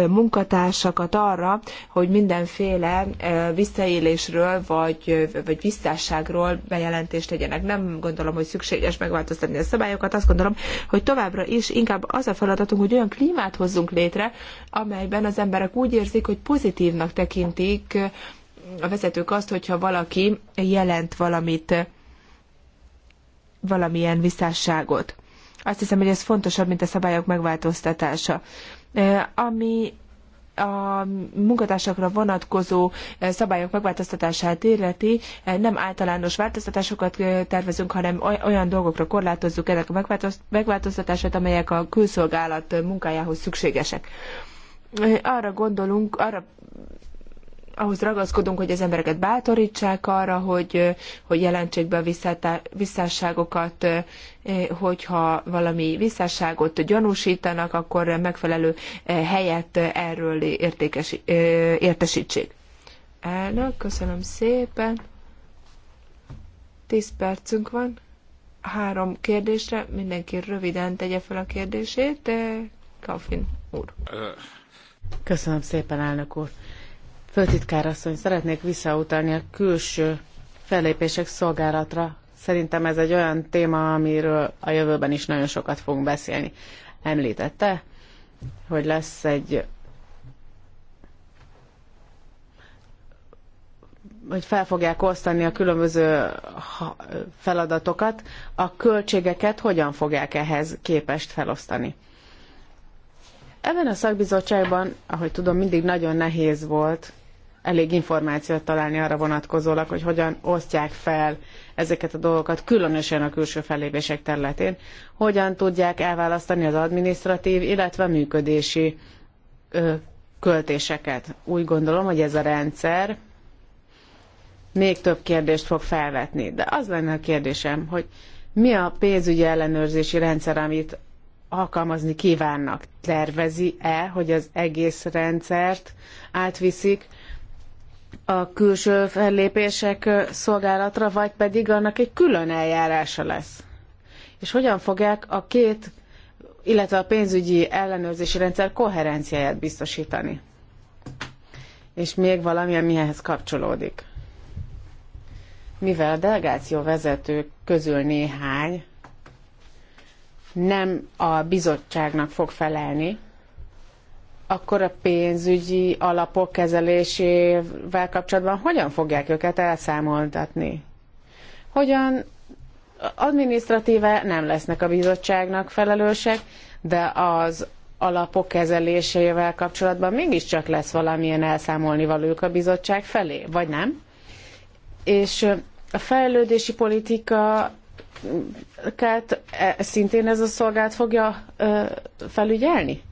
C: munkatársakat arra, hogy mindenféle eh, visszaélésről, vagy, vagy visszásságról bejelentést tegyenek. Nem gondolom, hogy szükséges megváltoztatni a szabályokat, azt gondolom, hogy továbbra is inkább az a feladatunk, hogy olyan klímát hozzunk létre, amelyben az emberek úgy érzik, hogy pozitívnak tekintik a vezetők azt, hogyha valaki jelent valamit valamilyen visszásságot. Azt hiszem, hogy ez fontosabb, mint a szabályok megváltoztatása. E, ami a munkatársakra vonatkozó e, szabályok megváltoztatását illeti, e, nem általános változtatásokat tervezünk, hanem olyan dolgokra korlátozzuk ennek a megváltoztatását, amelyek a külszolgálat munkájához szükségesek. Arra gondolunk, arra ahhoz ragaszkodunk, hogy az embereket bátorítsák arra, hogy, hogy jelentsék be a visszásságokat, hogyha valami visszásságot gyanúsítanak, akkor megfelelő helyet erről értékes, értesítsék. Elnök, köszönöm szépen. Tíz percünk van. Három kérdésre. Mindenki röviden tegye fel a kérdését.
B: Kaufin úr. Köszönöm szépen, elnök úr. Főtitkár asszony, szeretnék visszautalni a külső fellépések szolgálatra. Szerintem ez egy olyan téma, amiről a jövőben is nagyon sokat fogunk beszélni. Említette, hogy lesz egy hogy fel fogják osztani a különböző feladatokat, a költségeket hogyan fogják ehhez képest felosztani? Ebben a szakbizottságban, ahogy tudom, mindig nagyon nehéz volt elég információt találni arra vonatkozólag, hogy hogyan osztják fel ezeket a dolgokat, különösen a külső fellépések területén, hogyan tudják elválasztani az administratív, illetve működési ö, költéseket. Úgy gondolom, hogy ez a rendszer még több kérdést fog felvetni. De az lenne a kérdésem, hogy mi a pénzügyi ellenőrzési rendszer, amit alkalmazni kívánnak? Tervezi-e, hogy az egész rendszert átviszik, a külső fellépések szolgálatra, vagy pedig annak egy külön eljárása lesz. És hogyan fogják a két, illetve a pénzügyi ellenőrzési rendszer koherenciáját biztosítani? És még valami, amihez kapcsolódik. Mivel a delegáció vezetők közül néhány nem a bizottságnak fog felelni, akkor a pénzügyi alapok kezelésével kapcsolatban hogyan fogják őket elszámoltatni? Hogyan administratíve nem lesznek a bizottságnak felelősek, de az alapok kezelésével kapcsolatban mégiscsak lesz valamilyen elszámolni valók a bizottság felé, vagy nem? És a fejlődési politika e, szintén ez a szolgált fogja felügyelni?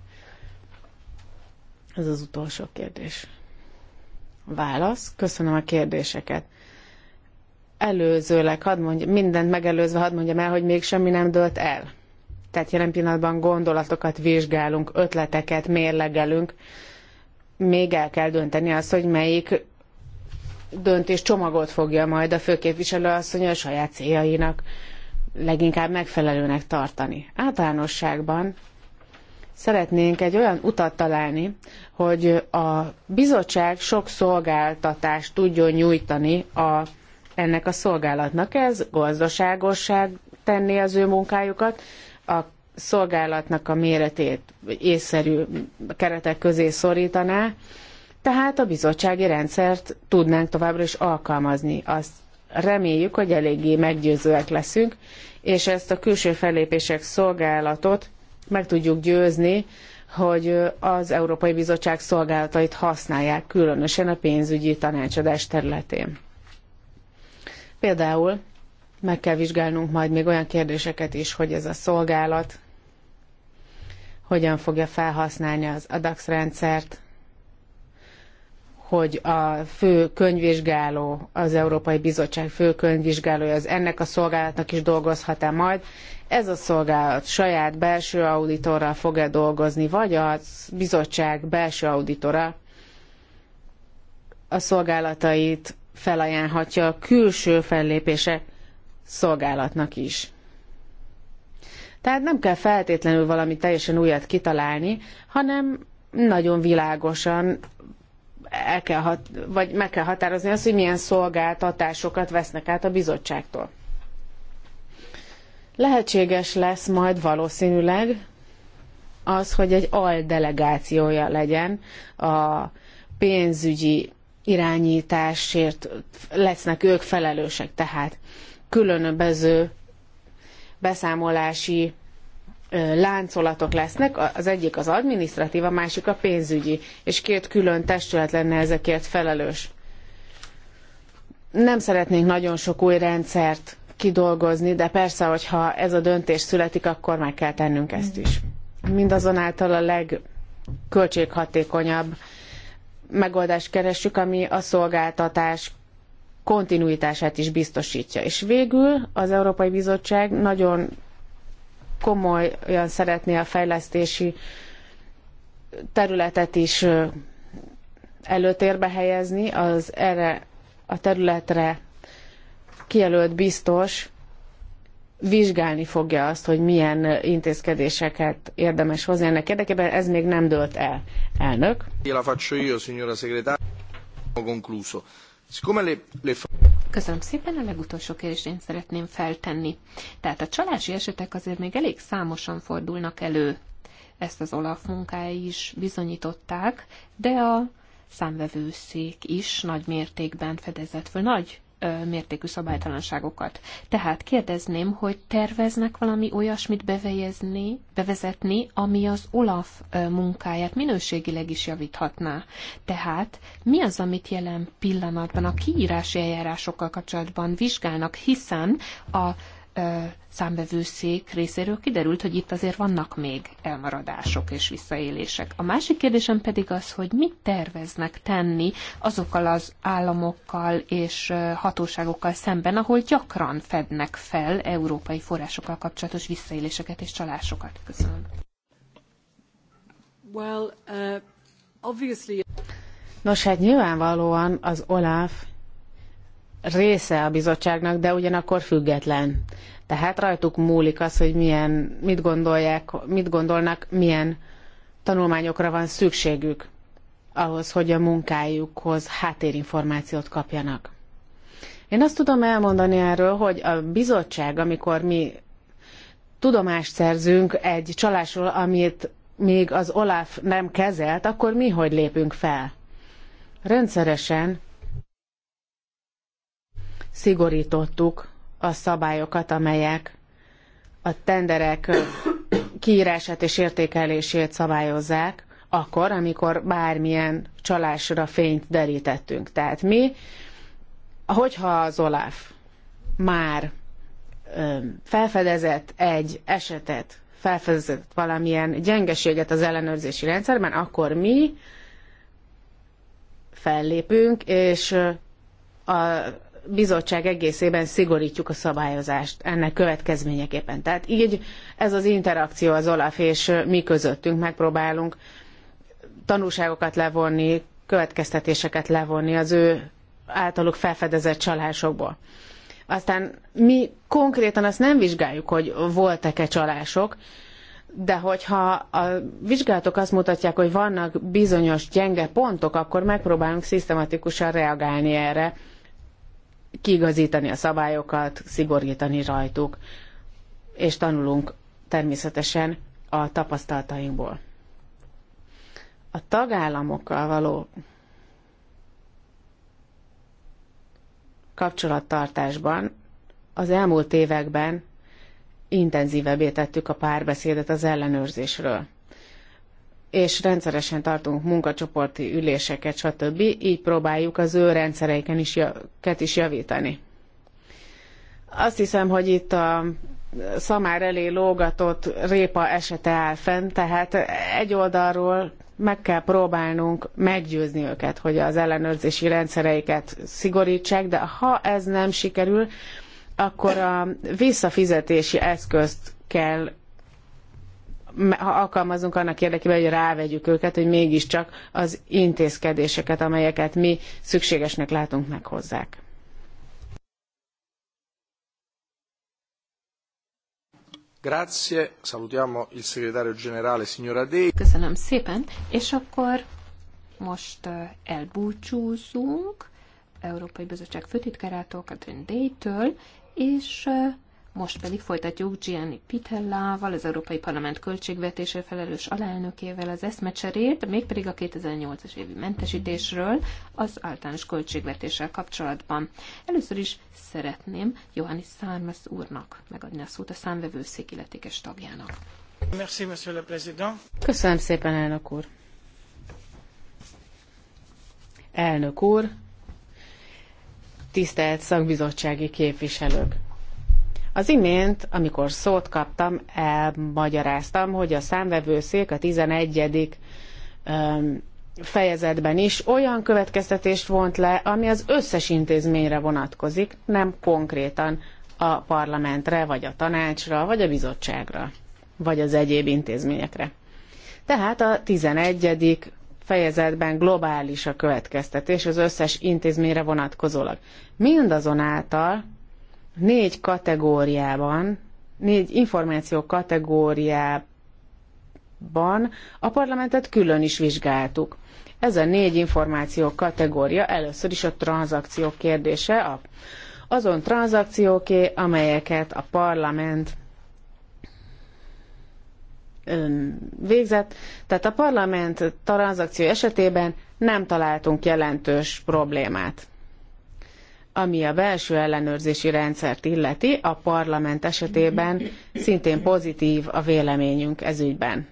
B: Ez az utolsó kérdés. Válasz. Köszönöm a kérdéseket. Előzőleg, hadd mondja, mindent megelőzve hadd mondjam el, hogy még semmi nem dölt el. Tehát jelen pillanatban gondolatokat vizsgálunk, ötleteket mérlegelünk. Még el kell dönteni azt, hogy melyik döntés csomagot fogja majd a főképviselő asszony a saját céljainak leginkább megfelelőnek tartani. Általánosságban szeretnénk egy olyan utat találni, hogy a bizottság sok szolgáltatást tudjon nyújtani a, ennek a szolgálatnak. Ez gazdaságosság tenni az ő munkájukat, a szolgálatnak a méretét észszerű keretek közé szorítaná, tehát a bizottsági rendszert tudnánk továbbra is alkalmazni. Azt reméljük, hogy eléggé meggyőzőek leszünk, és ezt a külső fellépések szolgálatot meg tudjuk győzni, hogy az Európai Bizottság szolgálatait használják, különösen a pénzügyi tanácsadás területén. Például meg kell vizsgálnunk majd még olyan kérdéseket is, hogy ez a szolgálat hogyan fogja felhasználni az ADAX rendszert, hogy a fő könyvvizsgáló, az Európai Bizottság fő könyvvizsgálója az ennek a szolgálatnak is dolgozhat-e majd. Ez a szolgálat saját belső auditorral fog-e dolgozni, vagy a bizottság belső auditora a szolgálatait felajánlhatja a külső fellépések szolgálatnak is. Tehát nem kell feltétlenül valami teljesen újat kitalálni, hanem nagyon világosan el kell vagy meg kell határozni azt, hogy milyen szolgáltatásokat vesznek át a bizottságtól. Lehetséges lesz majd valószínűleg az, hogy egy aldelegációja legyen a pénzügyi irányításért lesznek ők felelősek, tehát különböző beszámolási láncolatok lesznek, az egyik az administratív, a másik a pénzügyi, és két külön testület lenne ezekért felelős. Nem szeretnénk nagyon sok új rendszert kidolgozni, de persze, hogyha ez a döntés születik, akkor meg kell tennünk ezt is. Mindazonáltal a legköltséghatékonyabb megoldást keressük, ami a szolgáltatás kontinuitását is biztosítja. És végül az Európai Bizottság nagyon komolyan szeretné a fejlesztési területet is előtérbe helyezni, az erre a területre kijelölt biztos vizsgálni fogja azt, hogy milyen intézkedéseket érdemes hozni ennek érdekében, ez még nem dőlt el. Elnök.
D: Köszönöm szépen, a legutolsó kérdést én szeretném feltenni. Tehát a csalási esetek azért még elég számosan fordulnak elő. Ezt az Olaf munkái is bizonyították, de a számvevőszék is nagy mértékben fedezett föl nagy mértékű szabálytalanságokat. Tehát kérdezném, hogy terveznek valami olyasmit bevejezni, bevezetni, ami az OLAF munkáját minőségileg is javíthatná. Tehát mi az, amit jelen pillanatban a kiírási eljárásokkal kapcsolatban vizsgálnak, hiszen a számbevőszék részéről kiderült, hogy itt azért vannak még elmaradások és visszaélések. A másik kérdésem pedig az, hogy mit terveznek tenni azokkal az államokkal és hatóságokkal szemben, ahol gyakran fednek fel európai forrásokkal kapcsolatos visszaéléseket
B: és csalásokat. Köszönöm.
A: Well, uh,
B: obviously... Nos, hát nyilvánvalóan az OLAF része a bizottságnak, de ugyanakkor független. Tehát rajtuk múlik az, hogy milyen, mit, gondolják, mit gondolnak, milyen tanulmányokra van szükségük ahhoz, hogy a munkájukhoz háttérinformációt kapjanak. Én azt tudom elmondani erről, hogy a bizottság, amikor mi tudomást szerzünk egy csalásról, amit még az Olaf nem kezelt, akkor mi hogy lépünk fel? Rendszeresen szigorítottuk a szabályokat, amelyek a tenderek kiírását és értékelését szabályozzák, akkor, amikor bármilyen csalásra fényt derítettünk. Tehát mi, hogyha az Olaf már felfedezett egy esetet, felfedezett valamilyen gyengeséget az ellenőrzési rendszerben, akkor mi fellépünk, és a bizottság egészében szigorítjuk a szabályozást ennek következményeképpen. Tehát így ez az interakció az Olaf és mi közöttünk megpróbálunk tanulságokat levonni, következtetéseket levonni az ő általuk felfedezett csalásokból. Aztán mi konkrétan azt nem vizsgáljuk, hogy voltak-e csalások, de hogyha a vizsgálatok azt mutatják, hogy vannak bizonyos gyenge pontok, akkor megpróbálunk szisztematikusan reagálni erre, kigazítani a szabályokat, szigorítani rajtuk, és tanulunk természetesen a tapasztalatainkból. A tagállamokkal való kapcsolattartásban az elmúlt években intenzívebbé tettük a párbeszédet az ellenőrzésről és rendszeresen tartunk munkacsoporti üléseket, stb. Így próbáljuk az ő rendszereiken is, ket is javítani. Azt hiszem, hogy itt a szamár elé lógatott répa esete áll fenn, tehát egy oldalról meg kell próbálnunk meggyőzni őket, hogy az ellenőrzési rendszereiket szigorítsák, de ha ez nem sikerül, akkor a visszafizetési eszközt kell alkalmazunk annak érdekében, hogy rávegyük őket, hogy mégiscsak az intézkedéseket, amelyeket mi szükségesnek látunk, meghozzák.
A: Grazie, salutiamo il segretario generale, signora Dei. Köszönöm
D: szépen, és akkor most eh, elbúcsúzunk Európai Bizottság főtitkárától, Katrin Day-től, és eh, most pedig folytatjuk Gianni Pitellával, az Európai Parlament költségvetésre felelős alelnökével az eszmecserét, mégpedig a 2008-as évi mentesítésről az általános költségvetéssel kapcsolatban. Először is szeretném Johannes Szármasz úrnak megadni a szót a számvevőszék illetékes tagjának.
A: Merci, monsieur le président.
B: Köszönöm szépen, elnök úr. Elnök úr, tisztelt szakbizottsági képviselők! Az imént, amikor szót kaptam, elmagyaráztam, hogy a számvevőszék a 11. fejezetben is olyan következtetést vont le, ami az összes intézményre vonatkozik, nem konkrétan a parlamentre, vagy a tanácsra, vagy a bizottságra, vagy az egyéb intézményekre. Tehát a 11. fejezetben globális a következtetés az összes intézményre vonatkozólag. Mindazonáltal négy kategóriában, négy információ kategóriában a parlamentet külön is vizsgáltuk. Ez a négy információ kategória először is a tranzakciók kérdése, a, azon tranzakcióké, amelyeket a parlament végzett. Tehát a parlament tranzakció esetében nem találtunk jelentős problémát. Ami a belső ellenőrzési rendszert illeti, a parlament esetében szintén pozitív a véleményünk ezügyben.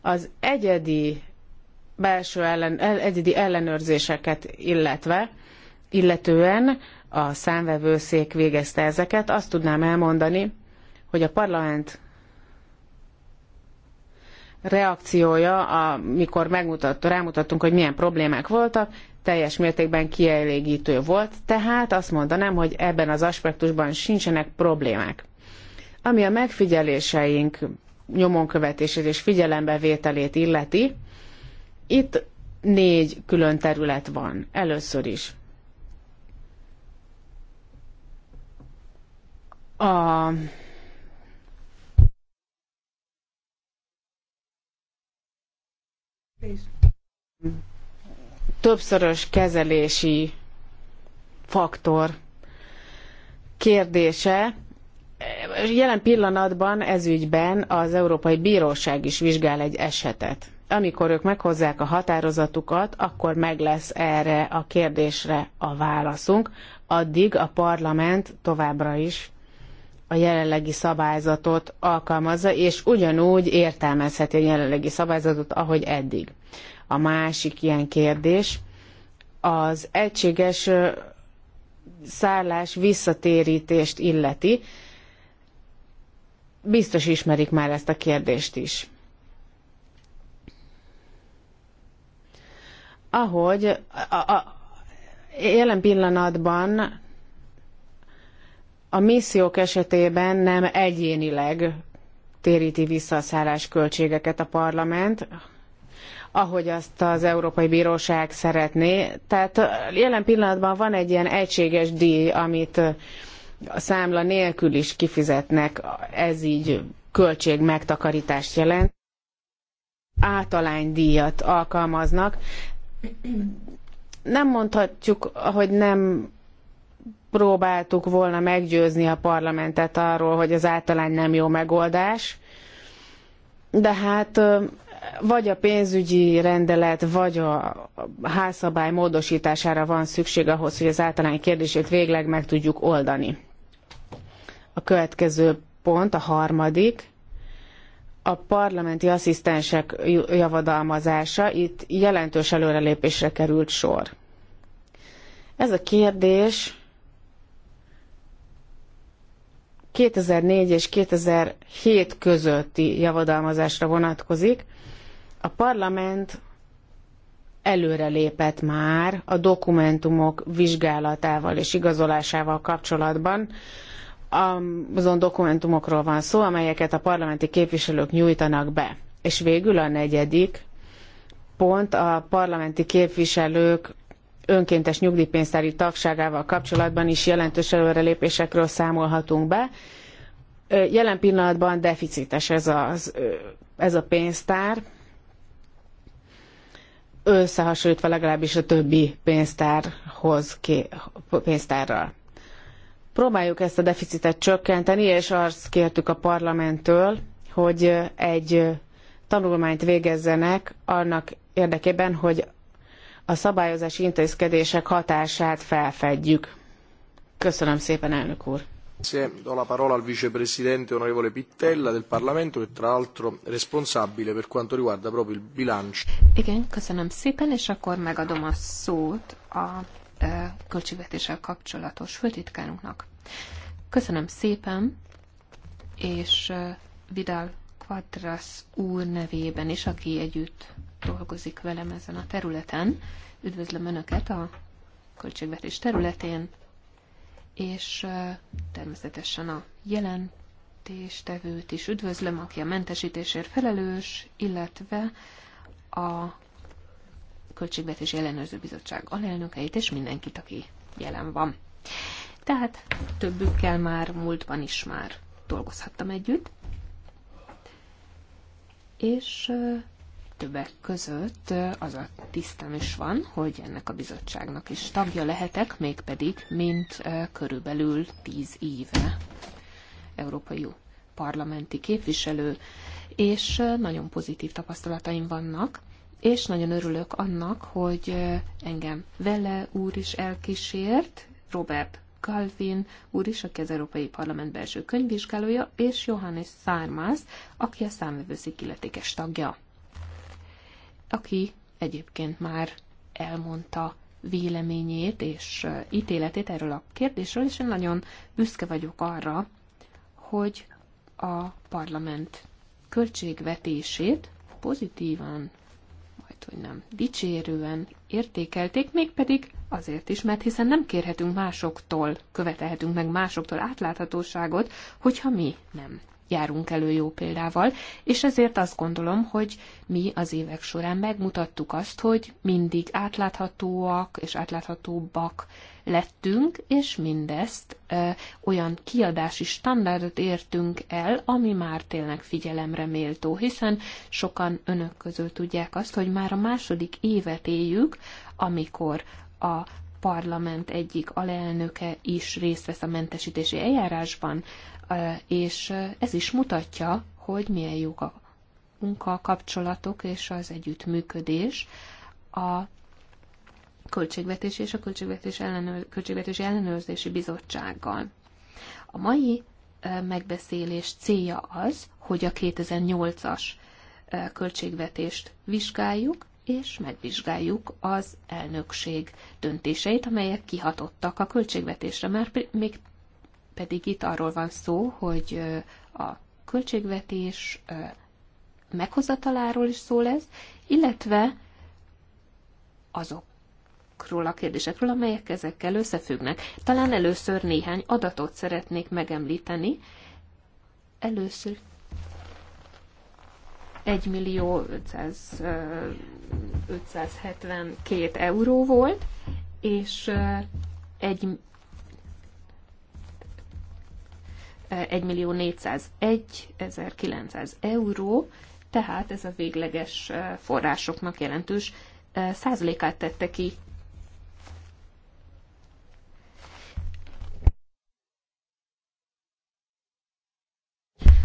B: Az egyedi belső ellen, egyedi ellenőrzéseket illetve, illetően a számvevőszék végezte ezeket, azt tudnám elmondani, hogy a parlament reakciója, amikor rámutattunk, hogy milyen problémák voltak, teljes mértékben kielégítő volt, tehát azt mondanám, hogy ebben az aspektusban sincsenek problémák. Ami a megfigyeléseink nyomonkövetését és figyelembevételét illeti, itt négy külön terület van. Először is a Többszörös kezelési faktor kérdése. Jelen pillanatban ez ügyben az Európai Bíróság is vizsgál egy esetet. Amikor ők meghozzák a határozatukat, akkor meg lesz erre a kérdésre a válaszunk. Addig a parlament továbbra is a jelenlegi szabályzatot alkalmazza, és ugyanúgy értelmezheti a jelenlegi szabályzatot, ahogy eddig. A másik ilyen kérdés az egységes szállás visszatérítést illeti. Biztos ismerik már ezt a kérdést is. Ahogy a, a, jelen pillanatban a missziók esetében nem egyénileg téríti vissza a szállás költségeket a parlament, ahogy azt az Európai Bíróság szeretné. Tehát jelen pillanatban van egy ilyen egységes díj, amit a számla nélkül is kifizetnek, ez így költség megtakarítást jelent. Általánydíjat alkalmaznak. Nem mondhatjuk, hogy nem próbáltuk volna meggyőzni a parlamentet arról, hogy az általán nem jó megoldás, de hát vagy a pénzügyi rendelet, vagy a házszabály módosítására van szükség ahhoz, hogy az általány kérdését végleg meg tudjuk oldani. A következő pont, a harmadik, a parlamenti asszisztensek javadalmazása. Itt jelentős előrelépésre került sor. Ez a kérdés 2004 és 2007 közötti javadalmazásra vonatkozik. A parlament előre lépett már a dokumentumok vizsgálatával és igazolásával kapcsolatban. Azon dokumentumokról van szó, amelyeket a parlamenti képviselők nyújtanak be. És végül a negyedik pont a parlamenti képviselők önkéntes nyugdíjpénztári tagságával kapcsolatban is jelentős előrelépésekről számolhatunk be. Jelen pillanatban deficites ez, az, ez a pénztár, összehasonlítva legalábbis a többi pénztárhoz, pénztárral. Próbáljuk ezt a deficitet csökkenteni, és azt kértük a parlamenttől, hogy egy tanulmányt végezzenek annak érdekében, hogy a szabályozási intézkedések hatását felfedjük. Köszönöm szépen, elnök úr!
A: Do la parola al vicepresidente onorevole Pittella del Parlamento, che tra l'altro è responsabile per quanto riguarda proprio il bilancio.
D: Igen, köszönöm szépen, és akkor megadom a szót a e, költségvetéssel kapcsolatos főtitkárunknak. Köszönöm szépen, és Vidal Quadras úr nevében is, aki együtt dolgozik velem ezen a területen. Üdvözlöm Önöket a költségvetés területén, és természetesen a jelentéstevőt is üdvözlöm, aki a mentesítésért felelős, illetve a Költségvetési Ellenőrző Bizottság alelnökeit, és mindenkit, aki jelen van. Tehát többükkel már múltban is már dolgozhattam együtt, és többek között az a tisztem is van, hogy ennek a bizottságnak is tagja lehetek, mégpedig, mint körülbelül tíz éve Európai Parlamenti képviselő, és nagyon pozitív tapasztalataim vannak, és nagyon örülök annak, hogy engem vele úr is elkísért, Robert Calvin úr is, aki az Európai Parlament belső könyvvizsgálója, és Johannes Szármász, aki a számvevőszék illetékes tagja aki egyébként már elmondta véleményét és ítéletét erről a kérdésről, és én nagyon büszke vagyok arra, hogy a parlament költségvetését pozitívan, majd hogy nem, dicsérően értékelték, mégpedig azért is, mert hiszen nem kérhetünk másoktól, követelhetünk meg másoktól átláthatóságot, hogyha mi nem járunk elő jó példával, és ezért azt gondolom, hogy mi az évek során megmutattuk azt, hogy mindig átláthatóak és átláthatóbbak lettünk, és mindezt ö, olyan kiadási standardot értünk el, ami már tényleg figyelemre méltó, hiszen sokan önök közül tudják azt, hogy már a második évet éljük, amikor a parlament egyik alelnöke is részt vesz a mentesítési eljárásban, és ez is mutatja, hogy milyen jók a munkakapcsolatok és az együttműködés a költségvetés és a költségvetés ellenőr, költségvetési ellenőrzési bizottsággal. A mai megbeszélés célja az, hogy a 2008-as költségvetést vizsgáljuk, és megvizsgáljuk az elnökség döntéseit, amelyek kihatottak a költségvetésre, már még pedig itt arról van szó, hogy a költségvetés meghozataláról is szó lesz, illetve azokról a kérdésekről, amelyek ezekkel összefüggnek. Talán először néhány adatot szeretnék megemlíteni. Először 1 millió 500, 572 euró volt, és egy 1.401.900 euró, tehát ez a végleges forrásoknak jelentős százalékát tette ki.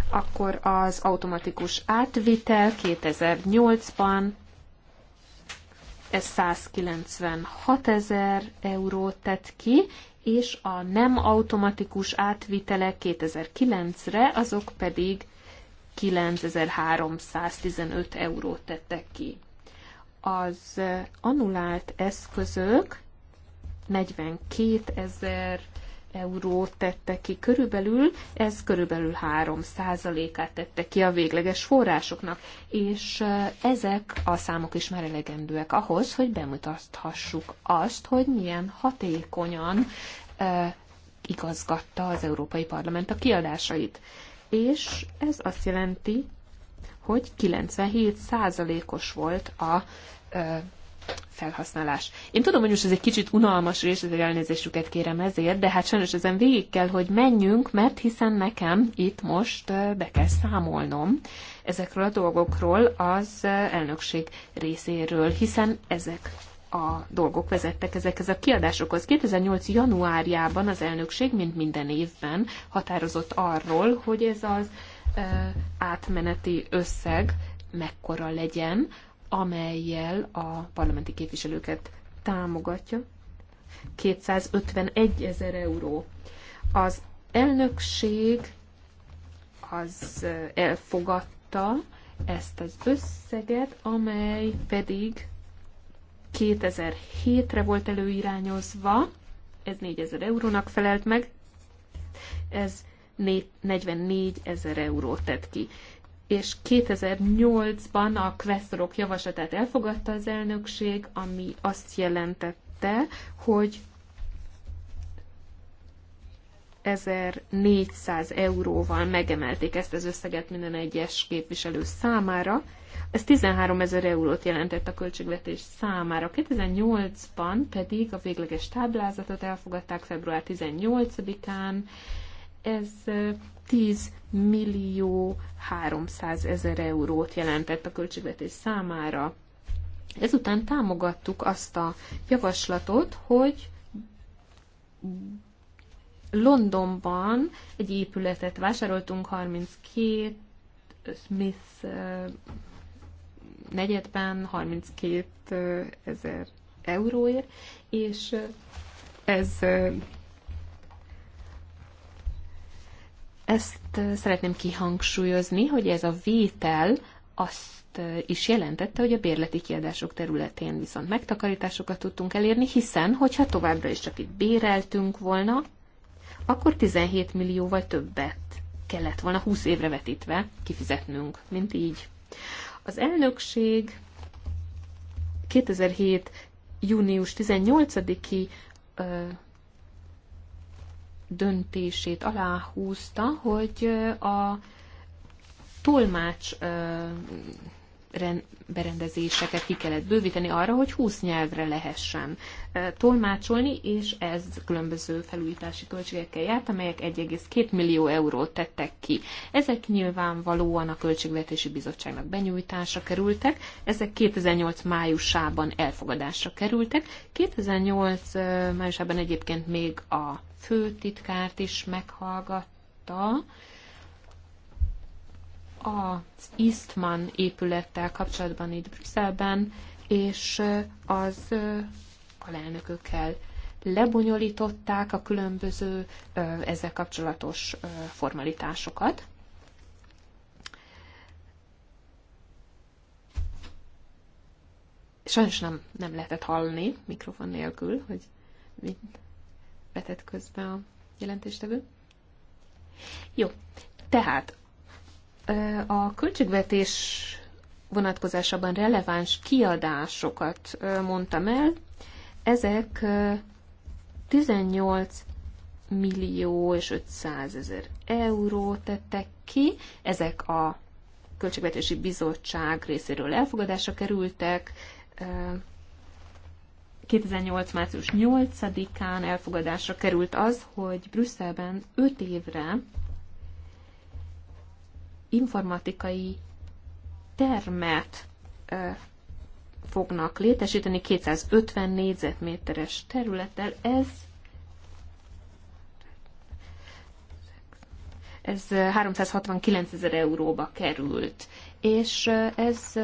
D: Akkor az automatikus átvitel 2008-ban, ez 196 ezer eurót tett ki, és a nem automatikus átvitelek 2009-re, azok pedig 9315 eurót tettek ki. Az annulált eszközök 42 ezer eurót tette ki körülbelül, ez körülbelül 3 százalékát tette ki a végleges forrásoknak, és ezek a számok is már elegendőek ahhoz, hogy bemutathassuk azt, hogy milyen hatékonyan e, igazgatta az Európai Parlament a kiadásait. És ez azt jelenti, hogy 97 százalékos volt a e, felhasználás. Én tudom, hogy most ez egy kicsit unalmas rész, ezért elnézésüket kérem ezért, de hát sajnos ezen végig kell, hogy menjünk, mert hiszen nekem itt most be kell számolnom ezekről a dolgokról az elnökség részéről, hiszen ezek a dolgok vezettek ezekhez a kiadásokhoz. 2008. januárjában az elnökség, mint minden évben, határozott arról, hogy ez az átmeneti összeg mekkora legyen amelyel a parlamenti képviselőket támogatja. 251 ezer euró. Az elnökség az eh, elfogadta ezt az összeget, amely pedig 2007-re volt előirányozva, ez 4000 eurónak felelt meg, ez 44 ezer eurót tett ki és 2008-ban a kvesztorok javaslatát elfogadta az elnökség, ami azt jelentette, hogy 1400 euróval megemelték ezt az összeget minden egyes képviselő számára. Ez 13 ezer eurót jelentett a költségvetés számára. 2008-ban pedig a végleges táblázatot elfogadták február 18-án, ez 10 millió 300 ezer eurót jelentett a költségvetés számára. Ezután támogattuk azt a javaslatot, hogy Londonban egy épületet vásároltunk 32 Smith negyedben 32 ezer euróért, és ez Ezt szeretném kihangsúlyozni, hogy ez a vétel azt is jelentette, hogy a bérleti kiadások területén viszont megtakarításokat tudtunk elérni, hiszen, hogyha továbbra is csak itt béreltünk volna, akkor 17 millióval többet kellett volna 20 évre vetítve kifizetnünk, mint így. Az elnökség 2007. június 18-i döntését aláhúzta, hogy a tolmács berendezéseket ki kellett bővíteni arra, hogy 20 nyelvre lehessen tolmácsolni, és ez különböző felújítási költségekkel járt, amelyek 1,2 millió eurót tettek ki. Ezek nyilvánvalóan a Költségvetési Bizottságnak benyújtásra kerültek, ezek 2008 májusában elfogadásra kerültek. 2008 májusában egyébként még a főtitkárt is meghallgatta az Eastman épülettel kapcsolatban itt Brüsszelben, és az alelnökökkel lebonyolították a különböző ezzel kapcsolatos formalitásokat. Sajnos nem, nem lehetett hallani mikrofon nélkül, hogy mit betett közbe a jelentéstevő. Jó, tehát a költségvetés vonatkozásában releváns kiadásokat mondtam el. Ezek 18 millió és 500 ezer euró tettek ki. Ezek a Költségvetési Bizottság részéről elfogadásra kerültek 2008. március 8-án elfogadásra került az, hogy Brüsszelben 5 évre informatikai termet fognak létesíteni 250 négyzetméteres területtel. Ez ez 369 ezer euróba került, és ez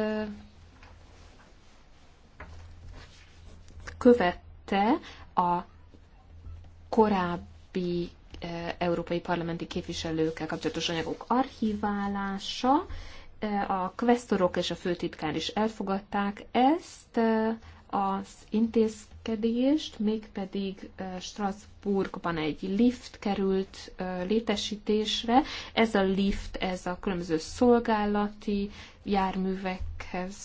D: követte a korábbi e, európai parlamenti képviselőkkel kapcsolatos anyagok archiválása, e, a kvesztorok és a főtitkár is elfogadták ezt e, az intézkedést, mégpedig Strasbourgban egy lift került létesítésre. Ez a lift, ez a különböző szolgálati járművekhez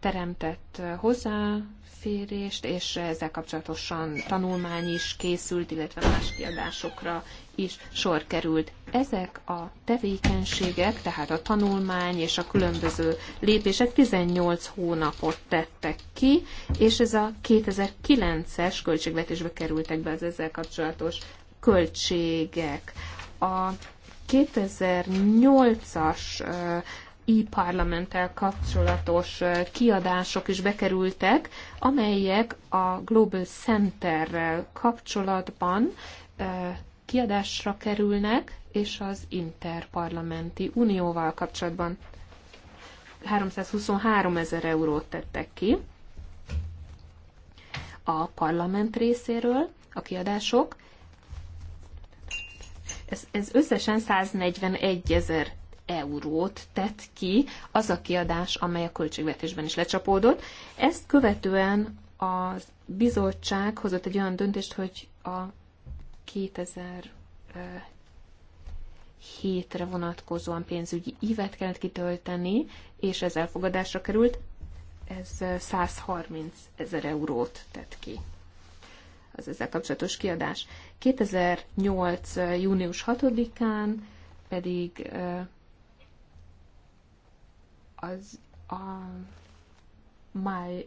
D: teremtett hozzá hozzáférést, és ezzel kapcsolatosan tanulmány is készült, illetve más kiadásokra is sor került. Ezek a tevékenységek, tehát a tanulmány és a különböző lépések 18 hónapot tettek ki, és ez a 2009-es költségvetésbe kerültek be az ezzel kapcsolatos költségek. A 2008-as e-parlamenttel kapcsolatos kiadások is bekerültek, amelyek a Global Centerrel kapcsolatban kiadásra kerülnek, és az Interparlamenti Unióval kapcsolatban 323 ezer eurót tettek ki a parlament részéről a kiadások. Ez, ez összesen 141 ezer eurót tett ki az a kiadás, amely a költségvetésben is lecsapódott. Ezt követően a bizottság hozott egy olyan döntést, hogy a 2007-re vonatkozóan pénzügyi ívet kellett kitölteni, és ez elfogadásra került. Ez 130 ezer eurót tett ki az ezzel kapcsolatos kiadás. 2008. június 6-án pedig az a Máj,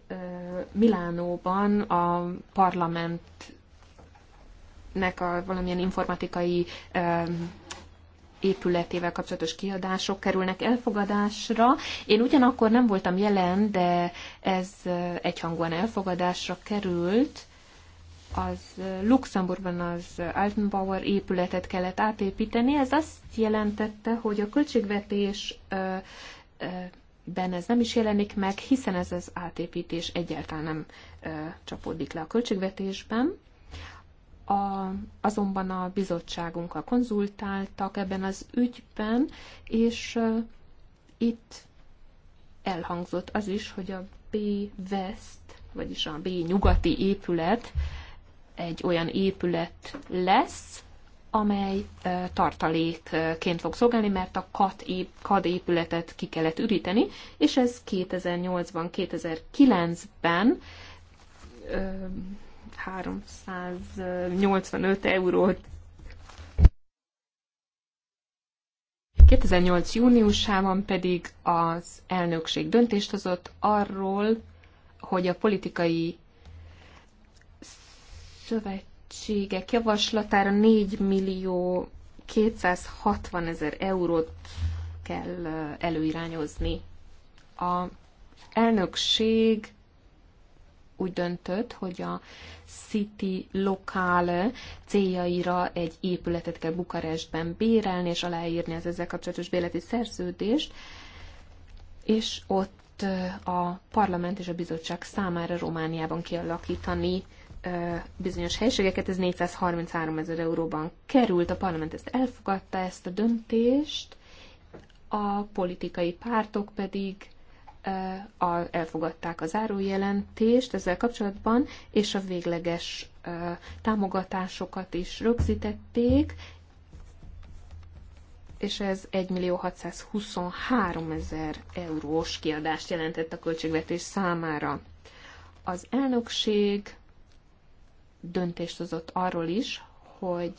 D: Milánóban a parlamentnek a valamilyen informatikai épületével kapcsolatos kiadások kerülnek elfogadásra. Én ugyanakkor nem voltam jelen, de ez egyhangúan elfogadásra került. Az Luxemburgban az Altenbauer épületet kellett átépíteni. Ez azt jelentette, hogy a költségvetés ben ez nem is jelenik meg, hiszen ez az átépítés egyáltalán nem ö, csapódik le a költségvetésben. A, azonban a bizottságunkkal konzultáltak ebben az ügyben, és ö, itt elhangzott az is, hogy a B-West, vagyis a B-nyugati épület egy olyan épület lesz, amely tartalékként fog szolgálni, mert a kat ép, KAD épületet ki kellett üríteni, és ez 2008-ban, 2009-ben 385 eurót 2008. júniusában pedig az elnökség döntést hozott arról, hogy a politikai szövet költségek javaslatára 4 millió 260 ezer eurót kell előirányozni. A elnökség úgy döntött, hogy a City Lokál céljaira egy épületet kell Bukarestben bérelni, és aláírni az ezzel kapcsolatos béleti szerződést, és ott a parlament és a bizottság számára Romániában kialakítani bizonyos helységeket, ez 433 ezer euróban került, a parlament ezt elfogadta, ezt a döntést, a politikai pártok pedig elfogadták a zárójelentést ezzel kapcsolatban, és a végleges támogatásokat is rögzítették, és ez 1 millió 623 ezer eurós kiadást jelentett a költségvetés számára. Az elnökség döntést hozott arról is, hogy,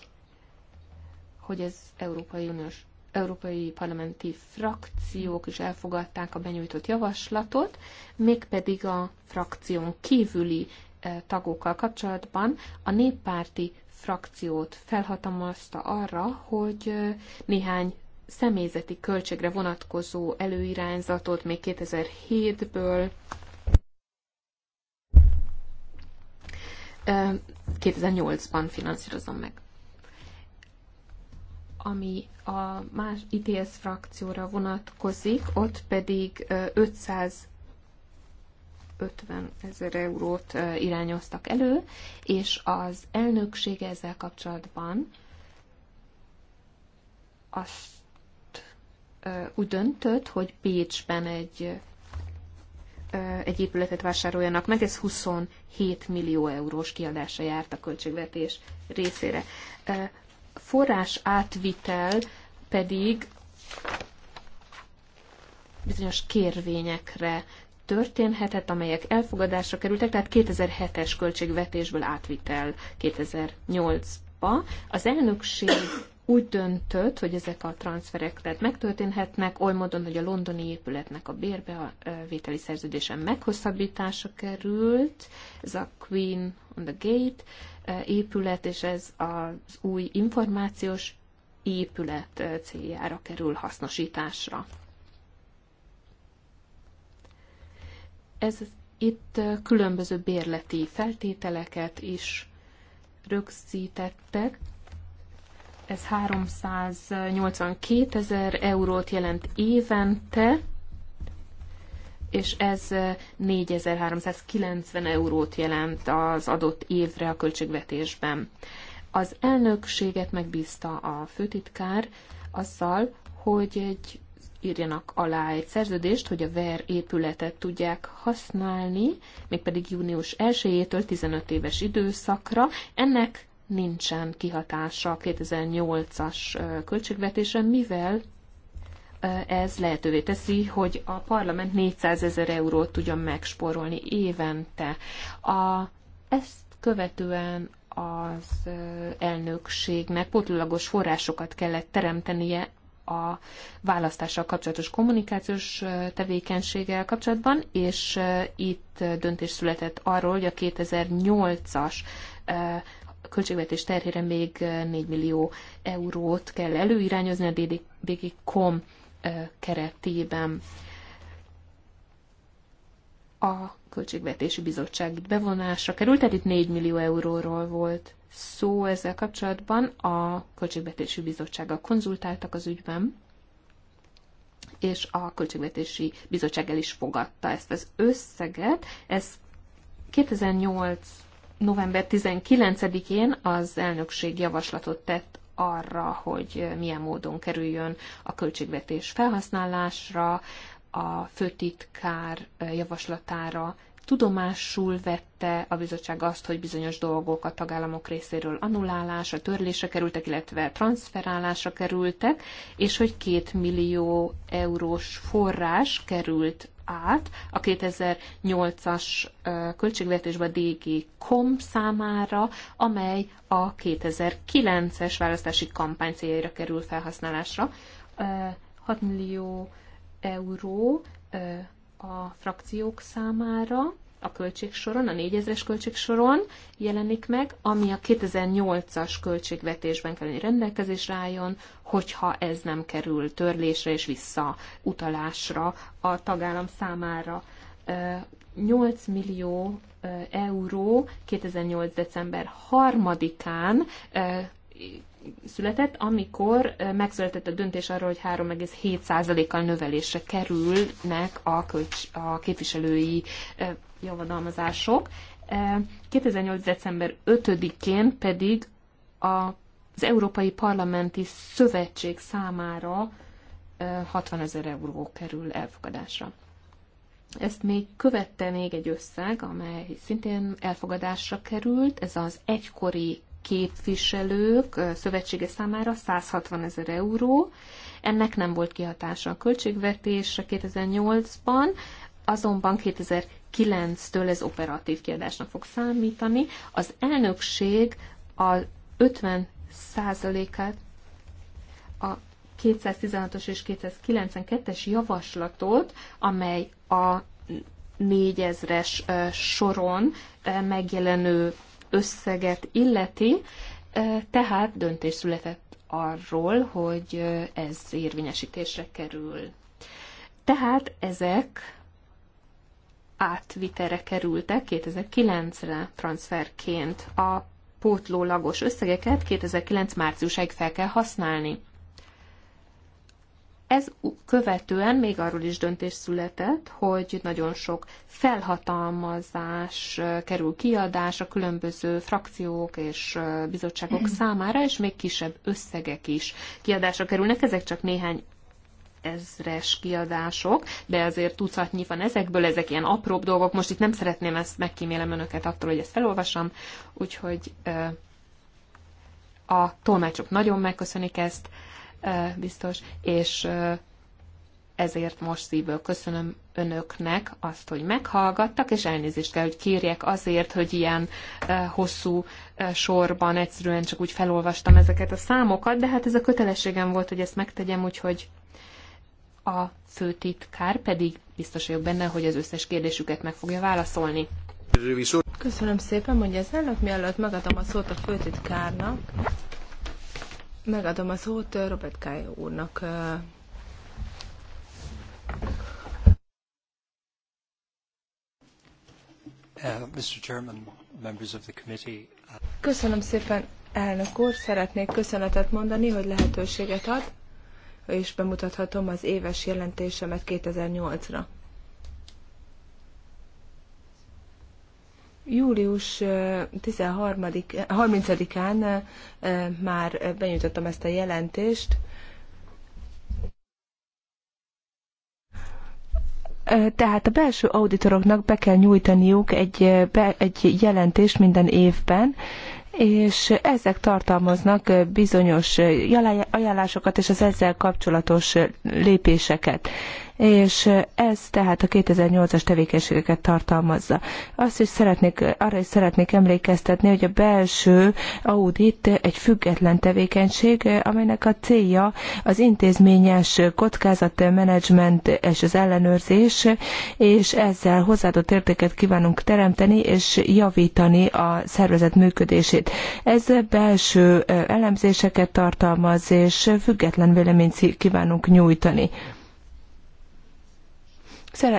D: hogy az Európai Uniós Európai Parlamenti frakciók is elfogadták a benyújtott javaslatot, mégpedig a frakción kívüli e, tagokkal kapcsolatban a néppárti frakciót felhatalmazta arra, hogy e, néhány személyzeti költségre vonatkozó előirányzatot még 2007-ből 2008-ban finanszírozom meg. Ami a más ITS frakcióra vonatkozik, ott pedig 500 50 ezer eurót irányoztak elő, és az elnökség ezzel kapcsolatban azt úgy döntött, hogy Bécsben egy egy épületet vásároljanak meg, ez 27 millió eurós kiadása járt a költségvetés részére. Forrás átvitel pedig bizonyos kérvényekre történhetett, amelyek elfogadásra kerültek, tehát 2007-es költségvetésből átvitel 2008-ba. Az elnökség úgy döntött, hogy ezek a transferek tehát megtörténhetnek, oly módon, hogy a londoni épületnek a bérbevételi szerződésen meghosszabbítása került, ez a Queen on the Gate eh, épület, és ez az új információs épület eh, céljára kerül hasznosításra. Ez itt eh, különböző bérleti feltételeket is rögzítettek, ez 382 ezer eurót jelent évente, és ez 4390 eurót jelent az adott évre a költségvetésben. Az elnökséget megbízta a főtitkár azzal, hogy egy írjanak alá egy szerződést, hogy a VER épületet tudják használni, mégpedig június 1-től 15 éves időszakra. Ennek nincsen kihatása a 2008-as költségvetésre, mivel ez lehetővé teszi, hogy a parlament 400 ezer eurót tudjon megsporolni évente. A, ezt követően az elnökségnek potlulagos forrásokat kellett teremtenie a választással kapcsolatos kommunikációs tevékenységgel kapcsolatban, és itt döntés született arról, hogy a 2008-as költségvetés terhére még 4 millió eurót kell előirányozni a DDBG.com keretében. A Költségvetési Bizottság itt bevonásra került, tehát itt 4 millió euróról volt szó ezzel kapcsolatban. A Költségvetési Bizottsággal konzultáltak az ügyben, és a Költségvetési Bizottság el is fogadta ezt az összeget. Ez 2008 november 19-én az elnökség javaslatot tett arra, hogy milyen módon kerüljön a költségvetés felhasználásra, a főtitkár javaslatára tudomásul vette a bizottság azt, hogy bizonyos dolgok a tagállamok részéről annulálásra, törlésre kerültek, illetve transferálásra kerültek, és hogy két millió eurós forrás került át a 2008-as a DG Kom számára, amely a 2009-es választási kampány céljaira kerül felhasználásra. 6 millió euró a frakciók számára, a költségsoron, a 4000-es költségsoron jelenik meg, ami a 2008-as költségvetésben kell, hogy rendelkezésre álljon, hogyha ez nem kerül törlésre és visszautalásra a tagállam számára. 8 millió euró 2008. december 3-án született, amikor megszületett a döntés arról, hogy 3,7%-kal növelésre kerülnek a, kölcs, a képviselői javadalmazások. 2008. E, december 5-én pedig az Európai Parlamenti Szövetség számára 60 e, ezer euró kerül elfogadásra. Ezt még követte még egy összeg, amely szintén elfogadásra került, ez az egykori képviselők e, szövetsége számára 160 ezer euró. Ennek nem volt kihatása a költségvetésre 2008-ban, azonban 2009-től ez operatív kiadásnak fog számítani. Az elnökség a 50 százalékát a 216-os és 292-es javaslatot, amely a 4000-es soron megjelenő összeget illeti, tehát döntés született arról, hogy ez érvényesítésre kerül. Tehát ezek átvitelre kerültek 2009-re transferként. A pótlólagos összegeket 2009 márciusáig fel kell használni. Ez követően még arról is döntés született, hogy nagyon sok felhatalmazás kerül kiadás a különböző frakciók és bizottságok (clears throat) számára, és még kisebb összegek is kiadásra kerülnek. Ezek csak néhány ezres kiadások, de azért tucatnyi van ezekből, ezek ilyen apróbb dolgok. Most itt nem szeretném ezt, megkímélem önöket attól, hogy ezt felolvasom, úgyhogy a tolmácsok nagyon megköszönik ezt, biztos, és ezért most szívből köszönöm önöknek azt, hogy meghallgattak, és elnézést kell, hogy kérjek azért, hogy ilyen hosszú sorban egyszerűen csak úgy felolvastam ezeket a számokat, de hát ez a kötelességem volt, hogy ezt megtegyem, úgyhogy a főtitkár pedig biztos vagyok benne, hogy az összes kérdésüket meg fogja válaszolni. Köszönöm szépen, mondja az elnök mielőtt megadom a szót a főtitkárnak.
C: Megadom a szót Robert Kály úrnak. Uh, uh, Köszönöm szépen, elnök úr. Szeretnék köszönetet mondani, hogy lehetőséget ad és bemutathatom az éves jelentésemet 2008-ra. Július 13-án már benyújtottam ezt a jelentést, Tehát a belső auditoroknak be kell nyújtaniuk egy, be, egy jelentést minden évben, és ezek tartalmaznak bizonyos ajánlásokat és az ezzel kapcsolatos lépéseket és ez tehát a 2008-as tevékenységeket tartalmazza. Azt is szeretnék, arra is szeretnék emlékeztetni, hogy a belső audit egy független tevékenység, amelynek a célja az intézményes kockázatmenedzsment és az ellenőrzés, és ezzel hozzáadott értéket kívánunk teremteni és javítani a szervezet működését. Ez belső elemzéseket tartalmaz, és független véleményt kívánunk nyújtani.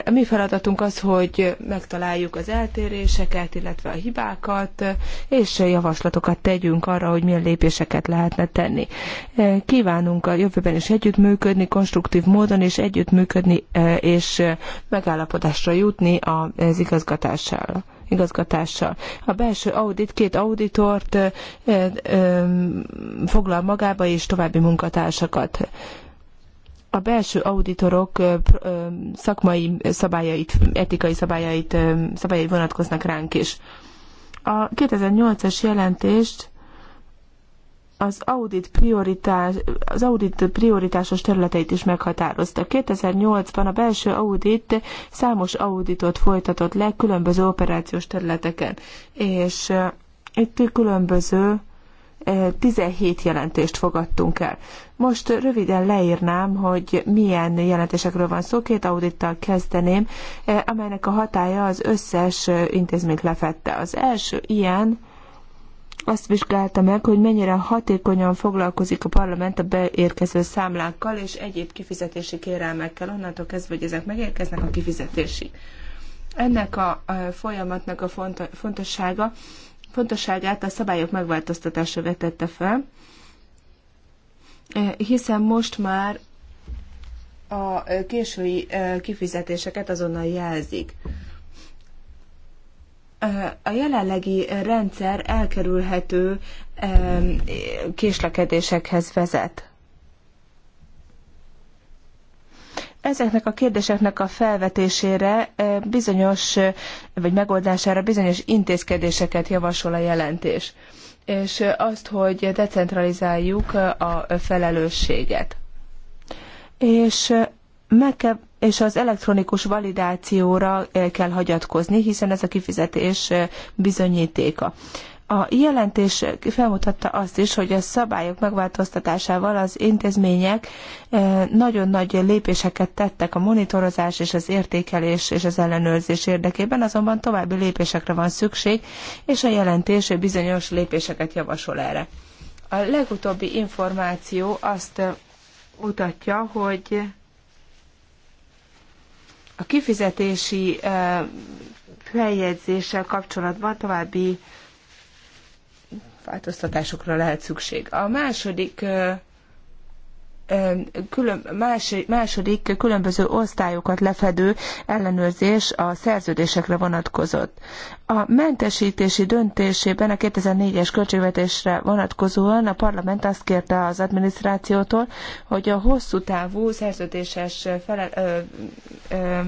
C: A mi feladatunk az, hogy megtaláljuk az eltéréseket, illetve a hibákat, és javaslatokat tegyünk arra, hogy milyen lépéseket lehetne tenni. E, kívánunk a jövőben is együttműködni, konstruktív módon és együttműködni, e, és megállapodásra jutni az igazgatással igazgatással. A belső audit két auditort e, foglal magába és további munkatársakat a belső auditorok szakmai szabályait, etikai szabályait, szabályai vonatkoznak ránk is. A 2008-as jelentést az audit, prioritás, az audit prioritásos területeit is meghatározta. 2008-ban a belső audit számos auditot folytatott le különböző operációs területeken, és itt különböző 17 jelentést fogadtunk el. Most röviden leírnám, hogy milyen jelentésekről van szó. Két audittal kezdeném, eh, amelynek a hatája az összes eh, intézményt lefette. Az első ilyen, azt vizsgálta meg, hogy mennyire hatékonyan foglalkozik a parlament a beérkező számlákkal és egyéb kifizetési kérelmekkel, onnantól kezdve, hogy ezek megérkeznek a kifizetési. Ennek a eh, folyamatnak a fontossága fontosságát a szabályok megváltoztatása vetette fel, eh, hiszen most már a eh, késői eh, kifizetéseket azonnal jelzik. A jelenlegi rendszer elkerülhető késlekedésekhez vezet. Ezeknek a kérdéseknek a felvetésére bizonyos, vagy megoldására bizonyos intézkedéseket javasol a jelentés, és azt, hogy decentralizáljuk a felelősséget. És meg kell, és az elektronikus validációra kell hagyatkozni, hiszen ez a kifizetés bizonyítéka. A jelentés felmutatta azt is, hogy a szabályok megváltoztatásával az intézmények eh, nagyon nagy lépéseket tettek a monitorozás és az értékelés és az ellenőrzés érdekében, azonban további lépésekre van szükség, és a jelentés bizonyos lépéseket javasol erre. A legutóbbi információ azt eh, mutatja, hogy a kifizetési eh, feljegyzéssel kapcsolatban további változtatásokra lehet szükség. A második Külön, más, második különböző osztályokat lefedő ellenőrzés a szerződésekre vonatkozott. A mentesítési döntésében a 2004-es költségvetésre vonatkozóan a parlament azt kérte az adminisztrációtól, hogy a hosszú távú szerződéses felel, ö, ö,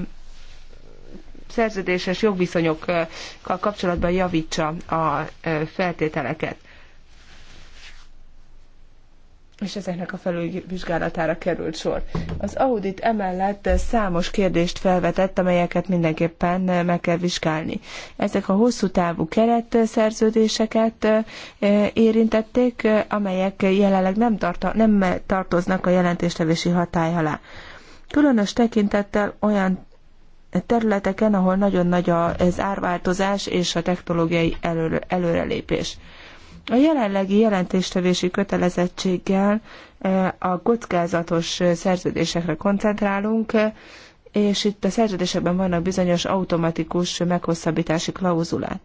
C: szerződéses jogviszonyokkal kapcsolatban javítsa a feltételeket és ezeknek a felülvizsgálatára került sor. Az audit emellett számos kérdést felvetett, amelyeket mindenképpen meg kell vizsgálni. Ezek a hosszú távú szerződéseket eh, érintették, amelyek jelenleg nem, tarta, nem tartoznak a jelentéstevési hatály alá. Különös tekintettel olyan területeken, ahol nagyon nagy az árváltozás és a technológiai előrelépés. A jelenlegi jelentéstevési kötelezettséggel eh, a kockázatos eh, szerződésekre koncentrálunk, eh, és itt a szerződésekben vannak bizonyos automatikus meghosszabbítási klauzulák.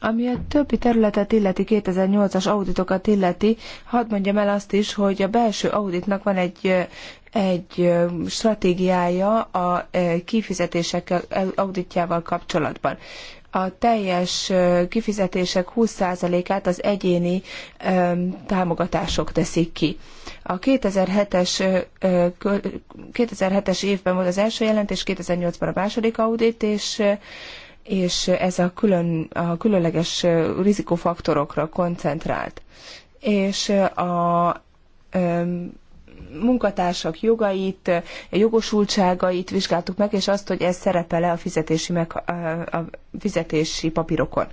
C: Ami a többi területet illeti, 2008-as auditokat illeti, hadd mondjam el azt is, hogy a belső auditnak van egy, egy stratégiája a kifizetések auditjával kapcsolatban a teljes kifizetések 20%-át az egyéni támogatások teszik ki. A 2007-es, 2007-es évben volt az első jelentés, 2008-ban a második audit, és és ez a, külön, a különleges rizikófaktorokra koncentrált. És a munkatársak jogait, jogosultságait vizsgáltuk meg, és azt, hogy ez szerepele a fizetési, meg, a fizetési papírokon.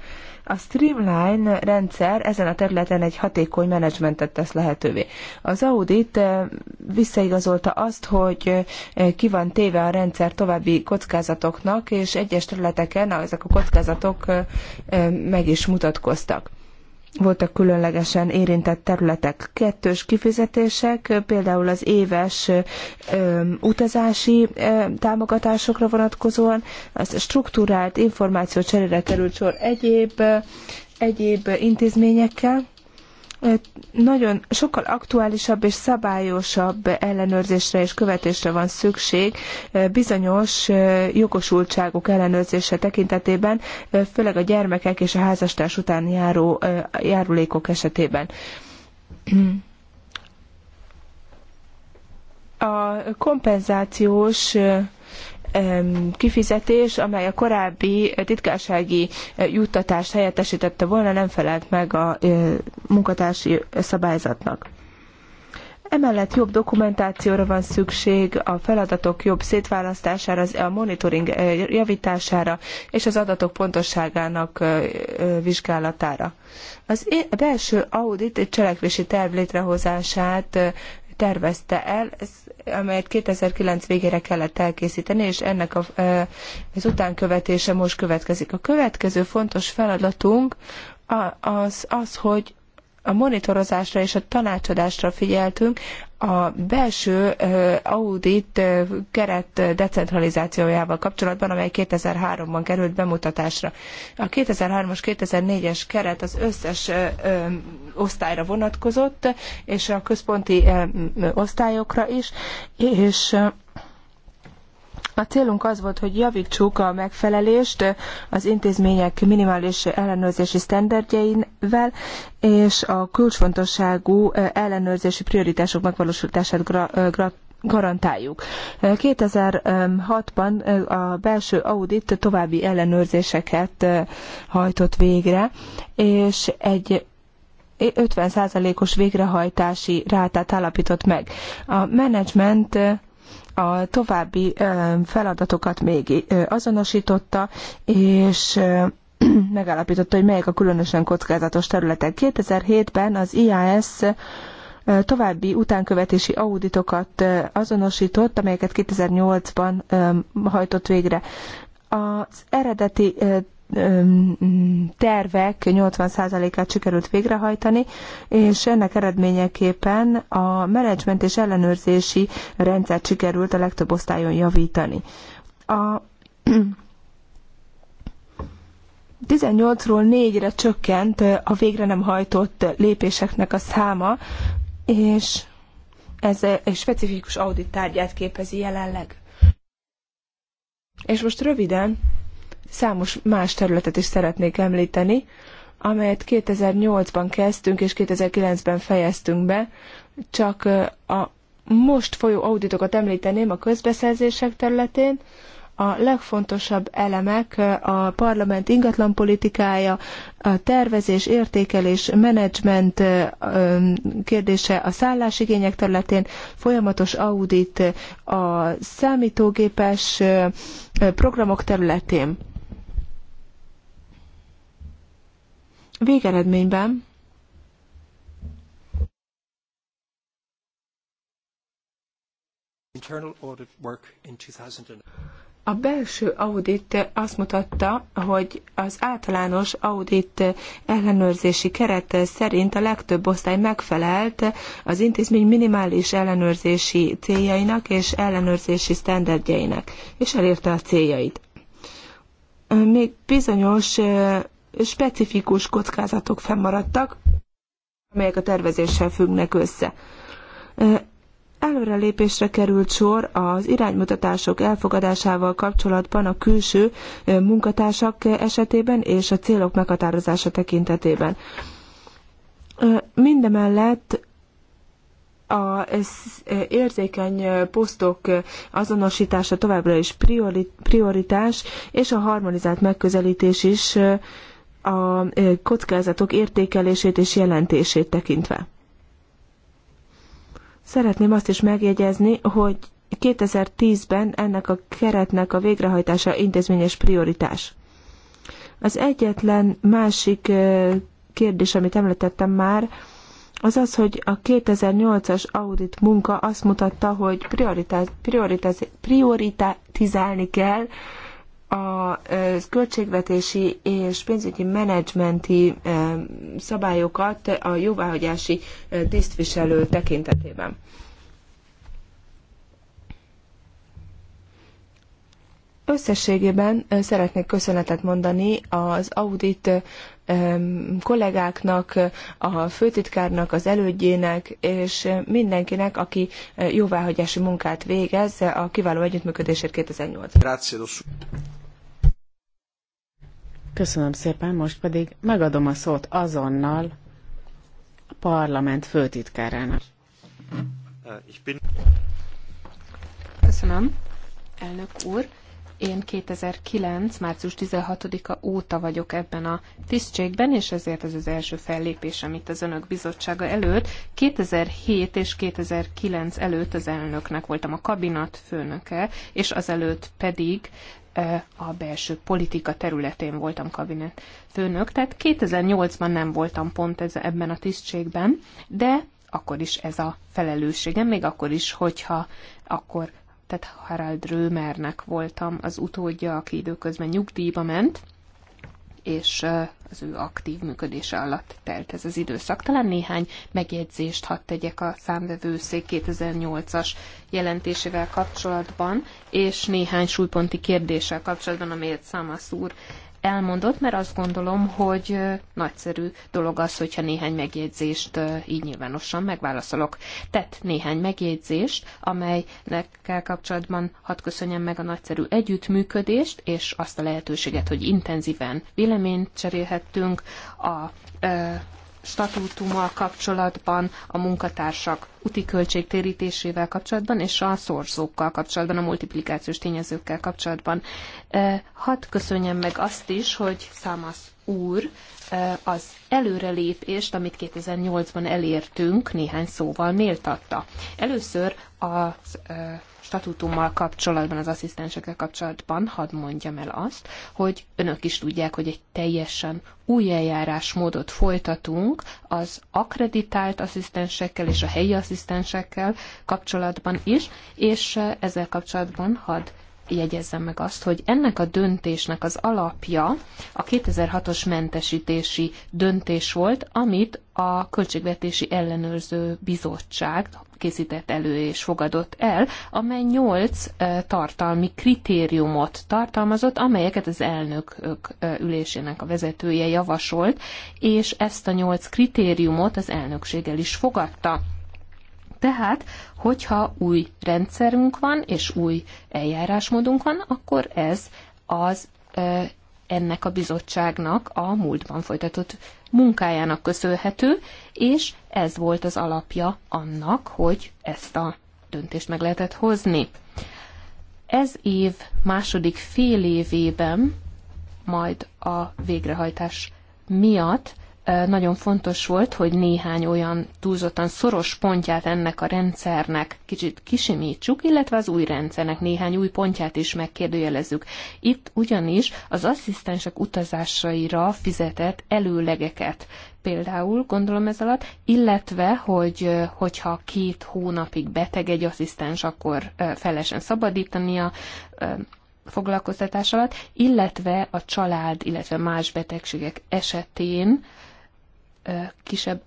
C: A Streamline rendszer ezen a területen egy hatékony menedzsmentet tesz lehetővé. Az audit eh, visszaigazolta azt, hogy eh, ki van téve a rendszer további kockázatoknak, és egyes területeken ezek a kockázatok eh, meg is mutatkoztak voltak különlegesen érintett területek. Kettős kifizetések, például az éves ö, utazási ö, támogatásokra vonatkozóan, az struktúrált információcserére került sor egyéb, egyéb intézményekkel, nagyon sokkal aktuálisabb és szabályosabb ellenőrzésre és követésre van szükség bizonyos jogosultságok ellenőrzése tekintetében, főleg a gyermekek és a házastárs után járó járulékok esetében. A kompenzációs kifizetés, amely a korábbi titkársági e, juttatást helyettesítette volna, nem felelt meg a e, munkatársi szabályzatnak. Emellett jobb dokumentációra van szükség, a feladatok jobb szétválasztására, a monitoring e, javítására és az adatok pontosságának vizsgálatára. Az belső audit egy cselekvési terv létrehozását tervezte el, ez amelyet 2009 végére kellett elkészíteni, és ennek a, az utánkövetése most következik. A következő fontos feladatunk az, az hogy a monitorozásra és a tanácsadásra figyeltünk, a belső audit keret decentralizációjával kapcsolatban, amely 2003-ban került bemutatásra. A 2003-as, 2004-es keret az összes osztályra vonatkozott, és a központi osztályokra is, és a célunk az volt, hogy javítsuk a megfelelést az intézmények minimális ellenőrzési sztenderdjeivel, és a kulcsfontosságú eh, ellenőrzési prioritások megvalósítását gra- eh, garantáljuk. 2006-ban eh, a belső audit további ellenőrzéseket hajtott végre, és egy 50%-os végrehajtási rátát állapított meg. A menedzsment a további feladatokat még azonosította, és (clears throat) megállapította, hogy melyek a különösen kockázatos területek. 2007-ben az IAS további utánkövetési auditokat azonosított, amelyeket 2008-ban hajtott végre. Az eredeti tervek 80%-át sikerült végrehajtani, és ennek eredményeképpen a menedzsment és ellenőrzési rendszert sikerült a legtöbb osztályon javítani. A 18-ról (clears throat) 4-re csökkent a végre nem hajtott lépéseknek a száma, és ez egy specifikus audit tárgyát képezi jelenleg. És most röviden Számos más területet is szeretnék említeni, amelyet 2008-ban kezdtünk és 2009-ben fejeztünk be, csak a most folyó auditokat említeném a közbeszerzések területén, a legfontosabb elemek a parlament ingatlanpolitikája, a tervezés, értékelés, menedzsment kérdése a szállásigények területén, folyamatos audit a számítógépes programok területén. Végeredményben a belső audit azt mutatta, hogy az általános audit ellenőrzési keret szerint a legtöbb osztály megfelelt az intézmény minimális ellenőrzési céljainak és ellenőrzési sztenderdjeinek, és elérte a céljait. Még bizonyos specifikus kockázatok fennmaradtak, amelyek a tervezéssel függnek össze. Előrelépésre került sor az iránymutatások elfogadásával kapcsolatban a külső munkatársak esetében és a célok meghatározása tekintetében. Mindemellett a érzékeny posztok azonosítása továbbra is prioritás, és a harmonizált megközelítés is a kockázatok értékelését és jelentését tekintve. Szeretném azt is megjegyezni, hogy 2010-ben ennek a keretnek a végrehajtása intézményes prioritás. Az egyetlen másik kérdés, amit említettem már, az az, hogy a 2008-as audit munka azt mutatta, hogy prioritizálni kell a költségvetési és pénzügyi menedzsmenti szabályokat a jóváhagyási tisztviselő tekintetében. Összességében szeretnék köszönetet mondani az audit kollégáknak, a főtitkárnak, az elődjének és mindenkinek, aki jóváhagyási munkát végez a kiváló együttműködésért 2008 -ban.
B: Köszönöm szépen, most pedig megadom a szót azonnal a parlament főtitkárának. Köszönöm, elnök úr. Én
D: 2009. március 16-a óta vagyok ebben a tisztségben, és ezért ez az első fellépésem itt az Önök bizottsága előtt. 2007 és 2009 előtt az elnöknek voltam a kabinat főnöke, és azelőtt pedig a belső politika területén voltam kabinet főnök, tehát 2008-ban nem voltam pont ez, ebben a tisztségben, de akkor is ez a felelősségem, még akkor is, hogyha akkor, tehát Harald Römernek voltam az utódja, aki időközben nyugdíjba ment, és az ő aktív működése alatt telt ez az időszak. Talán néhány megjegyzést hadd tegyek a számvevőszék 2008-as jelentésével kapcsolatban, és néhány súlyponti kérdéssel kapcsolatban, amelyet Számasz úr elmondott, mert azt gondolom, hogy nagyszerű dolog az, hogyha néhány megjegyzést így nyilvánosan megválaszolok. Tett néhány megjegyzést, amelynek kapcsolatban hadd köszönjem meg a nagyszerű együttműködést, és azt a lehetőséget, hogy intenzíven véleményt cserélhettünk a statútummal kapcsolatban, a munkatársak úti költségtérítésével kapcsolatban, és a szorzókkal kapcsolatban, a multiplikációs tényezőkkel kapcsolatban. Eh, hadd köszönjem meg azt is, hogy Számasz úr az előrelépést, amit 2008-ban elértünk, néhány szóval méltatta. Először a statutummal kapcsolatban, az asszisztensekkel kapcsolatban hadd mondjam el azt, hogy önök is tudják, hogy egy teljesen új eljárásmódot folytatunk az akreditált asszisztensekkel és a helyi asszisztensekkel kapcsolatban is, és ezzel kapcsolatban hadd jegyezzem meg azt, hogy ennek a döntésnek az alapja a 2006-os mentesítési döntés volt, amit a Költségvetési Ellenőrző Bizottság készített elő és fogadott el, amely nyolc tartalmi kritériumot tartalmazott, amelyeket az elnökök ülésének a vezetője javasolt, és ezt a nyolc kritériumot az elnökség el is fogadta. Tehát, hogyha új rendszerünk van, és új eljárásmódunk van, akkor ez az ennek a bizottságnak a múltban folytatott munkájának köszönhető, és ez volt az alapja annak, hogy ezt a döntést meg lehetett hozni. Ez év második fél évében majd a végrehajtás miatt nagyon fontos volt, hogy néhány olyan túlzottan szoros pontját ennek a rendszernek kicsit kisimítsuk, illetve az új rendszernek néhány új pontját is megkérdőjelezzük. Itt ugyanis az asszisztensek utazásaira fizetett előlegeket például, gondolom ez alatt, illetve, hogy hogyha két hónapig beteg egy asszisztens, akkor felesen szabadítania, foglalkoztatás alatt, illetve a család, illetve más betegségek esetén kisebb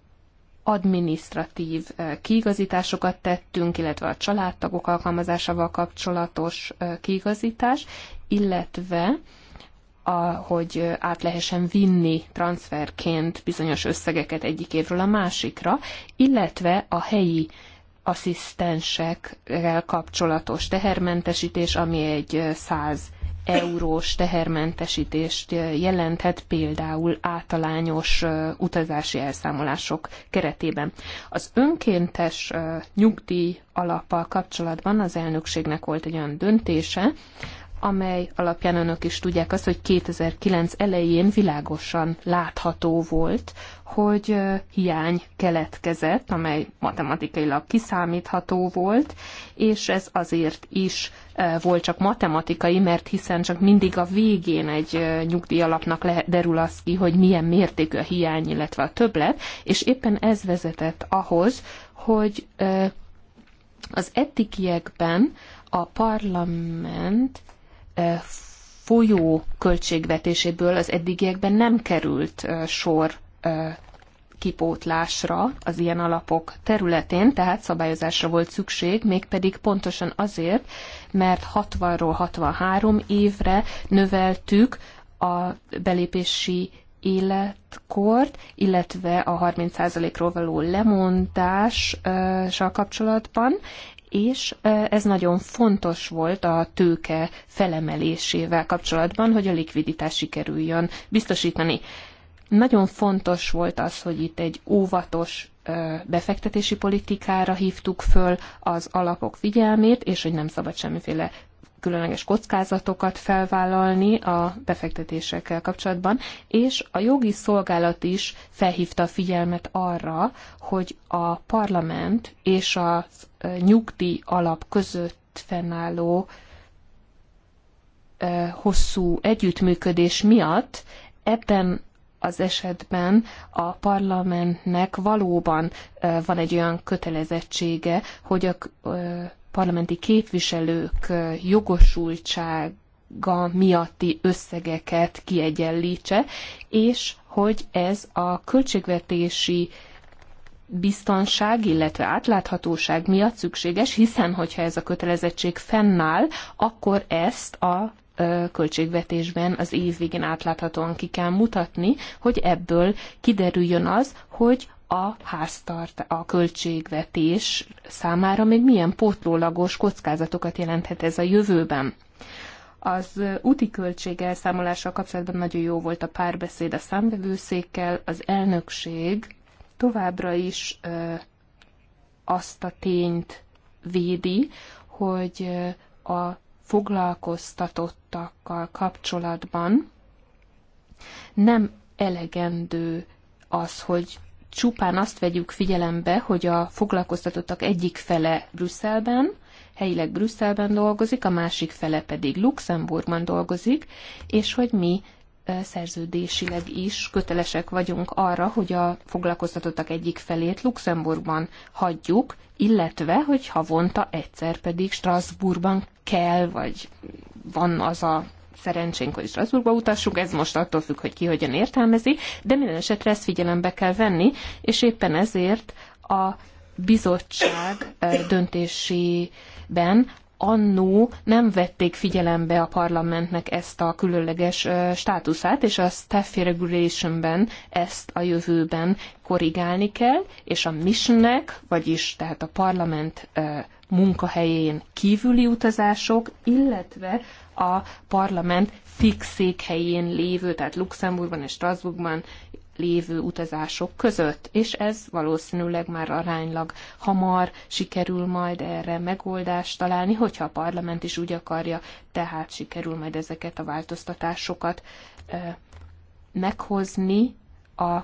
D: adminisztratív kiigazításokat tettünk, illetve a családtagok alkalmazásával kapcsolatos kiigazítás, illetve a, hogy át lehessen vinni transferként bizonyos összegeket egyik évről a másikra, illetve a helyi asszisztensekkel kapcsolatos tehermentesítés, ami egy 100 eurós tehermentesítést eh, jelenthet például általányos eh, utazási elszámolások keretében. Az önkéntes eh, nyugdíj alappal kapcsolatban az elnökségnek volt egy olyan döntése, amely alapján önök is tudják azt, hogy 2009 elején világosan látható volt, hogy hiány keletkezett, amely matematikailag kiszámítható volt, és ez azért is volt csak matematikai, mert hiszen csak mindig a végén egy nyugdíjalapnak derül az ki, hogy milyen mértékű a hiány, illetve a többlet, és éppen ez vezetett ahhoz, hogy az etikiekben a parlament folyó költségvetéséből az eddigiekben nem került sor kipótlásra az ilyen alapok területén, tehát szabályozásra volt szükség, mégpedig pontosan azért, mert 60-ról 63 évre növeltük a belépési életkort, illetve a 30%-ról való lemondással kapcsolatban, és ez nagyon fontos volt a tőke felemelésével kapcsolatban, hogy a likviditás sikerüljön biztosítani. Nagyon fontos volt az, hogy itt egy óvatos befektetési politikára hívtuk föl az alapok figyelmét, és hogy nem szabad semmiféle különleges kockázatokat felvállalni a befektetésekkel kapcsolatban, és a jogi szolgálat is felhívta a figyelmet arra, hogy a parlament és a nyugdíj alap között fennálló hosszú együttműködés miatt ebben az esetben a parlamentnek valóban van egy olyan kötelezettsége, hogy a parlamenti képviselők jogosultsága miatti összegeket kiegyenlítse, és hogy ez a költségvetési biztonság, illetve átláthatóság miatt szükséges, hiszen hogyha ez a kötelezettség fennáll, akkor ezt a költségvetésben az év végén átláthatóan ki kell mutatni, hogy ebből kiderüljön az, hogy a háztart, a költségvetés számára még milyen pótlólagos kockázatokat jelenthet ez a jövőben. Az úti költség elszámolással kapcsolatban nagyon jó volt a párbeszéd a számvevőszékkel, az elnökség továbbra is ö, azt a tényt védi, hogy ö, a foglalkoztatottakkal kapcsolatban nem elegendő az, hogy csupán azt vegyük figyelembe, hogy a foglalkoztatottak egyik fele Brüsszelben, helyileg Brüsszelben dolgozik, a másik fele pedig Luxemburgban dolgozik, és hogy mi szerződésileg is kötelesek vagyunk arra, hogy a foglalkoztatottak egyik felét Luxemburgban hagyjuk, illetve, hogy havonta egyszer pedig Strasbourgban kell, vagy van az a szerencsénk, hogy Strasbourgba utassunk, ez most attól függ, hogy ki hogyan értelmezi, de minden esetre ezt figyelembe kell venni, és éppen ezért a bizottság döntésében annó nem vették figyelembe a parlamentnek ezt a különleges státuszát, és a staff regulationben ezt a jövőben korrigálni kell, és a missionnek, vagyis tehát a parlament munkahelyén kívüli utazások, illetve a parlament fix székhelyén lévő, tehát Luxemburgban és Strasbourgban lévő utazások között, és ez valószínűleg már aránylag hamar sikerül majd erre megoldást találni, hogyha a parlament is úgy akarja, tehát sikerül majd ezeket a változtatásokat meghozni a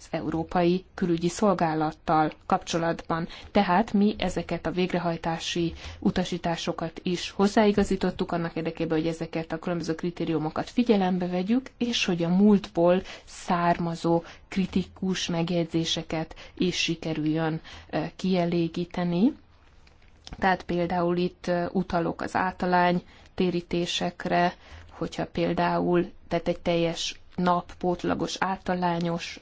D: az Európai Külügyi Szolgálattal kapcsolatban. Tehát mi ezeket a végrehajtási utasításokat is hozzáigazítottuk annak érdekében, hogy ezeket a különböző kritériumokat figyelembe vegyük, és hogy a múltból származó kritikus megjegyzéseket is sikerüljön kielégíteni. Tehát például itt utalok az általány térítésekre, hogyha például, tehát egy teljes nap pótlagos általányos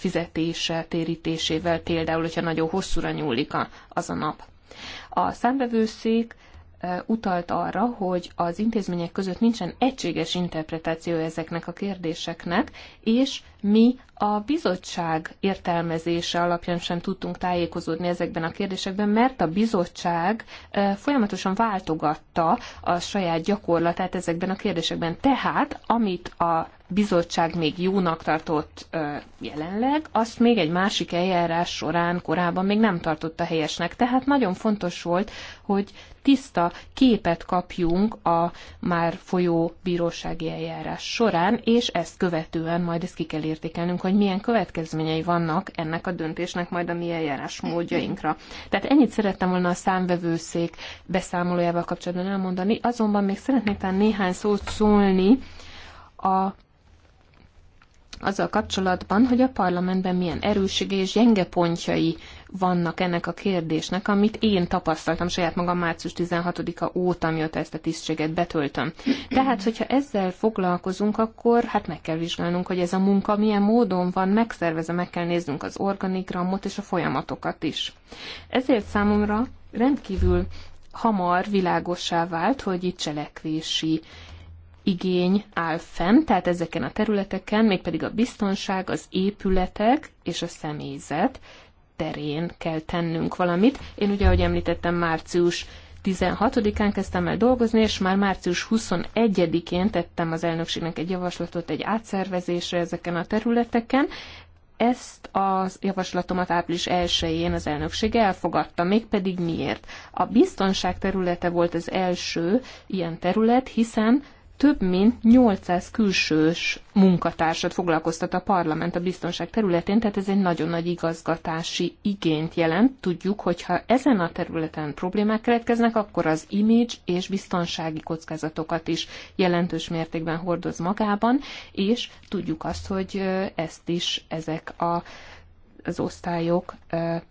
D: fizetése, térítésével, például, hogyha nagyon hosszúra nyúlik az a nap. A számbevőszék utalt arra, hogy az intézmények között nincsen egységes interpretáció ezeknek a kérdéseknek, és mi a bizottság értelmezése alapján sem tudtunk tájékozódni ezekben a kérdésekben, mert a bizottság folyamatosan váltogatta a saját gyakorlatát ezekben a kérdésekben. Tehát, amit a bizottság még jónak tartott jelenleg, azt még egy másik eljárás során korábban még nem tartotta helyesnek. Tehát nagyon fontos volt, hogy tiszta képet kapjunk a már folyó bírósági eljárás során, és ezt követően majd ezt ki kell értékelnünk, hogy milyen következményei vannak ennek a döntésnek majd a mi eljárás módjainkra. Tehát ennyit szerettem volna a számvevőszék beszámolójával kapcsolatban elmondani, azonban még szeretnék talán néhány szót szólni a azzal kapcsolatban, hogy a parlamentben milyen erősége és gyenge pontjai vannak ennek a kérdésnek, amit én tapasztaltam saját magam március 16-a óta, mióta ezt a tisztséget betöltöm. Tehát, hogyha ezzel foglalkozunk, akkor hát meg kell vizsgálnunk, hogy ez a munka milyen módon van megszervezve, meg kell néznünk az organigramot és a folyamatokat is. Ezért számomra rendkívül hamar világossá vált, hogy itt cselekvési igény áll fenn, tehát ezeken a területeken, mégpedig a biztonság, az épületek és a személyzet terén kell tennünk valamit. Én ugye, ahogy említettem, március 16-án kezdtem el dolgozni, és már március 21-én tettem az elnökségnek egy javaslatot egy átszervezésre ezeken a területeken. Ezt a javaslatomat április 1-én az elnökség elfogadta, mégpedig miért? A biztonság területe volt az első ilyen terület, hiszen több mint 800 külsős munkatársat foglalkoztat a parlament a biztonság területén, tehát ez egy nagyon nagy igazgatási igényt jelent. Tudjuk, hogy ha ezen a területen problémák keletkeznek, akkor az image és biztonsági kockázatokat is jelentős mértékben hordoz magában, és tudjuk azt, hogy ezt is ezek a az osztályok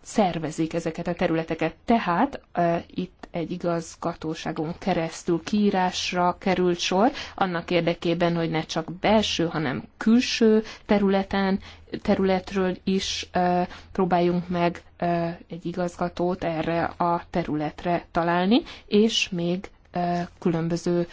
D: szervezik ezeket a területeket. Tehát itt egy igazgatóságon keresztül kiírásra került sor, annak érdekében, hogy ne csak belső, hanem külső területen, területről is próbáljunk meg egy igazgatót erre a területre találni, és még különböző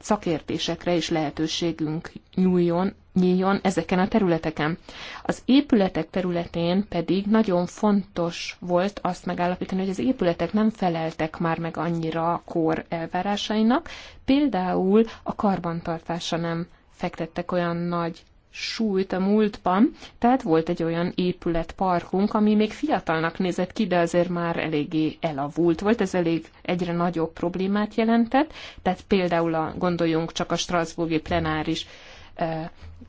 D: szakértésekre is lehetőségünk nyúljon nyíljon ezeken a területeken. Az épületek területén pedig nagyon fontos volt azt megállapítani, hogy az épületek nem feleltek már meg annyira a kor elvárásainak, például a karbantartása nem fektettek olyan nagy súlyt a múltban, tehát volt egy olyan épületparkunk, ami még fiatalnak nézett ki, de azért már eléggé elavult volt, ez elég egyre nagyobb problémát jelentett, tehát például a, gondoljunk csak a Strasbourg-i plenáris eh,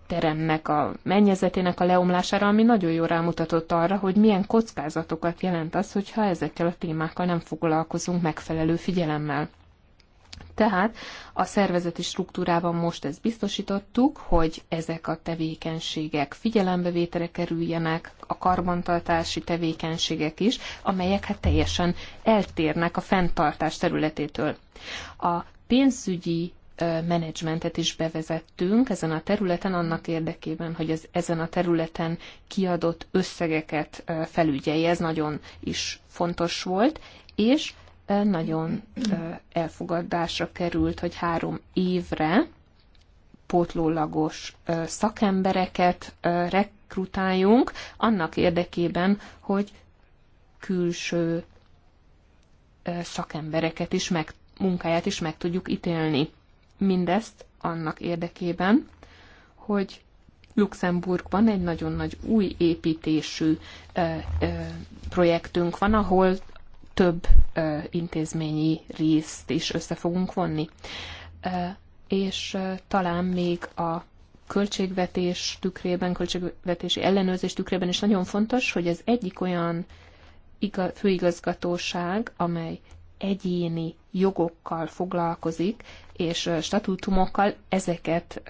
D: teremnek a mennyezetének a leomlására, ami nagyon jól rámutatott arra, hogy milyen kockázatokat jelent az, hogyha ezekkel a témákkal nem foglalkozunk megfelelő figyelemmel. Tehát a szervezeti struktúrában most ezt biztosítottuk, hogy ezek a tevékenységek figyelembevétele kerüljenek, a karbantartási tevékenységek is, amelyek hát teljesen eltérnek a fenntartás területétől. A pénzügyi menedzsmentet is bevezettünk ezen a területen, annak érdekében, hogy ez, ezen a területen kiadott összegeket felügyelje, ez nagyon is fontos volt, és nagyon elfogadásra került, hogy három évre pótlólagos szakembereket rekrutáljunk, annak érdekében, hogy külső szakembereket is meg, munkáját is meg tudjuk ítélni mindezt annak érdekében, hogy Luxemburgban egy nagyon nagy új építésű projektünk van, ahol több intézményi részt is össze fogunk vonni. És talán még a költségvetés tükrében, költségvetési ellenőrzés tükrében is nagyon fontos, hogy ez egyik olyan iga, főigazgatóság, amely egyéni jogokkal foglalkozik, és statútumokkal, ezeket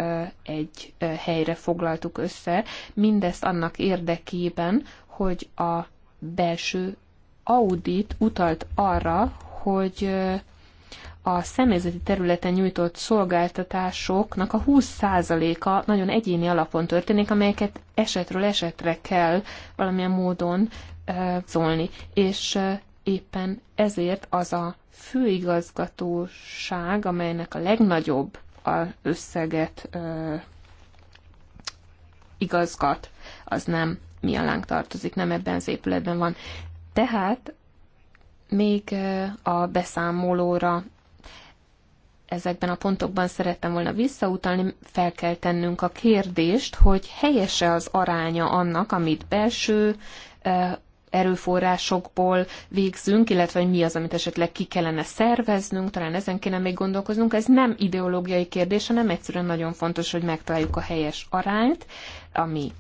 D: egy helyre foglaltuk össze, mindezt annak érdekében, hogy a belső audit utalt arra, hogy a személyzeti területen nyújtott szolgáltatásoknak a 20%-a nagyon egyéni alapon történik, amelyeket esetről esetre kell valamilyen módon szólni. És éppen ezért az a főigazgatóság, amelynek a legnagyobb a összeget ö, igazgat, az nem mi alánk tartozik, nem ebben az épületben van. Tehát még a beszámolóra ezekben a pontokban szerettem volna visszautalni, fel kell tennünk a kérdést, hogy helyese az aránya annak, amit belső erőforrásokból végzünk, illetve hogy mi az, amit esetleg ki kellene szerveznünk, talán ezen kéne még gondolkoznunk. Ez nem ideológiai kérdés, hanem egyszerűen nagyon fontos, hogy megtaláljuk a helyes arányt, ami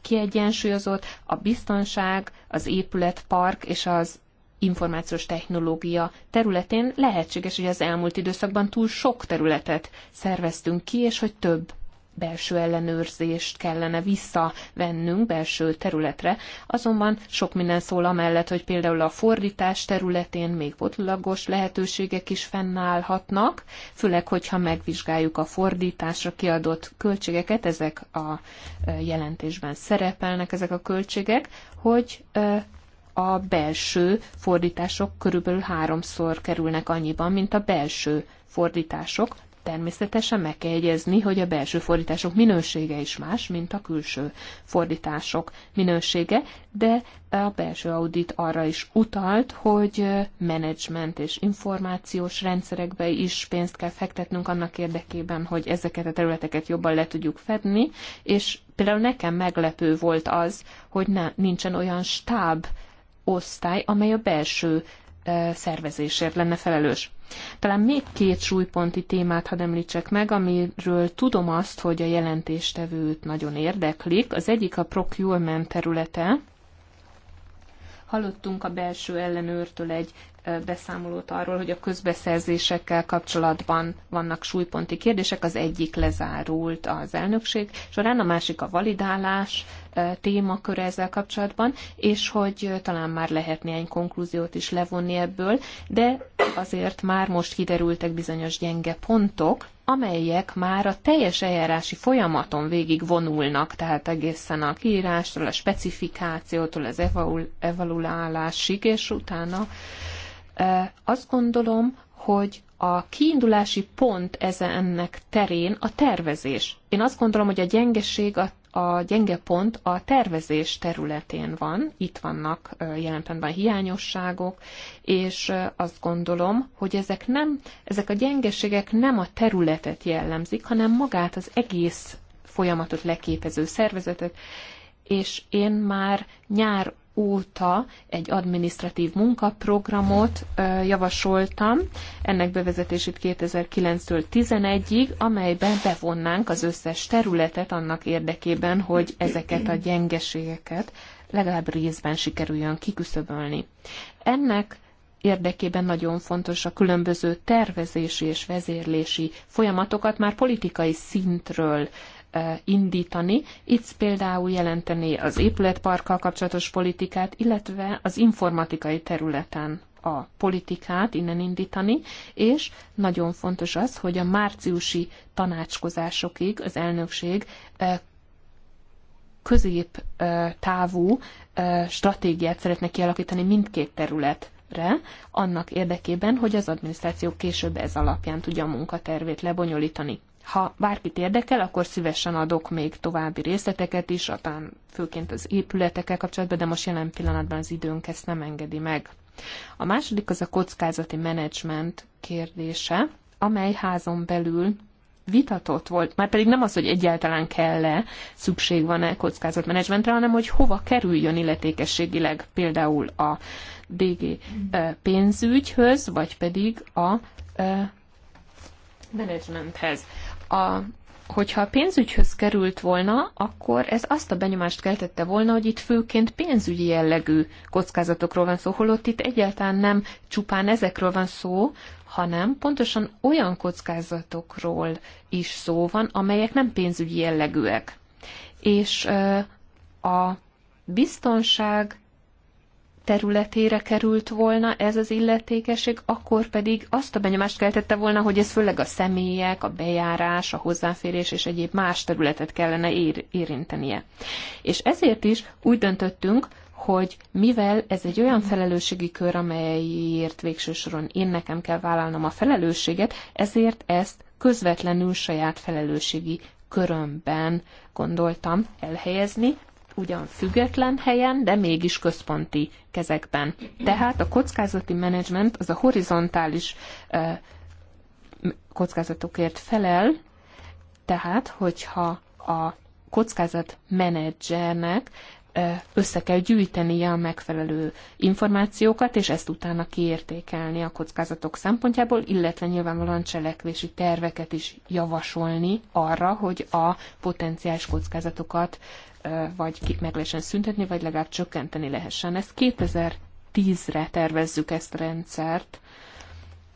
D: kiegyensúlyozott, a biztonság, az épület, park és az információs technológia területén lehetséges, hogy az elmúlt időszakban túl sok területet szerveztünk ki, és hogy több belső ellenőrzést kellene visszavennünk belső területre, azonban sok minden szól amellett, hogy például a fordítás területén még botlagos lehetőségek is fennállhatnak, főleg, hogyha megvizsgáljuk a fordításra kiadott költségeket, ezek a jelentésben szerepelnek ezek a költségek, hogy a belső fordítások körülbelül háromszor kerülnek annyiban, mint a belső fordítások, Természetesen meg kell jegyezni, hogy a belső fordítások minősége is más, mint a külső fordítások minősége, de a belső audit arra is utalt, hogy menedzsment és információs rendszerekbe is pénzt kell fektetnünk annak érdekében, hogy ezeket a területeket jobban le tudjuk fedni, és például nekem meglepő volt az, hogy ne, nincsen olyan stáb osztály, amely a belső szervezésért lenne felelős. Talán még két súlyponti témát hadd említsek meg, amiről tudom azt, hogy a jelentéstevőt nagyon érdeklik. Az egyik a procurement területe. Hallottunk a belső ellenőrtől egy beszámolót arról, hogy a közbeszerzésekkel kapcsolatban vannak súlyponti kérdések. Az egyik lezárult az elnökség során, a másik a validálás témakör ezzel kapcsolatban, és hogy talán már lehet néhány konklúziót is levonni ebből, de azért már most kiderültek bizonyos gyenge pontok, amelyek már a teljes eljárási folyamaton végig vonulnak, tehát egészen a kiírástól, a specifikációtól, az evaluálásig, és utána azt gondolom, hogy a kiindulási pont ezen ennek terén a tervezés. Én azt gondolom, hogy a gyengeség, a, a gyenge pont a tervezés területén van, itt vannak jelen pillanatban hiányosságok, és azt gondolom, hogy ezek, nem, ezek a gyengeségek nem a területet jellemzik, hanem magát az egész folyamatot leképező szervezetet, és én már nyár óta egy administratív munkaprogramot javasoltam, ennek bevezetését 2009-től 11-ig, amelyben bevonnánk az összes területet annak érdekében, hogy ezeket a gyengeségeket legalább részben sikerüljön kiküszöbölni. Ennek érdekében nagyon fontos a különböző tervezési és vezérlési folyamatokat már politikai szintről indítani. Itt például jelenteni az épületparkkal kapcsolatos politikát, illetve az informatikai területen a politikát innen indítani, és nagyon fontos az, hogy a márciusi tanácskozásokig az elnökség közép távú stratégiát szeretne kialakítani mindkét terület re, annak érdekében, hogy az adminisztráció később ez alapján tudja a munkatervét lebonyolítani. Ha bárkit érdekel, akkor szívesen adok még további részleteket is, atán főként az épületekkel kapcsolatban, de most jelen pillanatban az időnk ezt nem engedi meg. A második az a kockázati menedzsment kérdése, amely házon belül vitatott volt, már pedig nem az, hogy egyáltalán kell-e, szükség van-e kockázatmenedzsmentre, hanem hogy hova kerüljön illetékességileg például a DG pénzügyhöz, vagy pedig a menedzsmenthez a, hogyha a pénzügyhöz került volna, akkor ez azt a benyomást keltette volna, hogy itt főként pénzügyi jellegű kockázatokról van szó, holott itt egyáltalán nem csupán ezekről van szó, hanem pontosan olyan kockázatokról is szó van, amelyek nem pénzügyi jellegűek. És a biztonság területére került volna ez az illetékesség, akkor pedig azt a benyomást keltette volna, hogy ez főleg a személyek, a bejárás, a hozzáférés és egyéb más területet kellene ér- érintenie. És ezért is úgy döntöttünk, hogy mivel ez egy olyan felelősségi kör, amelyért végső soron én nekem kell vállalnom a felelősséget, ezért ezt közvetlenül saját felelősségi körömben gondoltam elhelyezni, ugyan független helyen, de mégis központi kezekben. Tehát a kockázati menedzsment az a horizontális kockázatokért felel, tehát hogyha a kockázat menedzsernek össze kell gyűjtenie a megfelelő információkat, és ezt utána kiértékelni a kockázatok szempontjából, illetve nyilvánvalóan cselekvési terveket is javasolni arra, hogy a potenciális kockázatokat vagy meg lehessen szüntetni, vagy legalább csökkenteni lehessen. Ezt 2010-re tervezzük ezt a rendszert,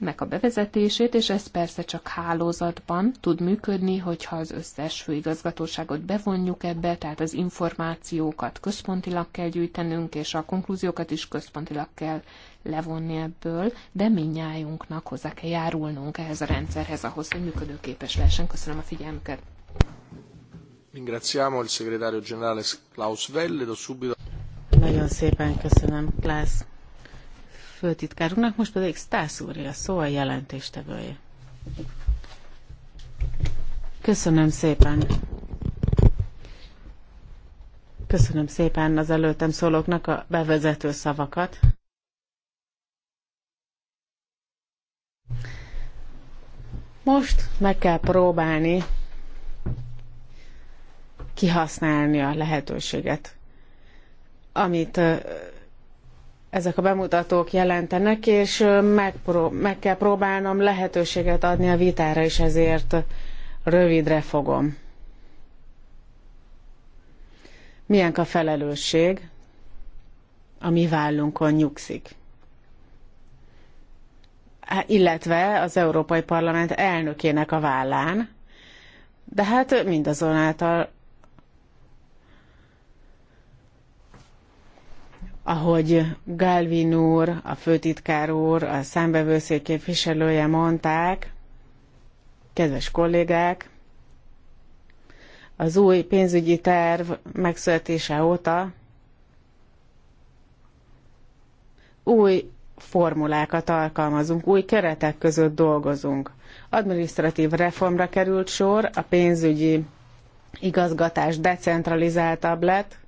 D: nek a bevezetését, és ez persze csak hálózatban tud működni, hogyha az összes főigazgatóságot bevonjuk ebbe, tehát az információkat központilag kell gyűjtenünk, és a konklúziókat is központilag kell levonni ebből, de minnyájunknak hozzá kell járulnunk ehhez a rendszerhez, ahhoz, hogy működőképes lehessen. Köszönöm a figyelmüket!
A: Ringraziamo il segretario generale Klaus Velle, do subito. Nagyon
B: szépen köszönöm, Klaus főtitkárunknak, most pedig Stász úr a szó a jelentéstevője. Köszönöm szépen. Köszönöm szépen az előttem szólóknak a bevezető szavakat. Most meg kell próbálni kihasználni a lehetőséget, amit ezek a bemutatók jelentenek, és megpró- meg kell próbálnom lehetőséget adni a vitára is, ezért rövidre fogom. Milyen a felelősség, ami vállunkon nyugszik? illetve az Európai Parlament elnökének a vállán, de hát mindazonáltal ahogy Galvin úr, a főtitkár úr, a számbevőszék képviselője mondták, kedves kollégák, az új pénzügyi terv megszületése óta új formulákat alkalmazunk, új keretek között dolgozunk. Administratív reformra került sor, a pénzügyi igazgatás decentralizáltabb lett,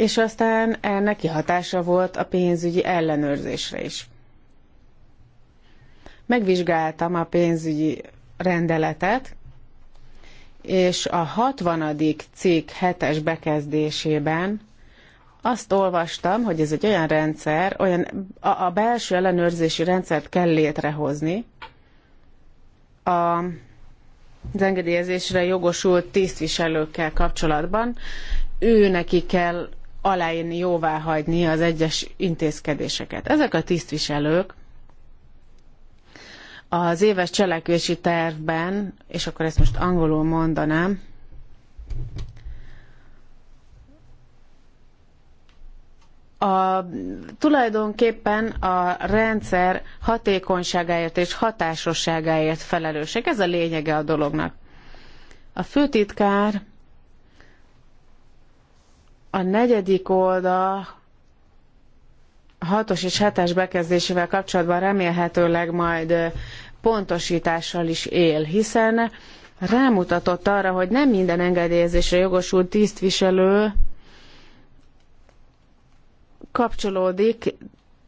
B: és aztán ennek kihatása volt a pénzügyi ellenőrzésre is. Megvizsgáltam a pénzügyi rendeletet, és a 60. cikk 7-es bekezdésében azt olvastam, hogy ez egy olyan rendszer, olyan, a, a belső ellenőrzési rendszert kell létrehozni, a, az engedélyezésre jogosult tisztviselőkkel kapcsolatban, ő neki kell aláírni, jóváhagyni az egyes intézkedéseket. Ezek a tisztviselők az éves cselekvési tervben, és akkor ezt most angolul mondanám, a, tulajdonképpen a rendszer hatékonyságáért és hatásosságáért felelősek. Ez a lényege a dolognak. A főtitkár a negyedik oldal hatos és hetes bekezdésével kapcsolatban remélhetőleg majd pontosítással is él, hiszen rámutatott arra, hogy nem minden engedélyezésre jogosult tisztviselő kapcsolódik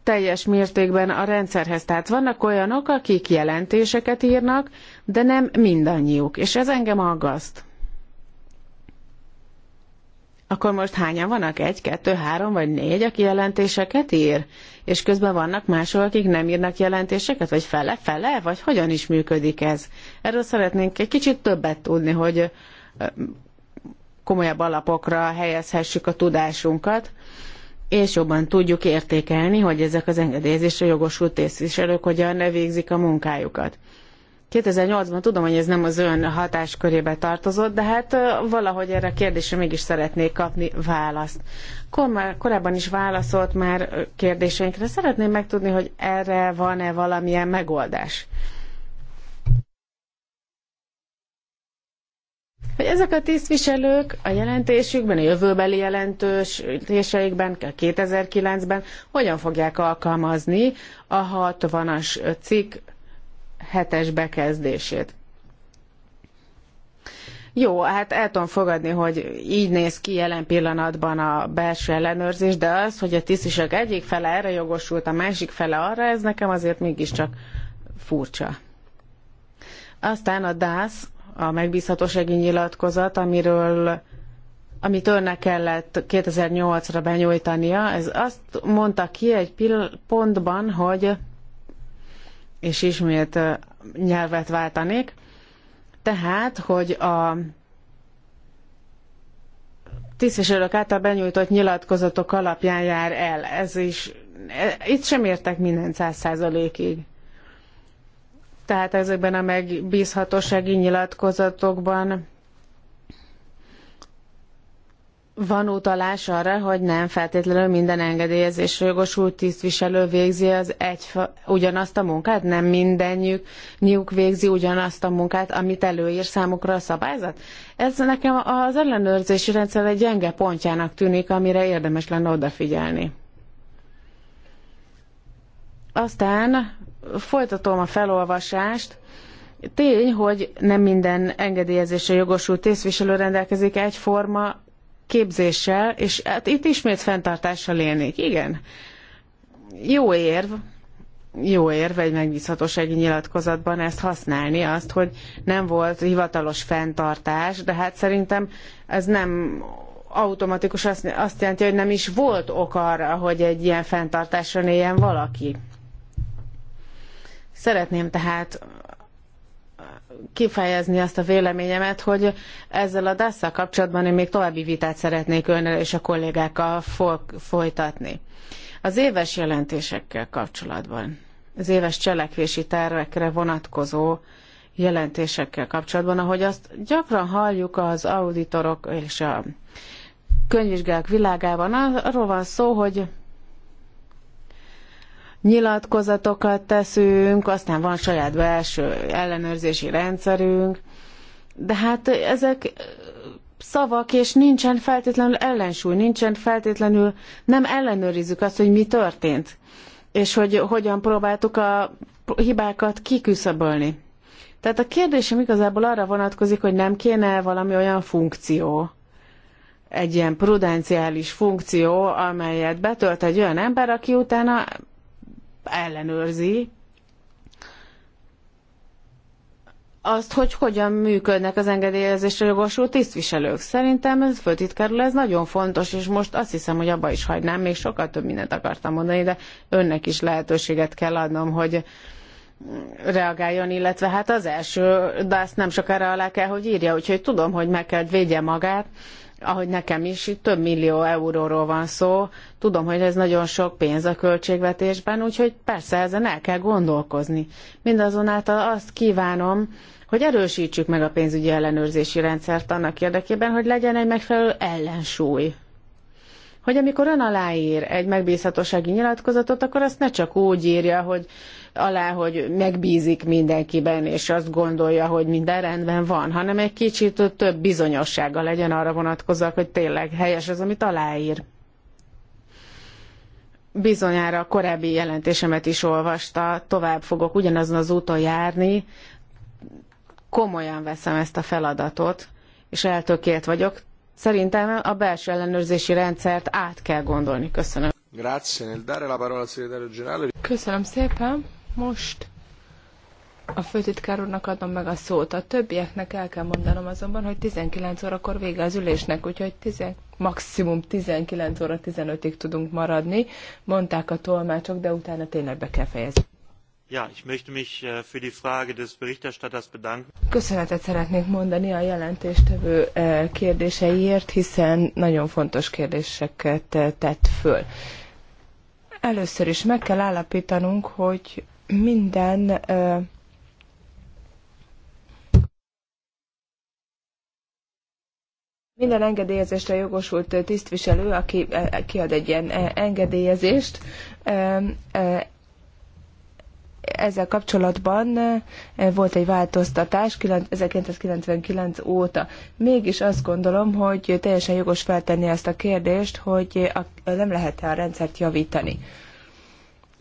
B: teljes mértékben a rendszerhez. Tehát vannak olyanok, akik jelentéseket írnak, de nem mindannyiuk, és ez engem aggaszt. Akkor most hányan vannak? Egy, kettő, három vagy négy, aki jelentéseket ír? És közben vannak mások, akik nem írnak jelentéseket? Vagy fele-fele? Vagy hogyan is működik ez? Erről szeretnénk egy kicsit többet tudni, hogy komolyabb alapokra helyezhessük a tudásunkat, és jobban tudjuk értékelni, hogy ezek az engedélyezésre jogosult tisztviselők hogyan végzik a munkájukat. 2008-ban tudom, hogy ez nem az ön hatáskörébe tartozott, de hát valahogy erre a kérdésre mégis szeretnék kapni választ. Kor már, korábban is válaszolt már kérdéseinkre. Szeretném megtudni, hogy erre van-e valamilyen megoldás. hogy ezek a tisztviselők a jelentésükben, a jövőbeli jelentőségeikben, 2009-ben hogyan fogják alkalmazni a 60-as cikk hetes bekezdését. Jó, hát el tudom fogadni, hogy így néz ki jelen pillanatban a belső ellenőrzés, de az, hogy a tisztisek egyik fele erre jogosult, a másik fele arra, ez nekem azért mégiscsak furcsa. Aztán a DASZ, a megbízhatósági nyilatkozat, amiről amit önnek kellett 2008-ra benyújtania, ez azt mondta ki egy pontban, hogy és ismét nyelvet váltanék. Tehát, hogy a tisztviselők által benyújtott nyilatkozatok alapján jár el. Ez is, e, itt sem értek minden száz százalékig. Tehát ezekben a megbízhatósági nyilatkozatokban van utalás arra, hogy nem feltétlenül minden engedélyezésre jogosult tisztviselő végzi az egyfa, ugyanazt a munkát, nem mindenjük nyúk végzi ugyanazt a munkát, amit előír számukra a szabályzat. Ez nekem az ellenőrzési rendszer egy gyenge pontjának tűnik, amire érdemes lenne odafigyelni. Aztán folytatom a felolvasást, Tény, hogy nem minden engedélyezésre jogosult tisztviselő rendelkezik egyforma képzéssel, és hát itt ismét fenntartással élnék. Igen, jó érv, jó érv egy megbízhatósági nyilatkozatban ezt használni, azt, hogy nem volt hivatalos fenntartás, de hát szerintem ez nem automatikus azt, azt jelenti, hogy nem is volt ok arra, hogy egy ilyen fenntartáson éljen valaki. Szeretném tehát kifejezni azt a véleményemet, hogy ezzel a dasz kapcsolatban én még további vitát szeretnék önnel és a kollégákkal folytatni. Az éves jelentésekkel kapcsolatban, az éves cselekvési tervekre vonatkozó jelentésekkel kapcsolatban, ahogy azt gyakran halljuk az auditorok és a könyvvizsgák világában, arról van szó, hogy nyilatkozatokat teszünk, aztán van saját belső ellenőrzési rendszerünk, de hát ezek szavak, és nincsen feltétlenül ellensúly, nincsen feltétlenül, nem ellenőrizzük azt, hogy mi történt, és hogy hogyan próbáltuk a hibákat kiküszöbölni. Tehát a kérdésem igazából arra vonatkozik, hogy nem kéne valami olyan funkció, egy ilyen prudenciális funkció, amelyet betölt egy olyan ember, aki utána ellenőrzi azt, hogy hogyan működnek az engedélyezésre jogosult tisztviselők. Szerintem ez föltitkerül, ez nagyon fontos, és most azt hiszem, hogy abba is hagynám, még sokkal több mindent akartam mondani, de önnek is lehetőséget kell adnom, hogy reagáljon, illetve hát az első, de azt nem sokára alá kell, hogy írja, úgyhogy tudom, hogy meg kell védje magát, ahogy nekem is, itt több millió euróról van szó. Tudom, hogy ez nagyon sok pénz a költségvetésben, úgyhogy persze ezen el kell gondolkozni. Mindazonáltal azt kívánom, hogy erősítsük meg a pénzügyi ellenőrzési rendszert annak érdekében, hogy legyen egy megfelelő ellensúly. Hogy amikor ön aláír egy megbízhatósági nyilatkozatot, akkor azt ne csak úgy írja, hogy alá, hogy megbízik mindenkiben, és azt gondolja, hogy minden rendben van, hanem egy kicsit több bizonyossága legyen arra vonatkozóak, hogy tényleg helyes az, amit aláír. Bizonyára a korábbi jelentésemet is olvasta, tovább fogok ugyanazon az úton járni, komolyan veszem ezt a feladatot, és eltökélt vagyok. Szerintem a belső ellenőrzési rendszert át kell gondolni. Köszönöm. Köszönöm szépen.
C: Most a főtitkár úrnak adom meg a szót. A többieknek el kell mondanom azonban, hogy 19 órakor vége az ülésnek, úgyhogy 10, maximum 19 óra 15-ig tudunk maradni. Mondták a tolmácsok, de utána tényleg be kell fejezni. Ja, ich möchte mich äh, für die Frage des Berichterstatters bedanken. Köszönetet szeretnék mondani a jelentéstevő äh, kérdéseiért, hiszen nagyon fontos kérdéseket äh, tett föl. Először is meg kell állapítanunk, hogy minden minden engedélyezésre jogosult tisztviselő, aki kiad egy ilyen engedélyezést, ezzel kapcsolatban volt egy változtatás 1999 óta. Mégis azt gondolom, hogy teljesen jogos feltenni ezt a kérdést, hogy nem lehet-e a rendszert javítani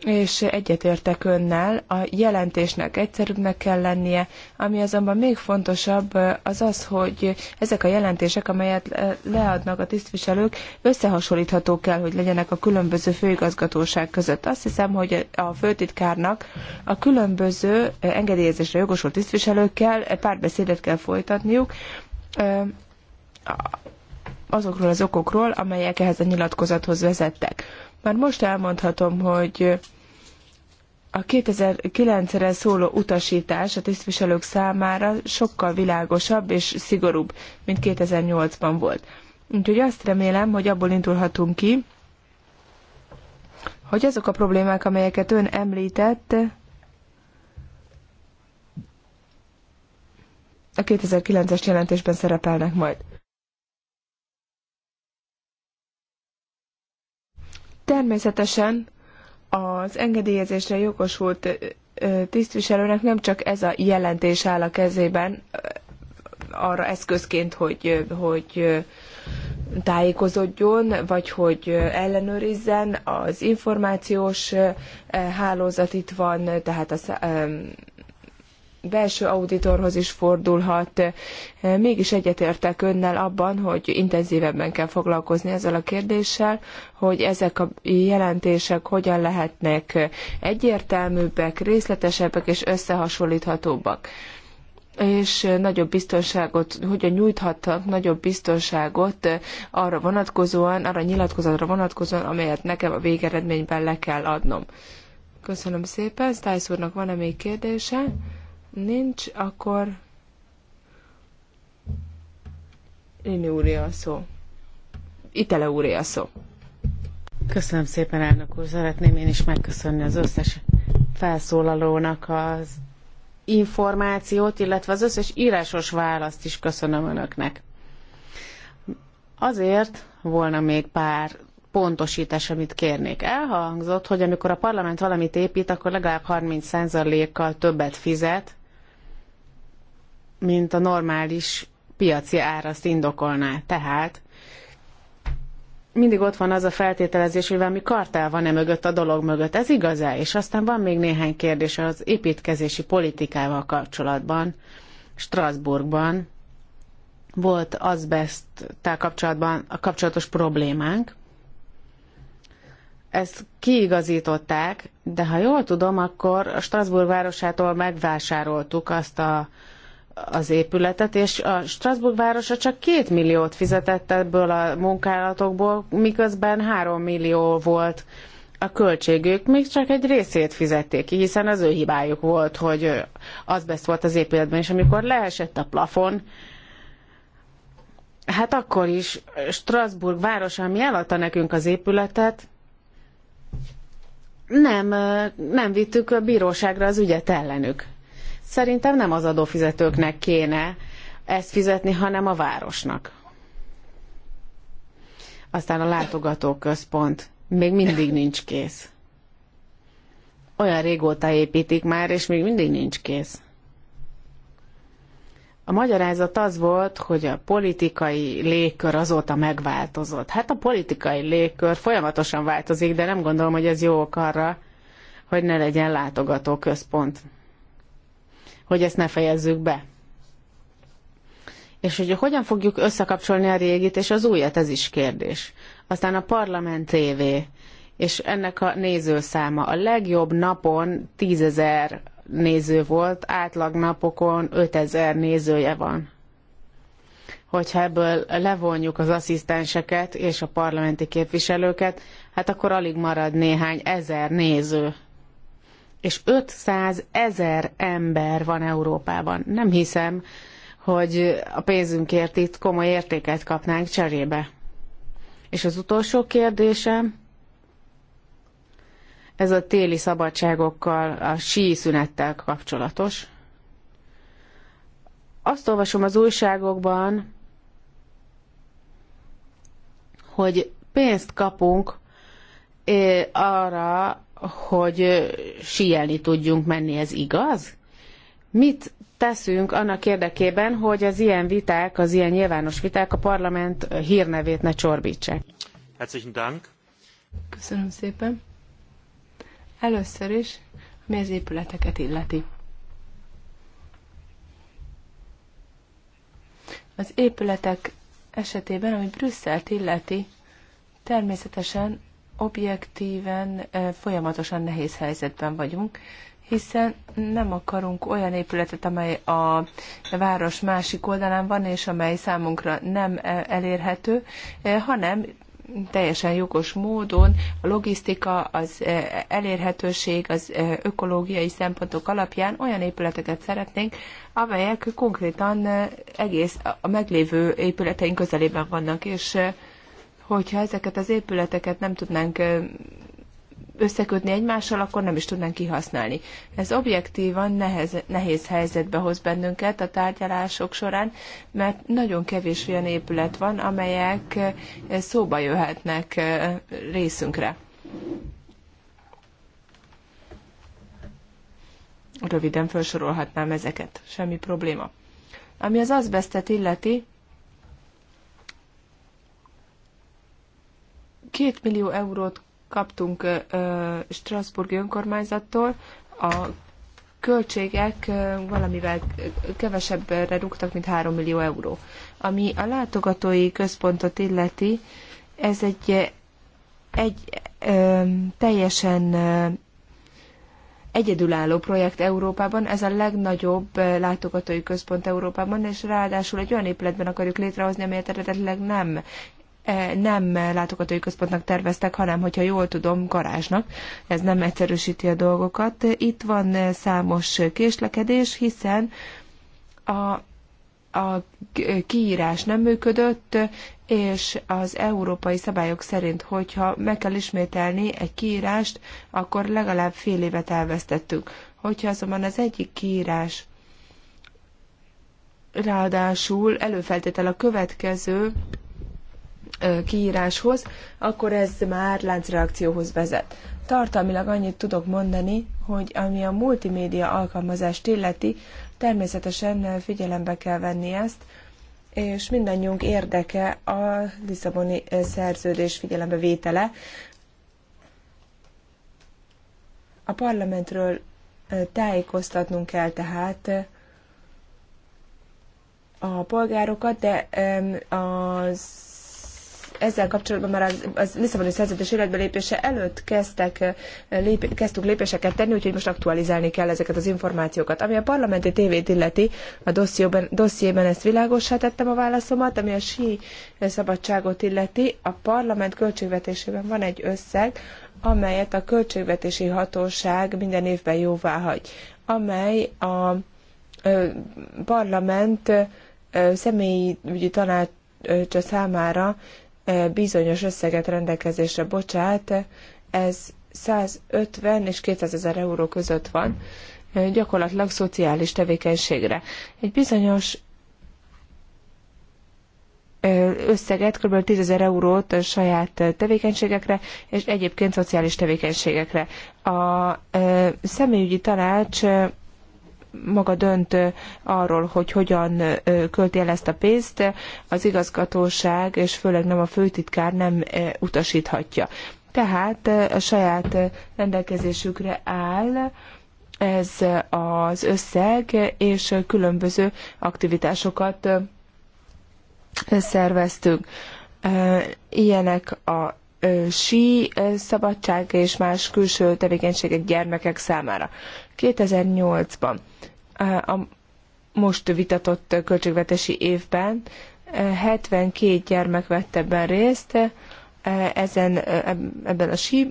C: és egyetértek önnel, a jelentésnek egyszerűbbnek kell lennie, ami azonban még fontosabb az az, hogy ezek a jelentések, amelyet leadnak a tisztviselők, összehasonlíthatók kell, hogy legyenek a különböző főigazgatóság között. Azt hiszem, hogy a főtitkárnak a különböző engedélyezésre jogosult tisztviselőkkel párbeszédet kell folytatniuk, azokról az okokról, amelyek ehhez a nyilatkozathoz vezettek. Már most elmondhatom, hogy a 2009-re szóló utasítás a tisztviselők számára sokkal világosabb és szigorúbb, mint 2008-ban volt. Úgyhogy azt remélem, hogy abból indulhatunk ki, hogy azok a problémák, amelyeket ön említett, a 2009-es jelentésben szerepelnek majd. Természetesen az engedélyezésre jogosult tisztviselőnek nem csak ez a jelentés áll a kezében, arra eszközként, hogy, hogy tájékozódjon, vagy hogy ellenőrizzen. Az információs hálózat itt van, tehát a belső auditorhoz is fordulhat. Mégis egyetértek önnel abban, hogy intenzívebben kell foglalkozni ezzel a kérdéssel, hogy ezek a jelentések hogyan lehetnek egyértelműbbek, részletesebbek és összehasonlíthatóbbak és nagyobb biztonságot, hogyan nyújthatnak nagyobb biztonságot arra vonatkozóan, arra nyilatkozatra vonatkozóan, amelyet nekem a végeredményben le kell adnom. Köszönöm szépen. Stájsz úrnak van-e még kérdése? nincs, akkor Lini úré a szó. Itele úré a szó.
B: Köszönöm szépen, elnök úr. Szeretném én is megköszönni az összes felszólalónak az információt, illetve az összes írásos választ is köszönöm önöknek. Azért volna még pár pontosítás, amit kérnék. Elhangzott, hogy amikor a parlament valamit épít, akkor legalább 30%-kal többet fizet, mint a normális piaci azt indokolná. Tehát mindig ott van az a feltételezés, hogy valami kartel van-e mögött a dolog mögött. Ez igaz-e? És aztán van még néhány kérdés az építkezési politikával kapcsolatban. Strasbourgban volt azbesttel kapcsolatban a kapcsolatos problémánk. Ezt kiigazították, de ha jól tudom, akkor a Strasbourg városától megvásároltuk azt a az épületet, és a Strasbourg városa csak két milliót fizetett ebből a munkálatokból, miközben három millió volt a költségük, még csak egy részét fizették ki, hiszen az ő hibájuk volt, hogy azbest volt az épületben, és amikor leesett a plafon, hát akkor is Strasbourg városa, ami eladta nekünk az épületet, nem, nem vittük a bíróságra az ügyet ellenük szerintem nem az adófizetőknek kéne ezt fizetni, hanem a városnak. Aztán a látogatóközpont még mindig nincs kész. Olyan régóta építik már, és még mindig nincs kész. A magyarázat az volt, hogy a politikai légkör azóta megváltozott. Hát a politikai légkör folyamatosan változik, de nem gondolom, hogy ez jó ok arra, hogy ne legyen látogató központ hogy ezt ne fejezzük be. És hogy hogyan fogjuk összekapcsolni a régit és az újat, ez is kérdés. Aztán a Parlament TV, és ennek a nézőszáma a legjobb napon tízezer néző volt, átlag napokon 5000 nézője van. Hogyha ebből levonjuk az asszisztenseket és a parlamenti képviselőket, hát akkor alig marad néhány ezer néző és 500 ezer ember van Európában. Nem hiszem, hogy a pénzünkért itt komoly értéket kapnánk cserébe. És az utolsó kérdésem, ez a téli szabadságokkal, a sí szünettel kapcsolatos. Azt olvasom az újságokban, hogy pénzt kapunk eh, arra, hogy síelni tudjunk menni, ez igaz? Mit teszünk annak érdekében, hogy az ilyen viták, az ilyen nyilvános viták a parlament hírnevét ne csorbítsák?
D: Herzlichen Dank.
B: Köszönöm szépen. Először is, ami az épületeket
C: illeti. Az épületek esetében, ami Brüsszelt illeti, természetesen objektíven folyamatosan nehéz helyzetben vagyunk, hiszen nem akarunk olyan épületet, amely a város másik oldalán van, és amely számunkra nem elérhető, hanem teljesen jogos módon a logisztika, az elérhetőség, az ökológiai szempontok alapján olyan épületeket szeretnénk, amelyek konkrétan egész a meglévő épületeink közelében vannak, és hogyha ezeket az épületeket nem tudnánk összekötni egymással, akkor nem is tudnánk kihasználni. Ez objektívan nehez, nehéz helyzetbe hoz bennünket a tárgyalások során, mert nagyon kevés olyan épület van, amelyek szóba jöhetnek részünkre. Röviden felsorolhatnám ezeket, semmi probléma. Ami az azbesztet illeti, Két millió eurót kaptunk Strasburgi önkormányzattól, a költségek valamivel kevesebbre rúgtak, mint 3 millió euró. Ami a látogatói központot illeti, ez egy, egy ö, teljesen uh, egyedülálló projekt Európában, ez a legnagyobb látogatói központ Európában, és ráadásul egy olyan épületben akarjuk létrehozni, amelyet eredetileg nem E, nem látogatói központnak terveztek, hanem, hogyha jól tudom, garázsnak. Ez nem egyszerűsíti a dolgokat. Itt van számos késlekedés, hiszen a a kiírás nem működött, és az európai szabályok szerint, hogyha meg kell ismételni egy kiírást, akkor legalább fél évet elvesztettük. Hogyha azonban az egyik kiírás ráadásul előfeltétel a következő, kiíráshoz, akkor ez már láncreakcióhoz vezet. Tartalmilag annyit tudok mondani, hogy ami a multimédia alkalmazást illeti, természetesen figyelembe kell venni ezt, és mindannyiunk érdeke a Lisszaboni szerződés figyelembe vétele. A parlamentről tájékoztatnunk kell tehát a polgárokat, de az ezzel kapcsolatban már az, az Lisszaboni szerződés életbe lépése előtt kezdtek, lép, kezdtük lépéseket tenni, úgyhogy most aktualizálni kell ezeket az információkat. Ami a parlamenti tévét illeti, a dossziében, dossziében ezt világosá tettem a válaszomat, ami a sí szabadságot illeti, a parlament költségvetésében van egy összeg, amelyet a költségvetési hatóság minden évben jóvá hagy, amely a parlament személyi ügyi tanács számára bizonyos összeget rendelkezésre bocsát, ez 150 és 200 ezer euró között van, gyakorlatilag szociális tevékenységre. Egy bizonyos összeget, kb. 10 ezer eurót saját tevékenységekre, és egyébként szociális tevékenységekre. A személyügyi tanács maga dönt arról, hogy hogyan költi el ezt a pénzt, az igazgatóság, és főleg nem a főtitkár nem utasíthatja. Tehát a saját rendelkezésükre áll ez az összeg, és különböző aktivitásokat szerveztünk. Ilyenek a sí szabadság és más külső tevékenységek gyermekek számára. 2008-ban a most vitatott költségvetési évben 72 eh, gyermek vett ebben részt, eh, ezen, eh, ebben a sí